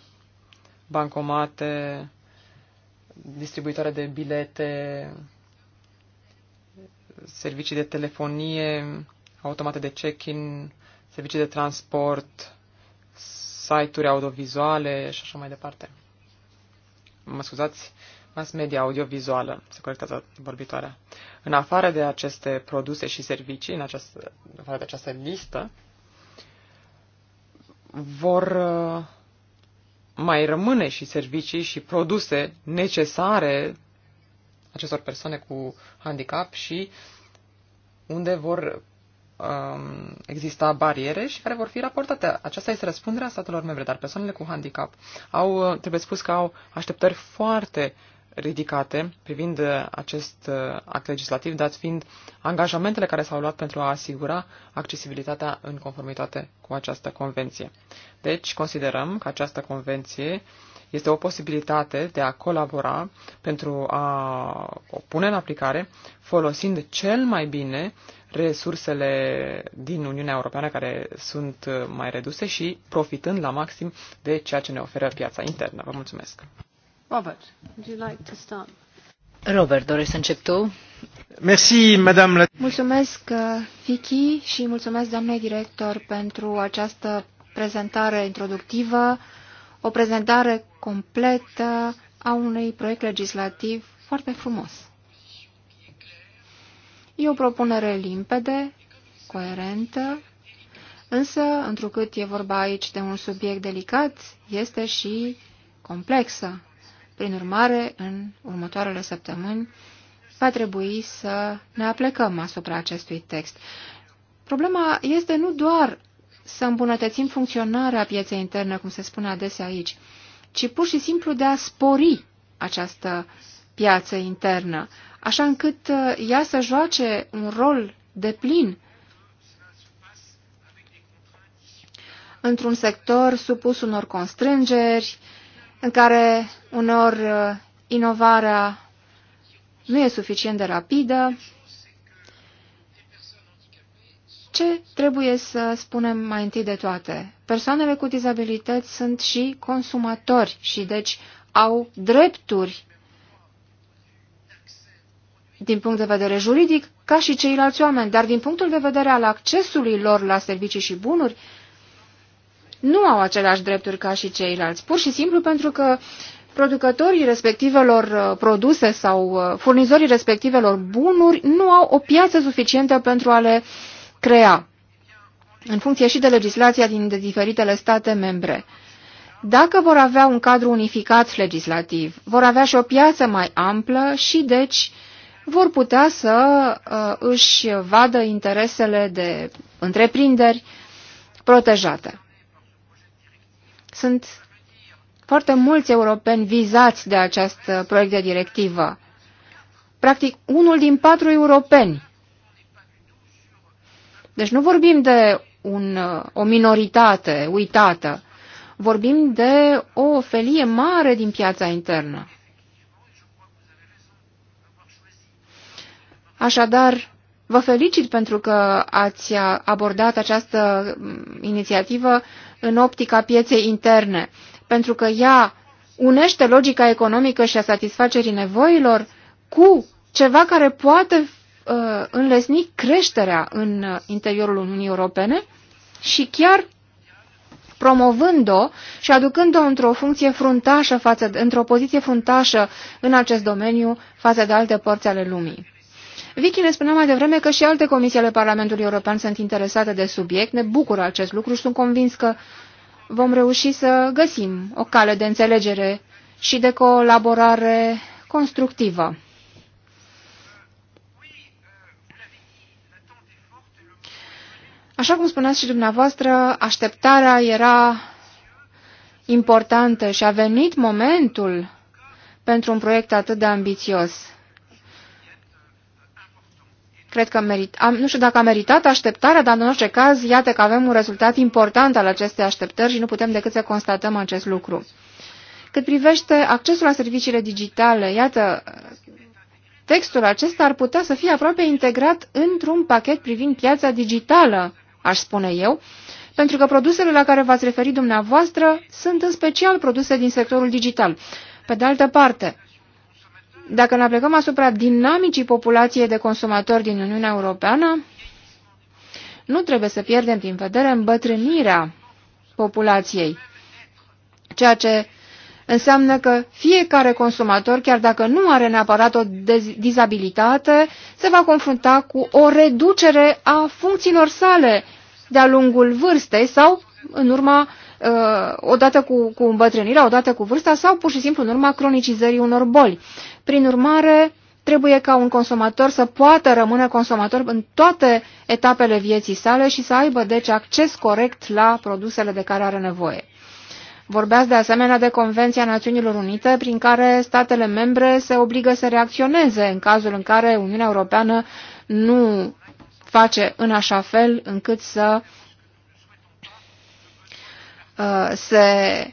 bancomate, distribuitoare de bilete, servicii de telefonie, automate de check-in, servicii de transport, site-uri audiovizuale și așa mai departe. Mă scuzați, mass media audiovizuală, se corectează vorbitoarea. În afară de aceste produse și servicii, în, această, în afară de această listă, vor uh, mai rămâne și servicii și produse necesare acestor persoane cu handicap și unde vor um, exista bariere și care vor fi raportate. Aceasta este răspunderea statelor membre, dar persoanele cu handicap au, uh, trebuie spus că au așteptări foarte ridicate privind uh, acest uh, act legislativ, dat fiind angajamentele care s-au luat pentru a asigura accesibilitatea în conformitate cu această convenție. Deci, considerăm că această convenție este o posibilitate de a colabora pentru a o pune în aplicare folosind cel mai bine resursele din Uniunea Europeană care sunt mai reduse și profitând la maxim de ceea ce ne oferă piața internă. Vă mulțumesc. Robert, would you like to start? Robert, doresc să încep tu? Merci, madame. Mulțumesc, uh, Vicky, și mulțumesc, doamne director, pentru această prezentare introductivă, o prezentare completă a unui proiect legislativ foarte frumos. E o propunere limpede, coerentă, însă, întrucât e vorba aici de un subiect delicat, este și complexă. Prin urmare, în următoarele săptămâni, va trebui să ne aplecăm asupra acestui text. Problema este nu doar să îmbunătățim funcționarea pieței interne, cum se spune adesea aici, ci pur și simplu de a spori această piață internă, așa încât uh, ea să joace un rol de plin într-un sector supus unor constrângeri, în care unor uh, inovarea nu e suficient de rapidă. Ce trebuie să spunem mai întâi de toate? Persoanele cu dizabilități sunt și consumatori și deci au drepturi din punct de vedere juridic ca și ceilalți oameni, dar din punctul de vedere al accesului lor la servicii și bunuri, nu au aceleași drepturi ca și ceilalți, pur și simplu pentru că producătorii respectivelor uh, produse sau uh, furnizorii respectivelor bunuri nu au o piață suficientă pentru a le crea, în funcție și de legislația din diferitele state membre. Dacă vor avea un cadru unificat legislativ, vor avea și o piață mai amplă și, deci, uh, vor putea să uh, își vadă interesele de întreprinderi protejate. Sunt foarte mulți europeni vizați de acest uh, proiect de directivă. Practic, unul din patru europeni. Deci nu vorbim de un, uh, o minoritate uitată, vorbim de o felie mare din piața internă. Așadar, vă felicit pentru că ați abordat această mm, inițiativă în optica pieței interne, pentru că ea unește logica economică și a satisfacerii nevoilor cu ceva care poate uh, înlesni creșterea în uh, interiorul Uniunii Europene și chiar promovând-o și aducând-o într-o funcție fruntașă față, într-o poziție fruntașă în acest domeniu față de alte părți ale lumii. Vicky ne spunea mai devreme că și alte comisii ale Parlamentului European sunt interesate de subiect. Ne bucură acest lucru și sunt convins că vom reuși să găsim o cale de înțelegere și de colaborare constructivă. Așa cum spuneați și dumneavoastră, așteptarea era importantă și a venit momentul pentru un proiect atât de ambițios. Cred că merit, am, nu știu dacă a meritat așteptarea, dar în orice caz, iată că avem un rezultat important al acestei așteptări și nu putem decât să constatăm acest lucru. Cât privește accesul la serviciile digitale, iată, textul acesta ar putea să fie aproape integrat într-un pachet privind piața digitală, aș spune eu, pentru că produsele la care v-ați referit dumneavoastră sunt în special produse din sectorul digital. Pe de altă parte, dacă ne aplicăm asupra dinamicii populației de consumatori din Uniunea Europeană, nu trebuie să pierdem din vedere îmbătrânirea populației, ceea ce înseamnă că fiecare consumator, chiar dacă nu are neapărat o dizabilitate, se va confrunta cu o reducere a funcțiilor sale de-a lungul vârstei sau în urma, uh, odată cu, cu îmbătrânirea, odată cu vârsta sau pur și simplu în urma cronicizării unor boli. Prin urmare, trebuie ca un consumator să poată rămâne consumator în toate etapele vieții sale și să aibă, deci, acces corect la produsele de care are nevoie. Vorbeați de asemenea de Convenția Națiunilor Unite, prin care statele membre se obligă să reacționeze în cazul în care Uniunea Europeană nu face în așa fel încât să uh, se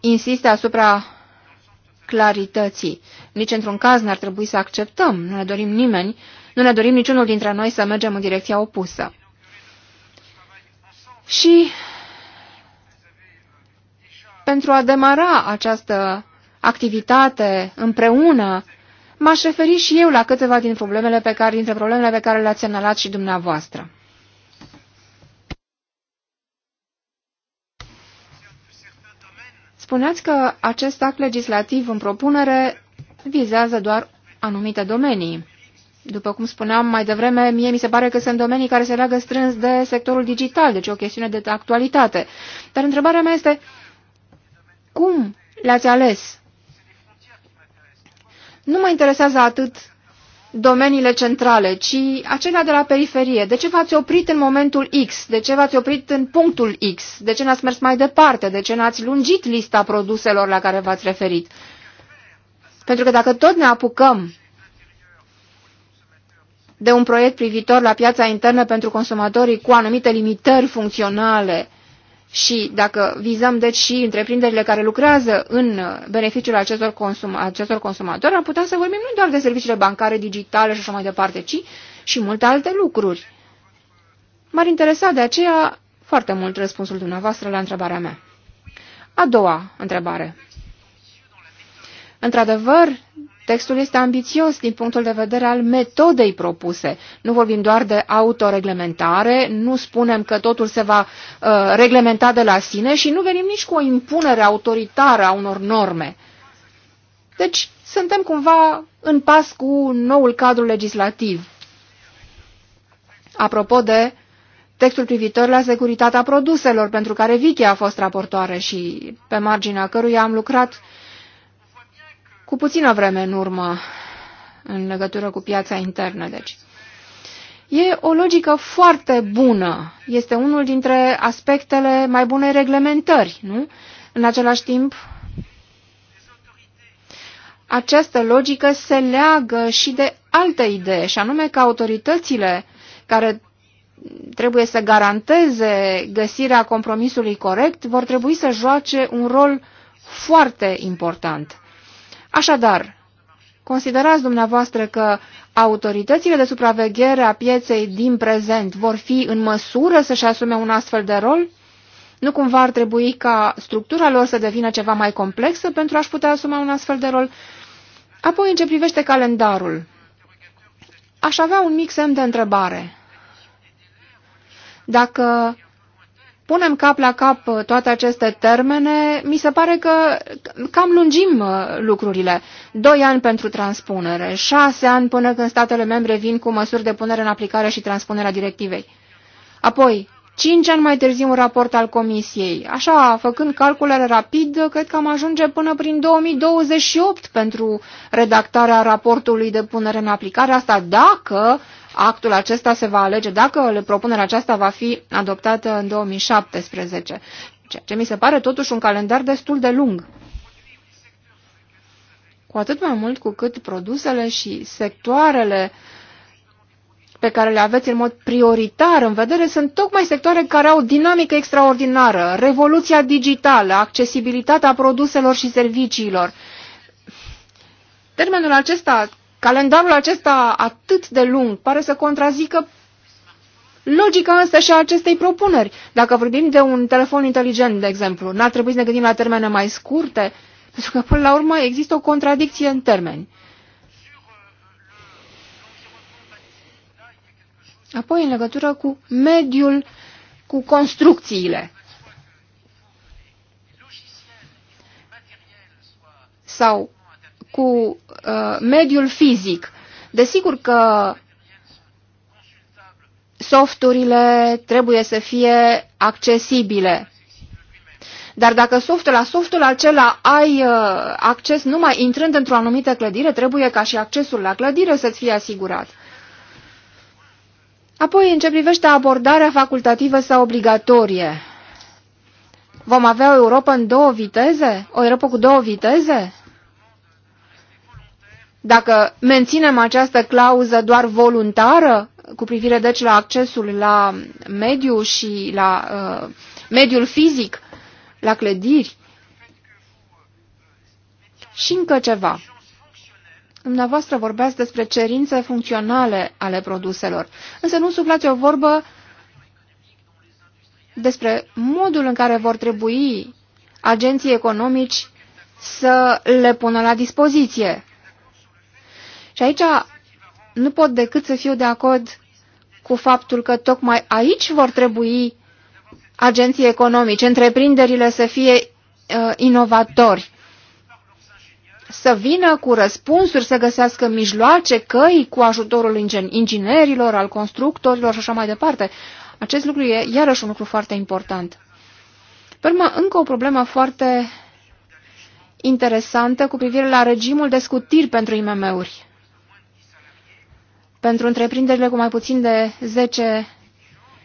insiste asupra clarității. Nici într-un caz n-ar trebui să acceptăm, nu ne dorim nimeni, nu ne dorim niciunul dintre noi să mergem în direcția opusă. Și pentru a demara această activitate împreună, m-aș referi și eu la câteva din problemele pe care, dintre problemele pe care le-ați semnalat și dumneavoastră. Spuneați că acest act legislativ în propunere vizează doar anumite domenii. După cum spuneam mai devreme, mie mi se pare că sunt domenii care se leagă strâns de sectorul digital, deci o chestiune de actualitate. Dar întrebarea mea este, cum le-ați ales? Nu mă interesează atât domeniile centrale, ci acelea de la periferie. De ce v-ați oprit în momentul X? De ce v-ați oprit în punctul X? De ce n-ați mers mai departe? De ce n-ați lungit lista produselor la care v-ați referit? Pentru că dacă tot ne apucăm de un proiect privitor la piața internă pentru consumatorii cu anumite limitări funcționale, și dacă vizăm deci și întreprinderile care lucrează în uh, beneficiul acestor, consum acestor consumatori, am putea să vorbim nu doar de serviciile bancare, digitale și așa mai departe, ci și multe alte lucruri. M-ar interesa de aceea foarte mult răspunsul dumneavoastră la întrebarea mea. A doua întrebare. Într-adevăr, Textul este ambițios din punctul de vedere al metodei propuse. Nu vorbim doar de autoreglementare, nu spunem că totul se va uh, reglementa de la sine și nu venim nici cu o impunere autoritară a unor norme. Deci suntem cumva în pas cu noul cadru legislativ. Apropo de textul privitor la securitatea produselor, pentru care Vichy a fost raportoare și pe marginea căruia am lucrat cu puțină vreme în urmă în legătură cu piața internă. Deci. E o logică foarte bună. Este unul dintre aspectele mai bune reglementări, nu? În același timp, această logică se leagă și de altă idee, și anume că autoritățile care trebuie să garanteze găsirea compromisului corect vor trebui să joace un rol foarte important. Așadar, considerați dumneavoastră că autoritățile de supraveghere a pieței din prezent vor fi în măsură să-și asume un astfel de rol? Nu cumva ar trebui ca structura lor să devină ceva mai complexă pentru a-și putea asuma un astfel de rol? Apoi, în ce privește calendarul, aș avea un mic semn de întrebare. Dacă punem cap la cap uh, toate aceste termene, mi se pare că cam lungim uh, lucrurile. Doi ani pentru transpunere, șase ani până când statele membre vin cu măsuri de punere în aplicare și transpunerea directivei. Apoi, cinci ani mai târziu un raport al Comisiei. Așa, făcând calculele rapid, cred că am ajunge până prin 2028 pentru redactarea raportului de punere în aplicare. Asta dacă actul acesta se va alege dacă propunerea aceasta va fi adoptată în 2017, ceea ce mi se pare totuși un calendar destul de lung. Cu atât mai mult cu cât produsele și sectoarele pe care le aveți în mod prioritar în vedere sunt tocmai sectoare care au dinamică extraordinară, revoluția digitală, accesibilitatea produselor și serviciilor. Termenul acesta Calendarul acesta atât de lung pare să contrazică logica însă și a acestei propuneri. Dacă vorbim de un telefon inteligent, de exemplu, n-ar trebui să ne gândim la termene mai scurte, pentru că până la urmă există o contradicție în termeni. Apoi, în legătură cu mediul, cu construcțiile. Sau cu uh, mediul fizic. Desigur că softurile trebuie să fie accesibile. Dar dacă softul la softul acela ai uh, acces numai intrând într-o anumită clădire, trebuie ca și accesul la clădire să-ți fie asigurat. Apoi, în ce privește abordarea facultativă sau obligatorie, vom avea o Europa în două viteze? O Europa cu două viteze? Dacă menținem această clauză doar voluntară, cu privire deci la accesul la mediu și la uh, mediul fizic, la clădiri, și încă ceva. Dumneavoastră vorbeați despre cerințe funcționale ale produselor, însă nu suflați o vorbă despre modul în care vor trebui agenții economici să le pună la dispoziție. Și aici nu pot decât să fiu de acord cu faptul că tocmai aici vor trebui agenții economici, întreprinderile să fie uh, inovatori, să vină cu răspunsuri, să găsească mijloace, căi cu ajutorul ingen inginerilor, al constructorilor și așa mai departe. Acest lucru e iarăși un lucru foarte important. Părmă, încă o problemă foarte interesantă cu privire la regimul de scutiri pentru IMM-uri pentru întreprinderile cu mai puțin de 10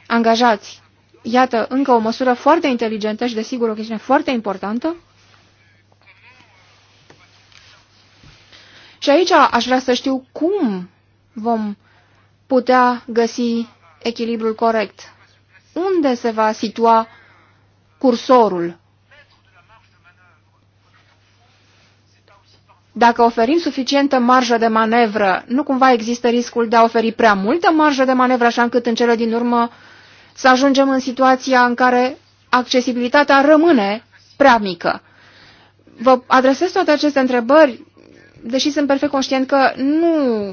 angajați. Iată, încă o măsură foarte inteligentă și, desigur, o chestiune foarte importantă. Și aici aș vrea să știu cum vom putea găsi echilibrul corect. Unde se va situa cursorul dacă oferim suficientă marjă de manevră, nu cumva există riscul de a oferi prea multă marjă de manevră, așa încât în cele din urmă să ajungem în situația în care accesibilitatea rămâne prea mică. Vă adresez toate aceste întrebări, deși sunt perfect conștient că nu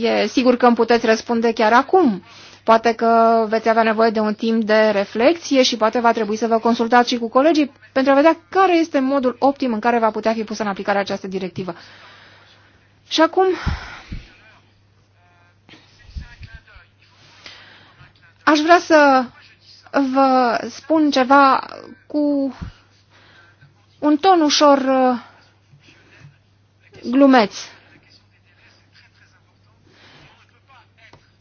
e sigur că îmi puteți răspunde chiar acum. Poate că veți avea nevoie de un timp de reflexie și poate va trebui să vă consultați și cu colegii pentru a vedea care este modul optim în care va putea fi pusă în aplicare această directivă. Și acum, aș vrea să vă spun ceva cu un ton ușor uh, glumeți.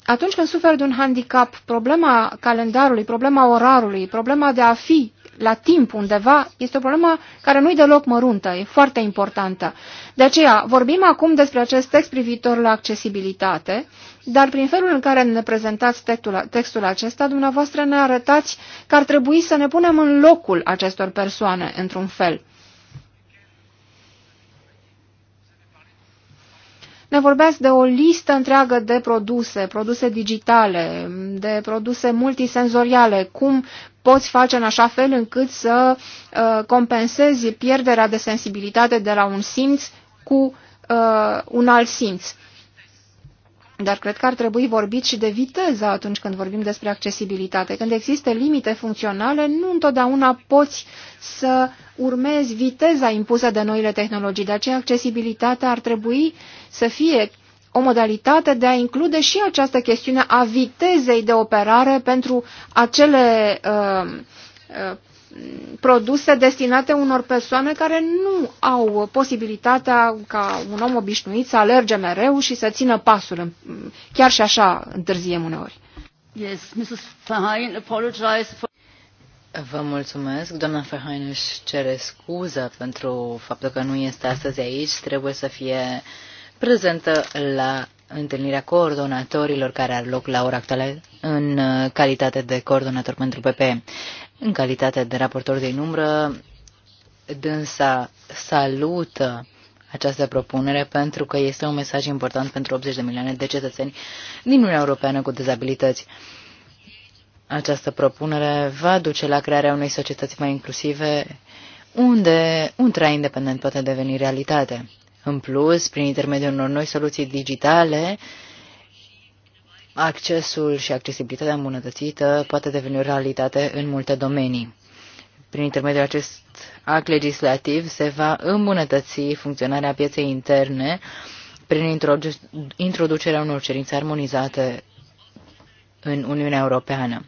atunci când suferi de un handicap, problema calendarului, problema orarului, problema de a fi la timp undeva, este o problemă care nu-i deloc măruntă, e foarte importantă. De aceea, vorbim acum despre acest text privitor la accesibilitate, dar prin felul în care ne prezentați textul, textul acesta, dumneavoastră ne arătați că ar trebui să ne punem în locul acestor persoane, într-un fel. Ne vorbeați de o listă întreagă de produse, produse digitale, de produse multisenzoriale, cum poți face în așa fel încât să uh, compensezi pierderea de sensibilitate de la un simț cu uh, un alt simț. Dar cred că ar trebui vorbit și de viteză atunci când vorbim despre accesibilitate. Când există limite funcționale, nu întotdeauna poți să urmezi viteza impusă de noile tehnologii. De aceea accesibilitatea ar trebui să fie o modalitate de a include și această chestiune a vitezei de operare pentru acele uh, uh, produse destinate unor persoane care nu au posibilitatea ca un om obișnuit să alerge mereu și să țină pasul. Chiar și așa întârziem uneori. Yes, Mrs. Fahain, apologize for... Vă mulțumesc. Doamna Verheyen își cere scuză pentru faptul că nu este astăzi aici. Trebuie să fie prezentă la întâlnirea coordonatorilor care are loc la ora actuală în calitate de coordonator pentru PPE. În calitate de raportor de numbră, dânsa salută această propunere pentru că este un mesaj important pentru 80 de milioane de cetățeni din Uniunea Europeană cu dizabilități. Această propunere va duce la crearea unei societăți mai inclusive unde un trai independent poate deveni realitate. În plus, prin intermediul unor noi soluții digitale, accesul și accesibilitatea îmbunătățită poate deveni o realitate în multe domenii. Prin intermediul acest act legislativ se va îmbunătăți funcționarea pieței interne prin introducerea unor cerințe armonizate în Uniunea Europeană.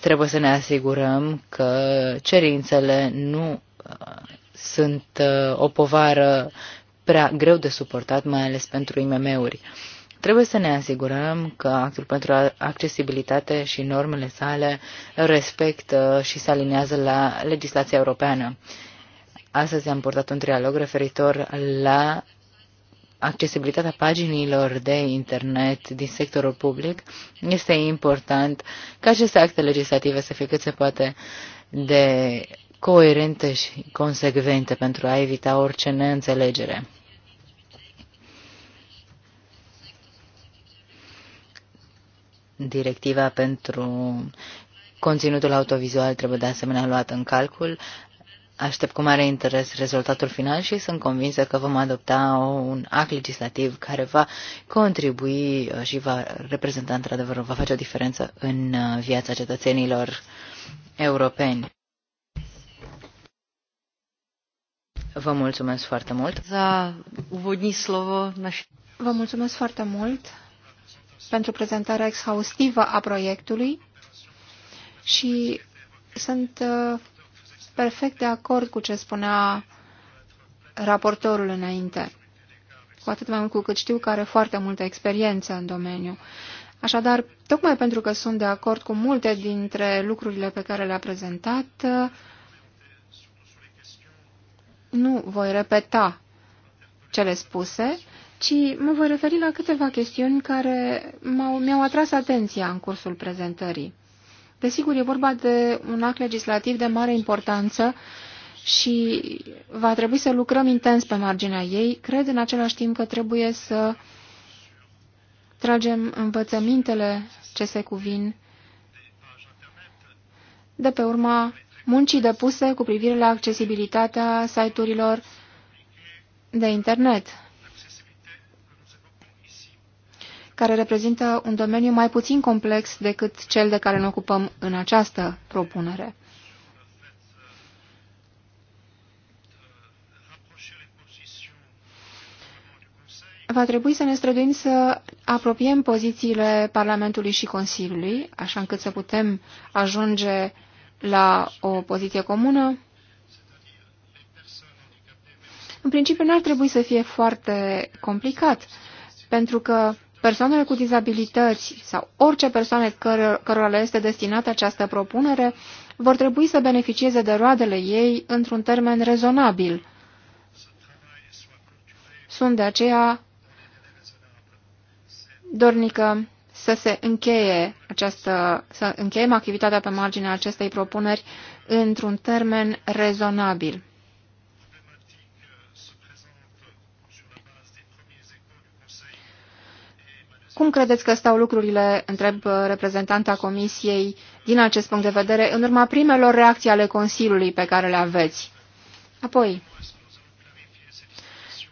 Trebuie să ne asigurăm că cerințele nu uh, sunt uh, o povară prea greu de suportat, mai ales pentru IMM-uri. Trebuie să ne asigurăm că actul pentru accesibilitate și normele sale respectă și se alinează la legislația europeană. Astăzi am purtat un trialog referitor la accesibilitatea paginilor de internet din sectorul public. Este important ca aceste acte legislative să fie cât se poate de coerente și consecvente pentru a evita orice neînțelegere. Directiva pentru conținutul autovizual trebuie de asemenea luată în calcul. Aștept cu mare interes rezultatul final și sunt convinsă că vom adopta un act legislativ care va contribui uh, și va reprezenta într-adevăr, va face o diferență în uh, viața cetățenilor europeni. Vă mulțumesc foarte mult. Vă mulțumesc foarte mult pentru prezentarea exhaustivă a proiectului și sunt uh, perfect de acord cu ce spunea raportorul înainte, cu atât mai mult cu cât știu că are foarte multă experiență în domeniu. Așadar, tocmai pentru că sunt de acord cu multe dintre lucrurile pe care le-a prezentat, uh, nu voi repeta cele spuse, ci mă voi referi la câteva chestiuni care mi-au atras atenția în cursul prezentării. Desigur, e vorba de un act legislativ de mare importanță și va trebui să lucrăm intens pe marginea ei. Cred în același timp că trebuie să tragem învățămintele ce se cuvin de pe urma muncii depuse cu privire la accesibilitatea site-urilor de internet. care reprezintă un domeniu mai puțin complex decât cel de care ne ocupăm în această propunere. Va trebui să ne străduim să apropiem pozițiile Parlamentului și Consiliului, așa încât să putem ajunge la o poziție comună. În principiu, nu ar trebui să fie foarte complicat, pentru că Persoanele cu dizabilități sau orice persoane căr cărora le este destinată această propunere vor trebui să beneficieze de roadele ei într-un termen rezonabil. Sunt de aceea dornică să se încheie această, să încheiem activitatea pe marginea acestei propuneri într-un termen rezonabil. Cum credeți că stau lucrurile, întreb uh, reprezentanta Comisiei, din acest punct de vedere, în urma primelor reacții ale Consiliului pe care le aveți? Apoi,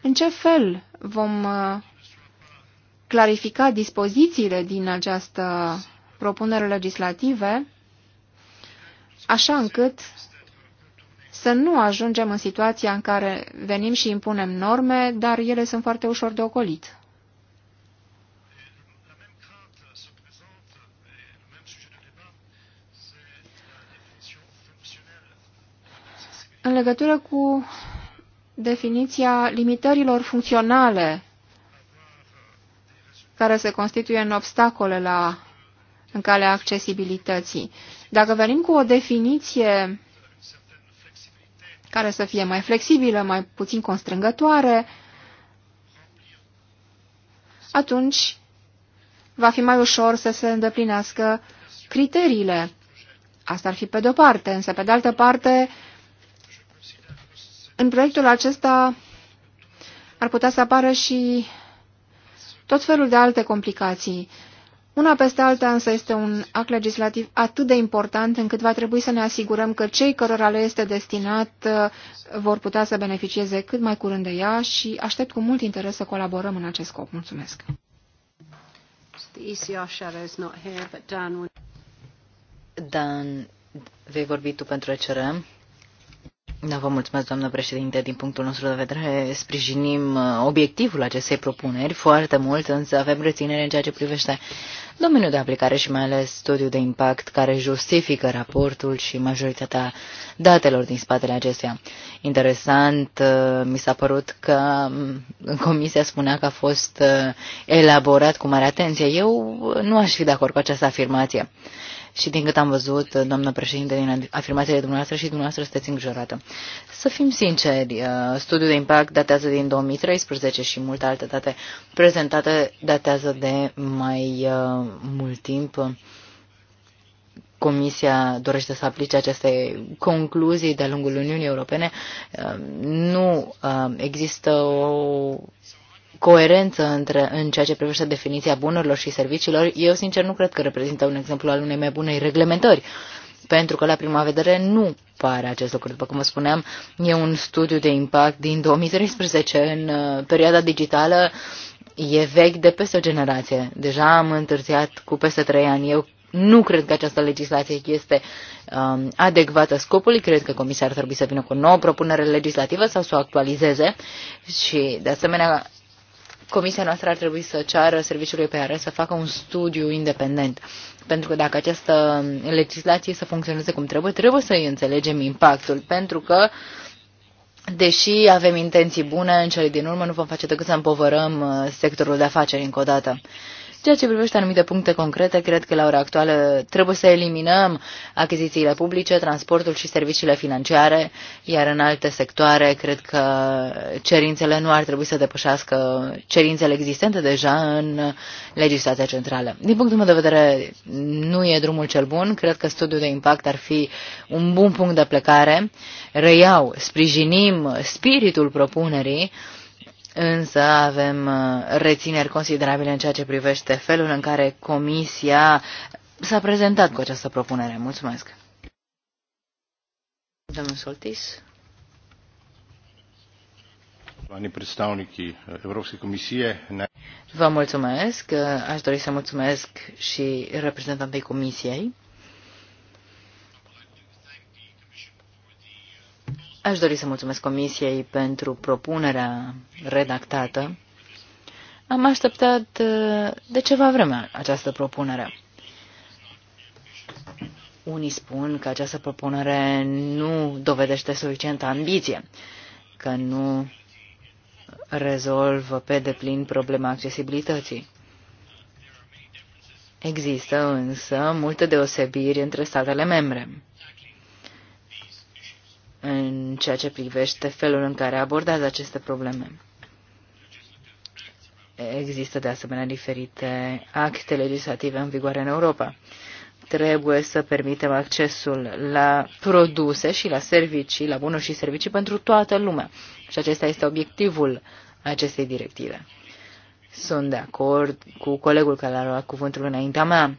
în ce fel vom uh, clarifica dispozițiile din această propunere legislative, așa încât să nu ajungem în situația în care venim și impunem norme, dar ele sunt foarte ușor de ocolit. În legătură cu definiția limitărilor funcționale care se constituie în obstacole la, în calea accesibilității. Dacă venim cu o definiție care să fie mai flexibilă, mai puțin constrângătoare, atunci va fi mai ușor să se îndeplinească criteriile. Asta ar fi pe de-o parte, însă pe de altă parte în proiectul acesta ar putea să apară și tot felul de alte complicații. Una peste alta însă este un act legislativ atât de important încât va trebui să ne asigurăm că cei cărora le este destinat uh, vor putea să beneficieze cât mai curând de ea și aștept cu mult interes să colaborăm în acest scop. Mulțumesc! Dan, vei vorbi tu pentru ECRM? Da, vă mulțumesc, doamnă președinte. Din punctul nostru de vedere, sprijinim uh, obiectivul acestei propuneri foarte mult, însă avem reținere în ceea ce privește domeniul de aplicare și mai ales studiul de impact care justifică raportul și majoritatea datelor din spatele acestuia. Interesant, uh, mi s-a părut că mm, comisia spunea că a fost uh, elaborat cu mare atenție. Eu nu aș fi de acord cu această afirmație și din cât am văzut, doamnă președinte, din afirmațiile dumneavoastră și dumneavoastră sunteți îngrijorată. Să fim sinceri, uh, studiul de impact datează din 2013 și multe alte date prezentate datează de mai uh, mult timp. Comisia dorește să aplice aceste concluzii de-a lungul Uniunii Europene, uh, nu există o coerență între, în ceea ce privește definiția bunurilor și serviciilor, eu sincer nu cred că reprezintă un exemplu al unei mai bunei reglementări. Pentru că la prima vedere nu pare acest lucru. După cum vă spuneam, e un studiu de impact din 2013. În uh, perioada digitală e vechi de peste o generație. Deja am întârziat cu peste trei ani. Eu nu cred că această legislație este um, adecvată scopului. Cred că Comisia ar trebui să vină cu o nouă propunere legislativă sau să o actualizeze. Și, de asemenea, Comisia noastră ar trebui să ceară serviciului PR să facă un studiu independent. Pentru că dacă această legislație să funcționeze cum trebuie, trebuie să îi înțelegem impactul. Pentru că, deși avem intenții bune, în cele din urmă nu vom face decât să împovărăm uh, sectorul de afaceri încă o dată. Ceea ce privește anumite puncte concrete, cred că la ora actuală trebuie să eliminăm achizițiile publice, transportul și serviciile financiare, iar în alte sectoare cred că cerințele nu ar trebui să depășească cerințele existente deja în legislația centrală. Din punctul meu de vedere, nu e drumul cel bun. Cred că studiul de impact ar fi un bun punct de plecare. Reiau, sprijinim spiritul propunerii, însă avem uh, rețineri considerabile în ceea ce privește felul în care Comisia s-a prezentat cu această propunere. Mulțumesc. Domnul Soltis. Vă mulțumesc. Aș dori să mulțumesc și reprezentantei Comisiei. Aș dori să mulțumesc Comisiei pentru propunerea redactată. Am așteptat uh, de ceva vreme această propunere. Unii spun că această propunere nu dovedește suficientă ambiție, că nu rezolvă pe deplin problema accesibilității. Există însă multe deosebiri între statele membre în ceea ce privește felul în care abordează aceste probleme. Există de asemenea diferite acte legislative în vigoare în Europa. Trebuie să permitem accesul la produse și la servicii, la bunuri și servicii pentru toată lumea. Și acesta este obiectivul acestei directive. Sunt de acord cu colegul care a luat cuvântul înaintea mea.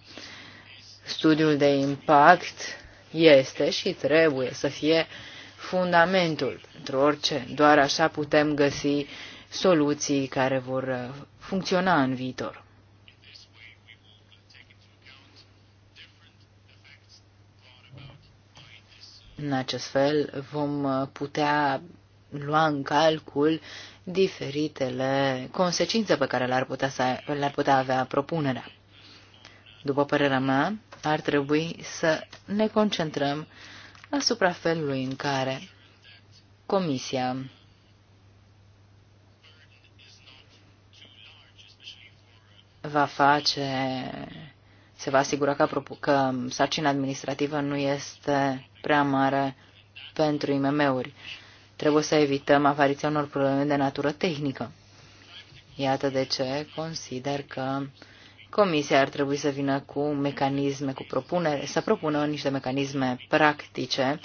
Studiul de impact este și trebuie să fie uh, fundamentul pentru orice. Doar așa putem găsi soluții care vor uh, funcționa în viitor. În acest fel vom uh, putea lua în calcul diferitele consecințe pe care le-ar putea, să, le-ar putea avea propunerea. După părerea mea, ar trebui să ne concentrăm asupra felului în care Comisia va face, se va asigura că, că sarcina administrativă nu este prea mare pentru IMM-uri. Trebuie să evităm apariția unor probleme de natură tehnică. Iată de ce consider că Comisia ar trebui să vină cu mecanisme, cu propunere, să propună niște mecanisme practice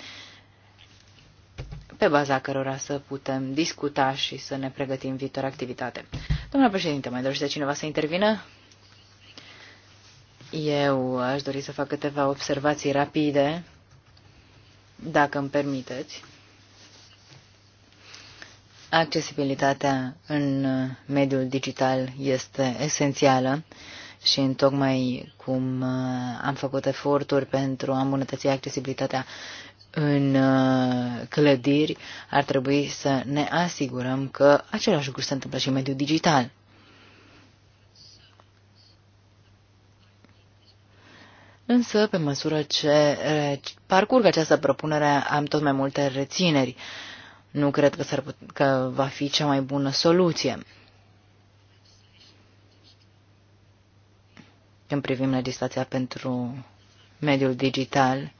pe baza cărora să putem discuta și să ne pregătim viitoare activitate. Domnule președinte, mai dorește cineva să intervină? Eu aș dori să fac câteva observații rapide, dacă îmi permiteți. Accesibilitatea în mediul digital este esențială și în tocmai cum uh, am făcut eforturi pentru a îmbunătăți accesibilitatea în uh, clădiri, ar trebui să ne asigurăm că același lucru se întâmplă și în mediul digital. Însă, pe măsură ce parcurg această propunere, am tot mai multe rețineri. Nu cred că, că va fi cea mai bună soluție. Când privim legislația pentru mediul digital,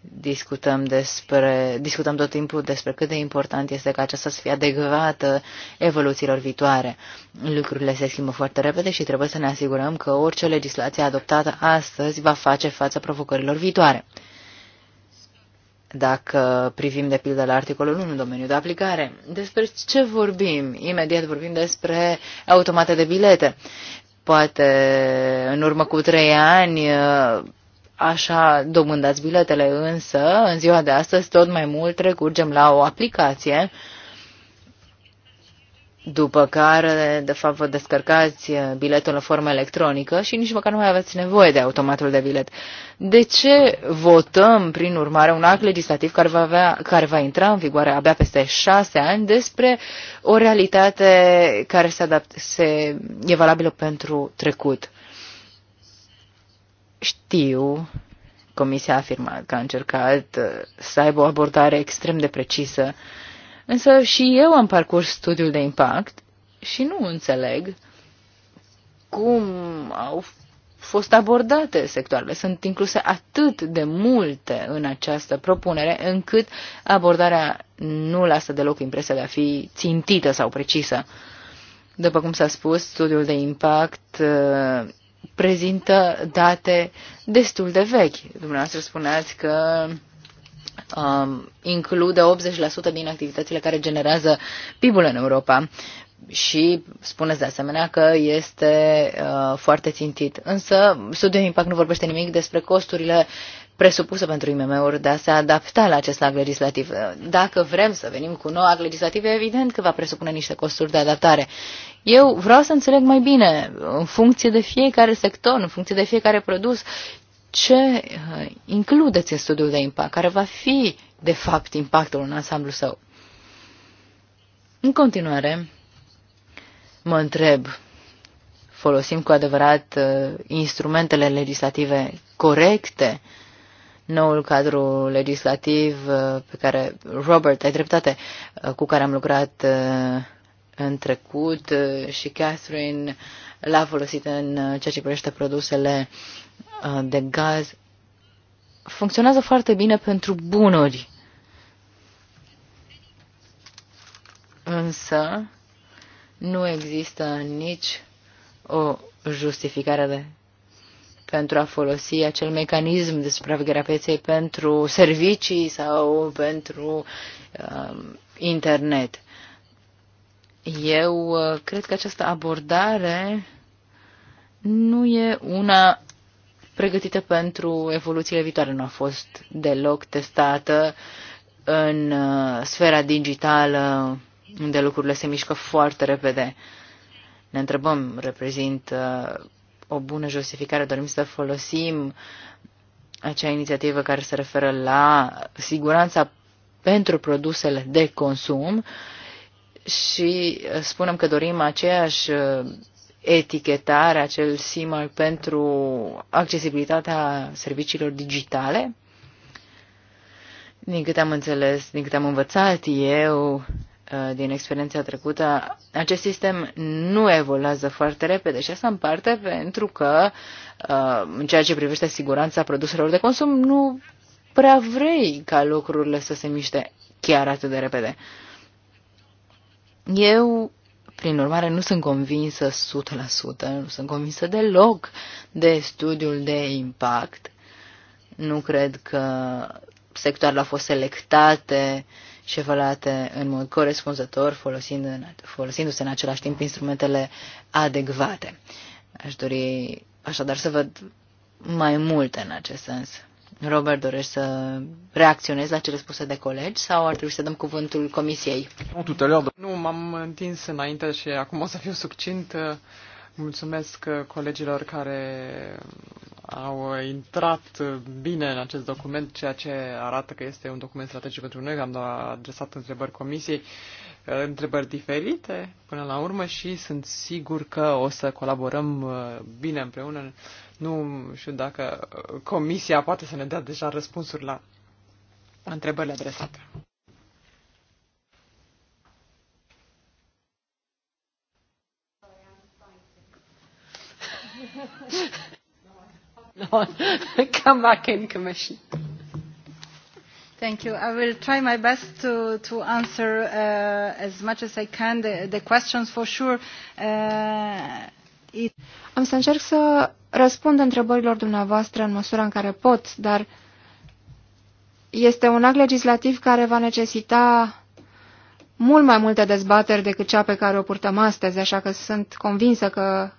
discutăm, despre, discutăm tot timpul despre cât de important este ca aceasta să fie adecvată evoluțiilor viitoare. Lucrurile se schimbă foarte repede și trebuie să ne asigurăm că orice legislație adoptată astăzi va face față provocărilor viitoare. Dacă privim de pildă la articolul 1, domeniul de aplicare, despre ce vorbim? Imediat vorbim despre automate de bilete. Poate în urmă cu trei ani așa domândați biletele, însă în ziua de astăzi tot mai mult recurgem la o aplicație după care, de fapt, vă descărcați eh, biletul în formă electronică și nici măcar nu mai aveți nevoie de automatul de bilet. De ce votăm, prin urmare, un act legislativ care va, avea, care va intra în vigoare abia peste șase ani despre o realitate care se, adapt, se e valabilă pentru trecut? Știu, Comisia a afirmat că a încercat eh, să aibă o abordare extrem de precisă uh, Însă și eu am parcurs studiul de impact și nu înțeleg cum au fost abordate sectoarele. Sunt incluse atât de multe în această propunere, încât abordarea nu lasă deloc impresia de a fi țintită sau precisă. După cum s-a spus, studiul de impact uh, prezintă date destul de vechi. Dumneavoastră spuneați că um, include 80% din activitățile care generează PIB-ul în Europa și spuneți de asemenea că este uh, foarte țintit. Însă, studiul impact nu vorbește nimic despre costurile presupuse pentru IMM-uri de a se adapta la acest act legislativ. Dacă vrem să venim cu un nou act legislativ, evident că va presupune niște costuri de adaptare. Eu vreau să înțeleg mai bine, în funcție de fiecare sector, în funcție de fiecare produs, ce uh, includeți în studiul de impact, care va fi, de fapt, impactul în ansamblu său. În continuare, mă întreb, folosim cu adevărat uh, instrumentele legislative corecte? Noul cadru legislativ uh, pe care, Robert, ai dreptate, cu care am lucrat în trecut și Catherine l-a folosit în ceea ce privește produsele Uh, de gaz funcționează foarte bine pentru bunuri. Însă nu există nici o justificare de, pentru a folosi acel mecanism de supraveghere a pieței pentru servicii sau pentru um, internet. Eu uh, cred că această abordare nu e una pregătită pentru evoluțiile viitoare. Nu a fost deloc testată în uh, sfera digitală, unde lucrurile se mișcă foarte repede. Ne întrebăm, reprezintă uh, o bună justificare, dorim să folosim acea inițiativă care se referă la siguranța pentru produsele de consum și uh, spunem că dorim aceeași etichetare, acel SIMAL pentru accesibilitatea serviciilor digitale. Din câte am înțeles, din câte am învățat eu uh, din experiența trecută, acest sistem nu evoluează foarte repede și asta în parte pentru că uh, în ceea ce privește siguranța produselor de consum nu prea vrei ca lucrurile să se miște chiar atât de repede. Eu prin urmare, nu sunt convinsă 100%, nu sunt convinsă deloc de studiul de impact. Nu cred că sectoarele au fost selectate și evaluate în mod corespunzător, folosindu-se în același timp instrumentele adecvate. Aș dori așadar să văd mai multe în acest sens. Robert, dorești să reacționezi la cele spuse de colegi sau ar trebui să dăm cuvântul comisiei? Da. Nu, m-am întins înainte și acum o să fiu succint. Mulțumesc colegilor care au intrat bine în acest document, ceea ce arată că este un document strategic pentru noi. Am adresat întrebări comisiei, întrebări diferite până la urmă și sunt sigur că o să colaborăm bine împreună nu știu dacă uh, comisia poate să ne dea deja răspunsuri la întrebările adresate. no, come back in commission. Thank you. I will try my best to, to answer uh, as much as I can the, the questions for sure. Uh, it... Am să încerc să răspund întrebărilor dumneavoastră în măsura în care pot, dar este un act legislativ care va necesita mult mai multe dezbateri decât cea pe care o purtăm astăzi, așa că sunt convinsă că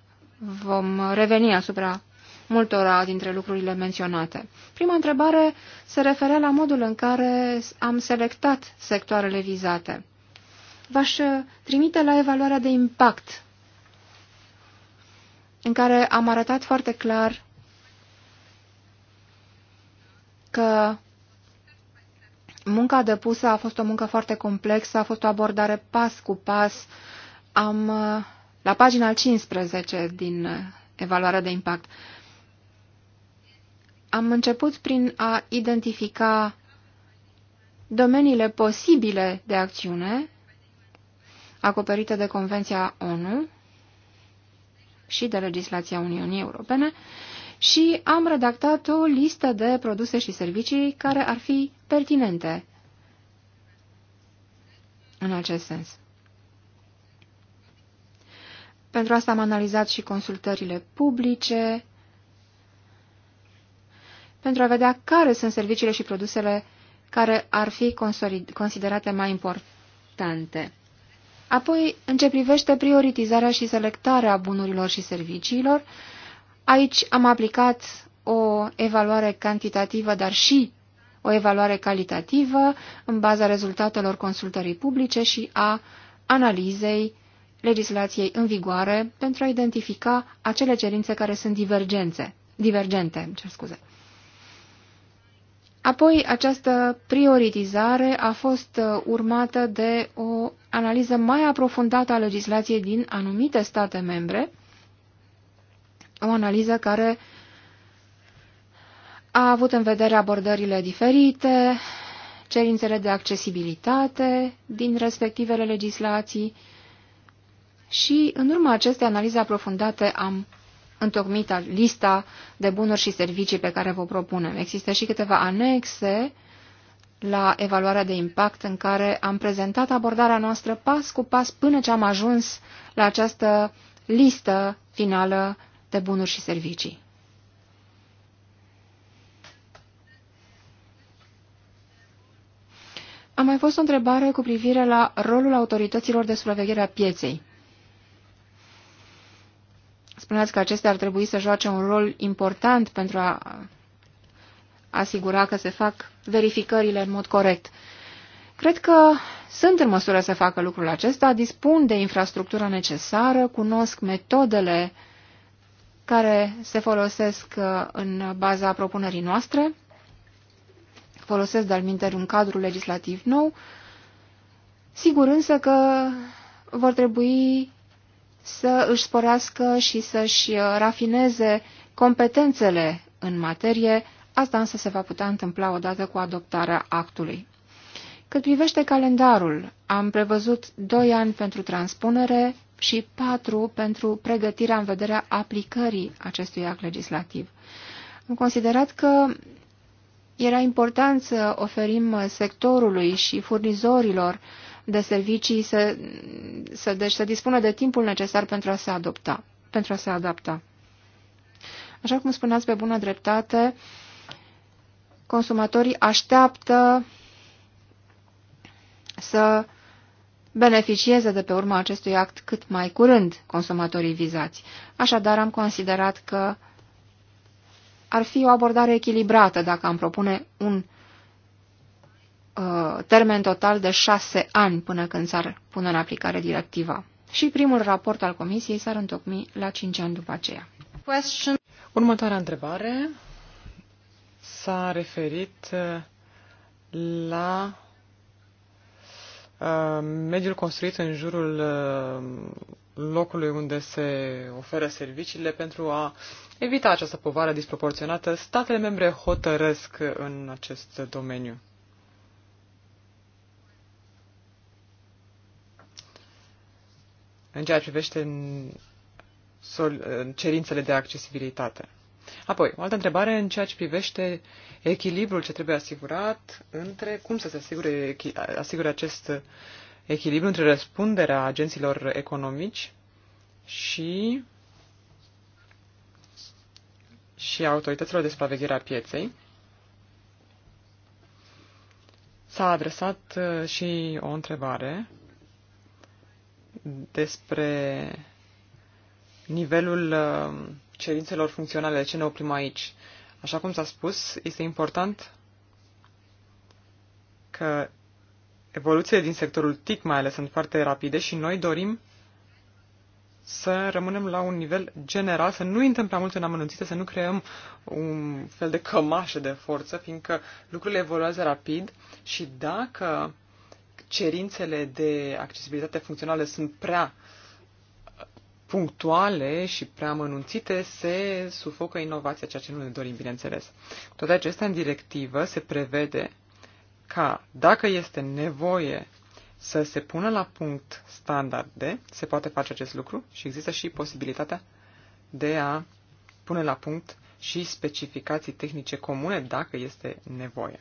vom reveni asupra multora dintre lucrurile menționate. Prima întrebare se referea la modul în care am selectat sectoarele vizate. V-aș trimite la evaluarea de impact în care am arătat foarte clar că munca depusă a fost o muncă foarte complexă, a fost o abordare pas cu pas. Am, la pagina 15 din evaluarea de impact, am început prin a identifica domeniile posibile de acțiune acoperite de Convenția ONU și de legislația Uniunii Europene și am redactat o listă de produse și servicii care ar fi pertinente în acest sens. Pentru asta am analizat și consultările publice, pentru a vedea care sunt serviciile și produsele care ar fi considerate mai importante. Apoi, în ce privește prioritizarea și selectarea bunurilor și serviciilor, aici am aplicat o evaluare cantitativă, dar și o evaluare calitativă în baza rezultatelor consultării publice și a analizei legislației în vigoare pentru a identifica acele cerințe care sunt divergențe, divergente. Cer scuze. Apoi, această prioritizare a fost uh, urmată de o analiză mai aprofundată a legislației din anumite state membre, o analiză care a avut în vedere abordările diferite, cerințele de accesibilitate din respectivele legislații și, în urma acestei analize aprofundate, am întocmit lista de bunuri și servicii pe care vă propunem. Există și câteva anexe la evaluarea de impact în care am prezentat abordarea noastră pas cu pas până ce am ajuns la această listă finală de bunuri și servicii. A mai fost o întrebare cu privire la rolul autorităților de supraveghere a pieței. Spuneați că acestea ar trebui să joace un rol important pentru a asigura că se fac verificările în mod corect. Cred că sunt în măsură să facă lucrul acesta, dispun de infrastructura necesară, cunosc metodele care se folosesc uh, în baza propunerii noastre, folosesc de-al un cadru legislativ nou, sigur însă că vor trebui să își sporească și să-și uh, rafineze competențele în materie, Asta însă se va putea întâmpla odată cu adoptarea actului. Cât privește calendarul, am prevăzut 2 ani pentru transpunere și 4 pentru pregătirea în vederea aplicării acestui act legislativ. Am considerat că era important să oferim sectorului și furnizorilor de servicii să, să, deci, să dispună de timpul necesar pentru a se adopta, pentru a se adapta. Așa cum spuneați pe bună dreptate, uh, consumatorii așteaptă să beneficieze de pe urma acestui act cât mai curând consumatorii vizați. Așadar, am considerat că ar fi o abordare echilibrată dacă am propune un uh, termen total de șase ani până când s-ar pune în aplicare directiva. Și primul raport al Comisiei s-ar întocmi la cinci ani după aceea. Question. Următoarea întrebare s-a referit uh, la uh, mediul construit în jurul uh, locului unde se oferă serviciile pentru a evita această povară disproporționată. Statele membre hotărăsc în acest domeniu. În ceea ce privește mm, cerințele de accesibilitate. Apoi, o altă întrebare în ceea ce privește echilibrul ce trebuie asigurat între cum să se asigure, asigure acest echilibru între răspunderea agenților economici și și autorităților de supraveghere a pieței. S-a adresat uh, și o întrebare despre nivelul uh, cerințelor funcționale. De ce ne oprim aici? Așa cum s-a spus, este important că evoluțiile din sectorul TIC mai ales sunt foarte rapide și noi dorim să rămânem la un nivel general, să nu intrăm prea mult în amănunțite, să nu creăm un fel de cămașă de forță, fiindcă lucrurile evoluează rapid și dacă cerințele de accesibilitate funcțională sunt prea uh, punctuale și prea mănunțite se sufocă inovația, ceea ce nu ne dorim, bineînțeles. Toate acestea, în directivă, se prevede ca, dacă este nevoie să se pună la punct standarde, se poate face acest lucru și există și posibilitatea de a pune la punct și specificații tehnice comune, dacă este nevoie.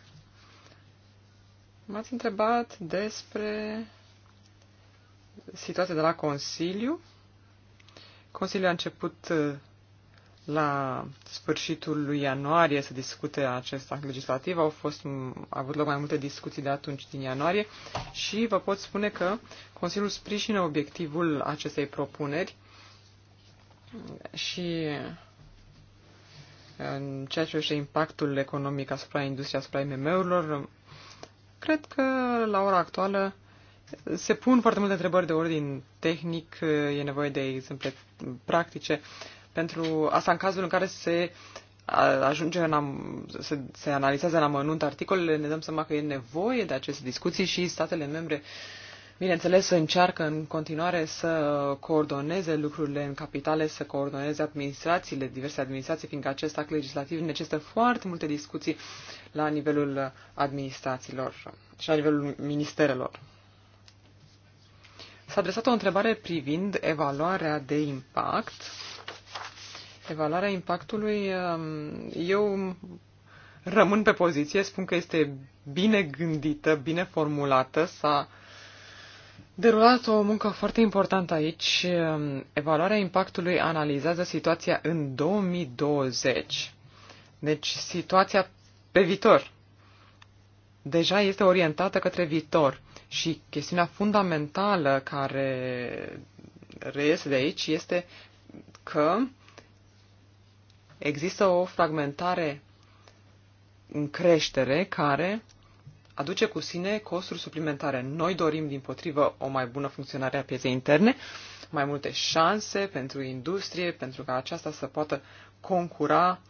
M-ați întrebat despre situația de la Consiliu Consiliul a început uh, la sfârșitul lui ianuarie să discute acest act legislativ. Au fost, a avut loc mai multe discuții de atunci din ianuarie și vă pot spune că Consiliul sprijină obiectivul acestei propuneri și în ceea ce este impactul economic asupra industriei, asupra IMM-urilor, cred că la ora actuală se pun foarte multe întrebări de ordin tehnic, e nevoie de exemple practice, pentru asta în cazul în care se ajunge în am, se, se analizează în amănunt articolele, ne dăm seama că e nevoie de aceste discuții și statele membre, bineînțeles, încearcă în continuare să coordoneze lucrurile în capitale, să coordoneze administrațiile, diverse administrații, fiindcă acest act legislativ necesită foarte multe discuții la nivelul administrațiilor și la nivelul ministerelor. S-a adresat o întrebare privind evaluarea de impact. Evaluarea impactului, um, eu rămân pe poziție, spun că este bine gândită, bine formulată, s-a derulat o muncă foarte importantă aici. Um, evaluarea impactului analizează situația în 2020, deci situația pe viitor. Deja este orientată către viitor și chestiunea fundamentală care reiese de aici este că există o fragmentare în creștere care aduce cu sine costuri suplimentare. Noi dorim, din potrivă, o mai bună funcționare a pieței interne, mai multe șanse pentru industrie, pentru ca aceasta să poată concura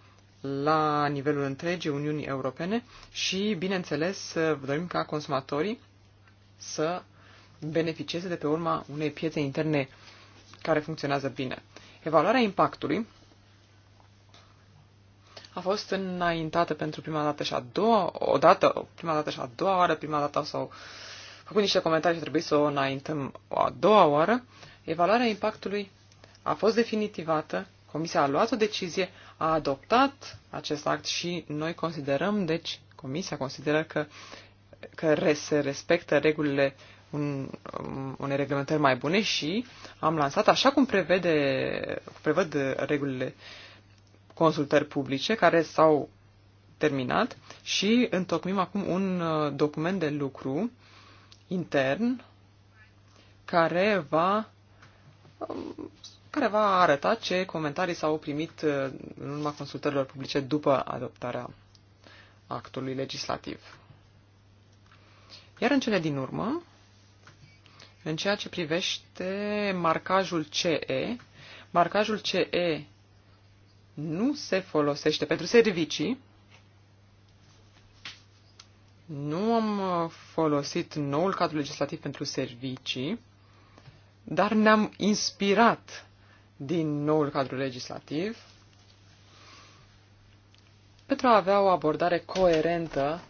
la nivelul întregii Uniunii Europene și, bineînțeles, dorim ca consumatorii să beneficieze de pe urma unei piețe interne care funcționează bine. Evaluarea impactului a fost înaintată pentru prima dată și a doua, o dată, prima dată și a doua oară, prima dată s-au făcut niște comentarii și trebuie să o înaintăm o a doua oară. Evaluarea impactului a fost definitivată, Comisia a luat o decizie, a adoptat acest act și noi considerăm, deci Comisia consideră că că se respectă regulile un, um, unei reglementări mai bune și am lansat, așa cum prevede, prevăd regulile consultări publice care s-au terminat și întocmim acum un uh, document de lucru intern care va um, care va arăta ce comentarii s-au primit uh, în urma consultărilor publice după adoptarea actului legislativ. Iar în cele din urmă, în ceea ce privește marcajul CE, marcajul CE nu se folosește pentru servicii. Nu am folosit noul cadru legislativ pentru servicii, dar ne-am inspirat din noul cadru legislativ pentru a avea o abordare coerentă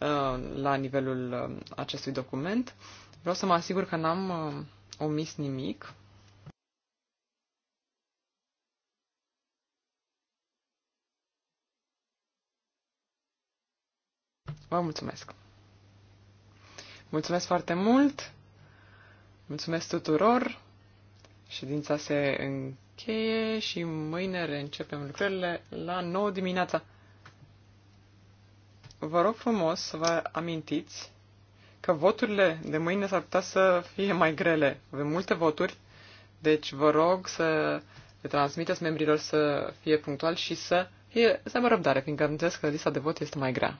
Uh, la nivelul uh, acestui document. Vreau să mă asigur că n-am uh, omis nimic. Vă mulțumesc! Mulțumesc foarte mult! Mulțumesc tuturor! Ședința se încheie și mâine reîncepem lucrările la 9 dimineața vă rog frumos să vă amintiți că voturile de mâine s-ar putea să fie mai grele. Avem multe voturi, deci vă rog să le transmiteți membrilor să fie punctual și să, fie, să aibă răbdare, fiindcă am înțeles că lista de vot este mai grea.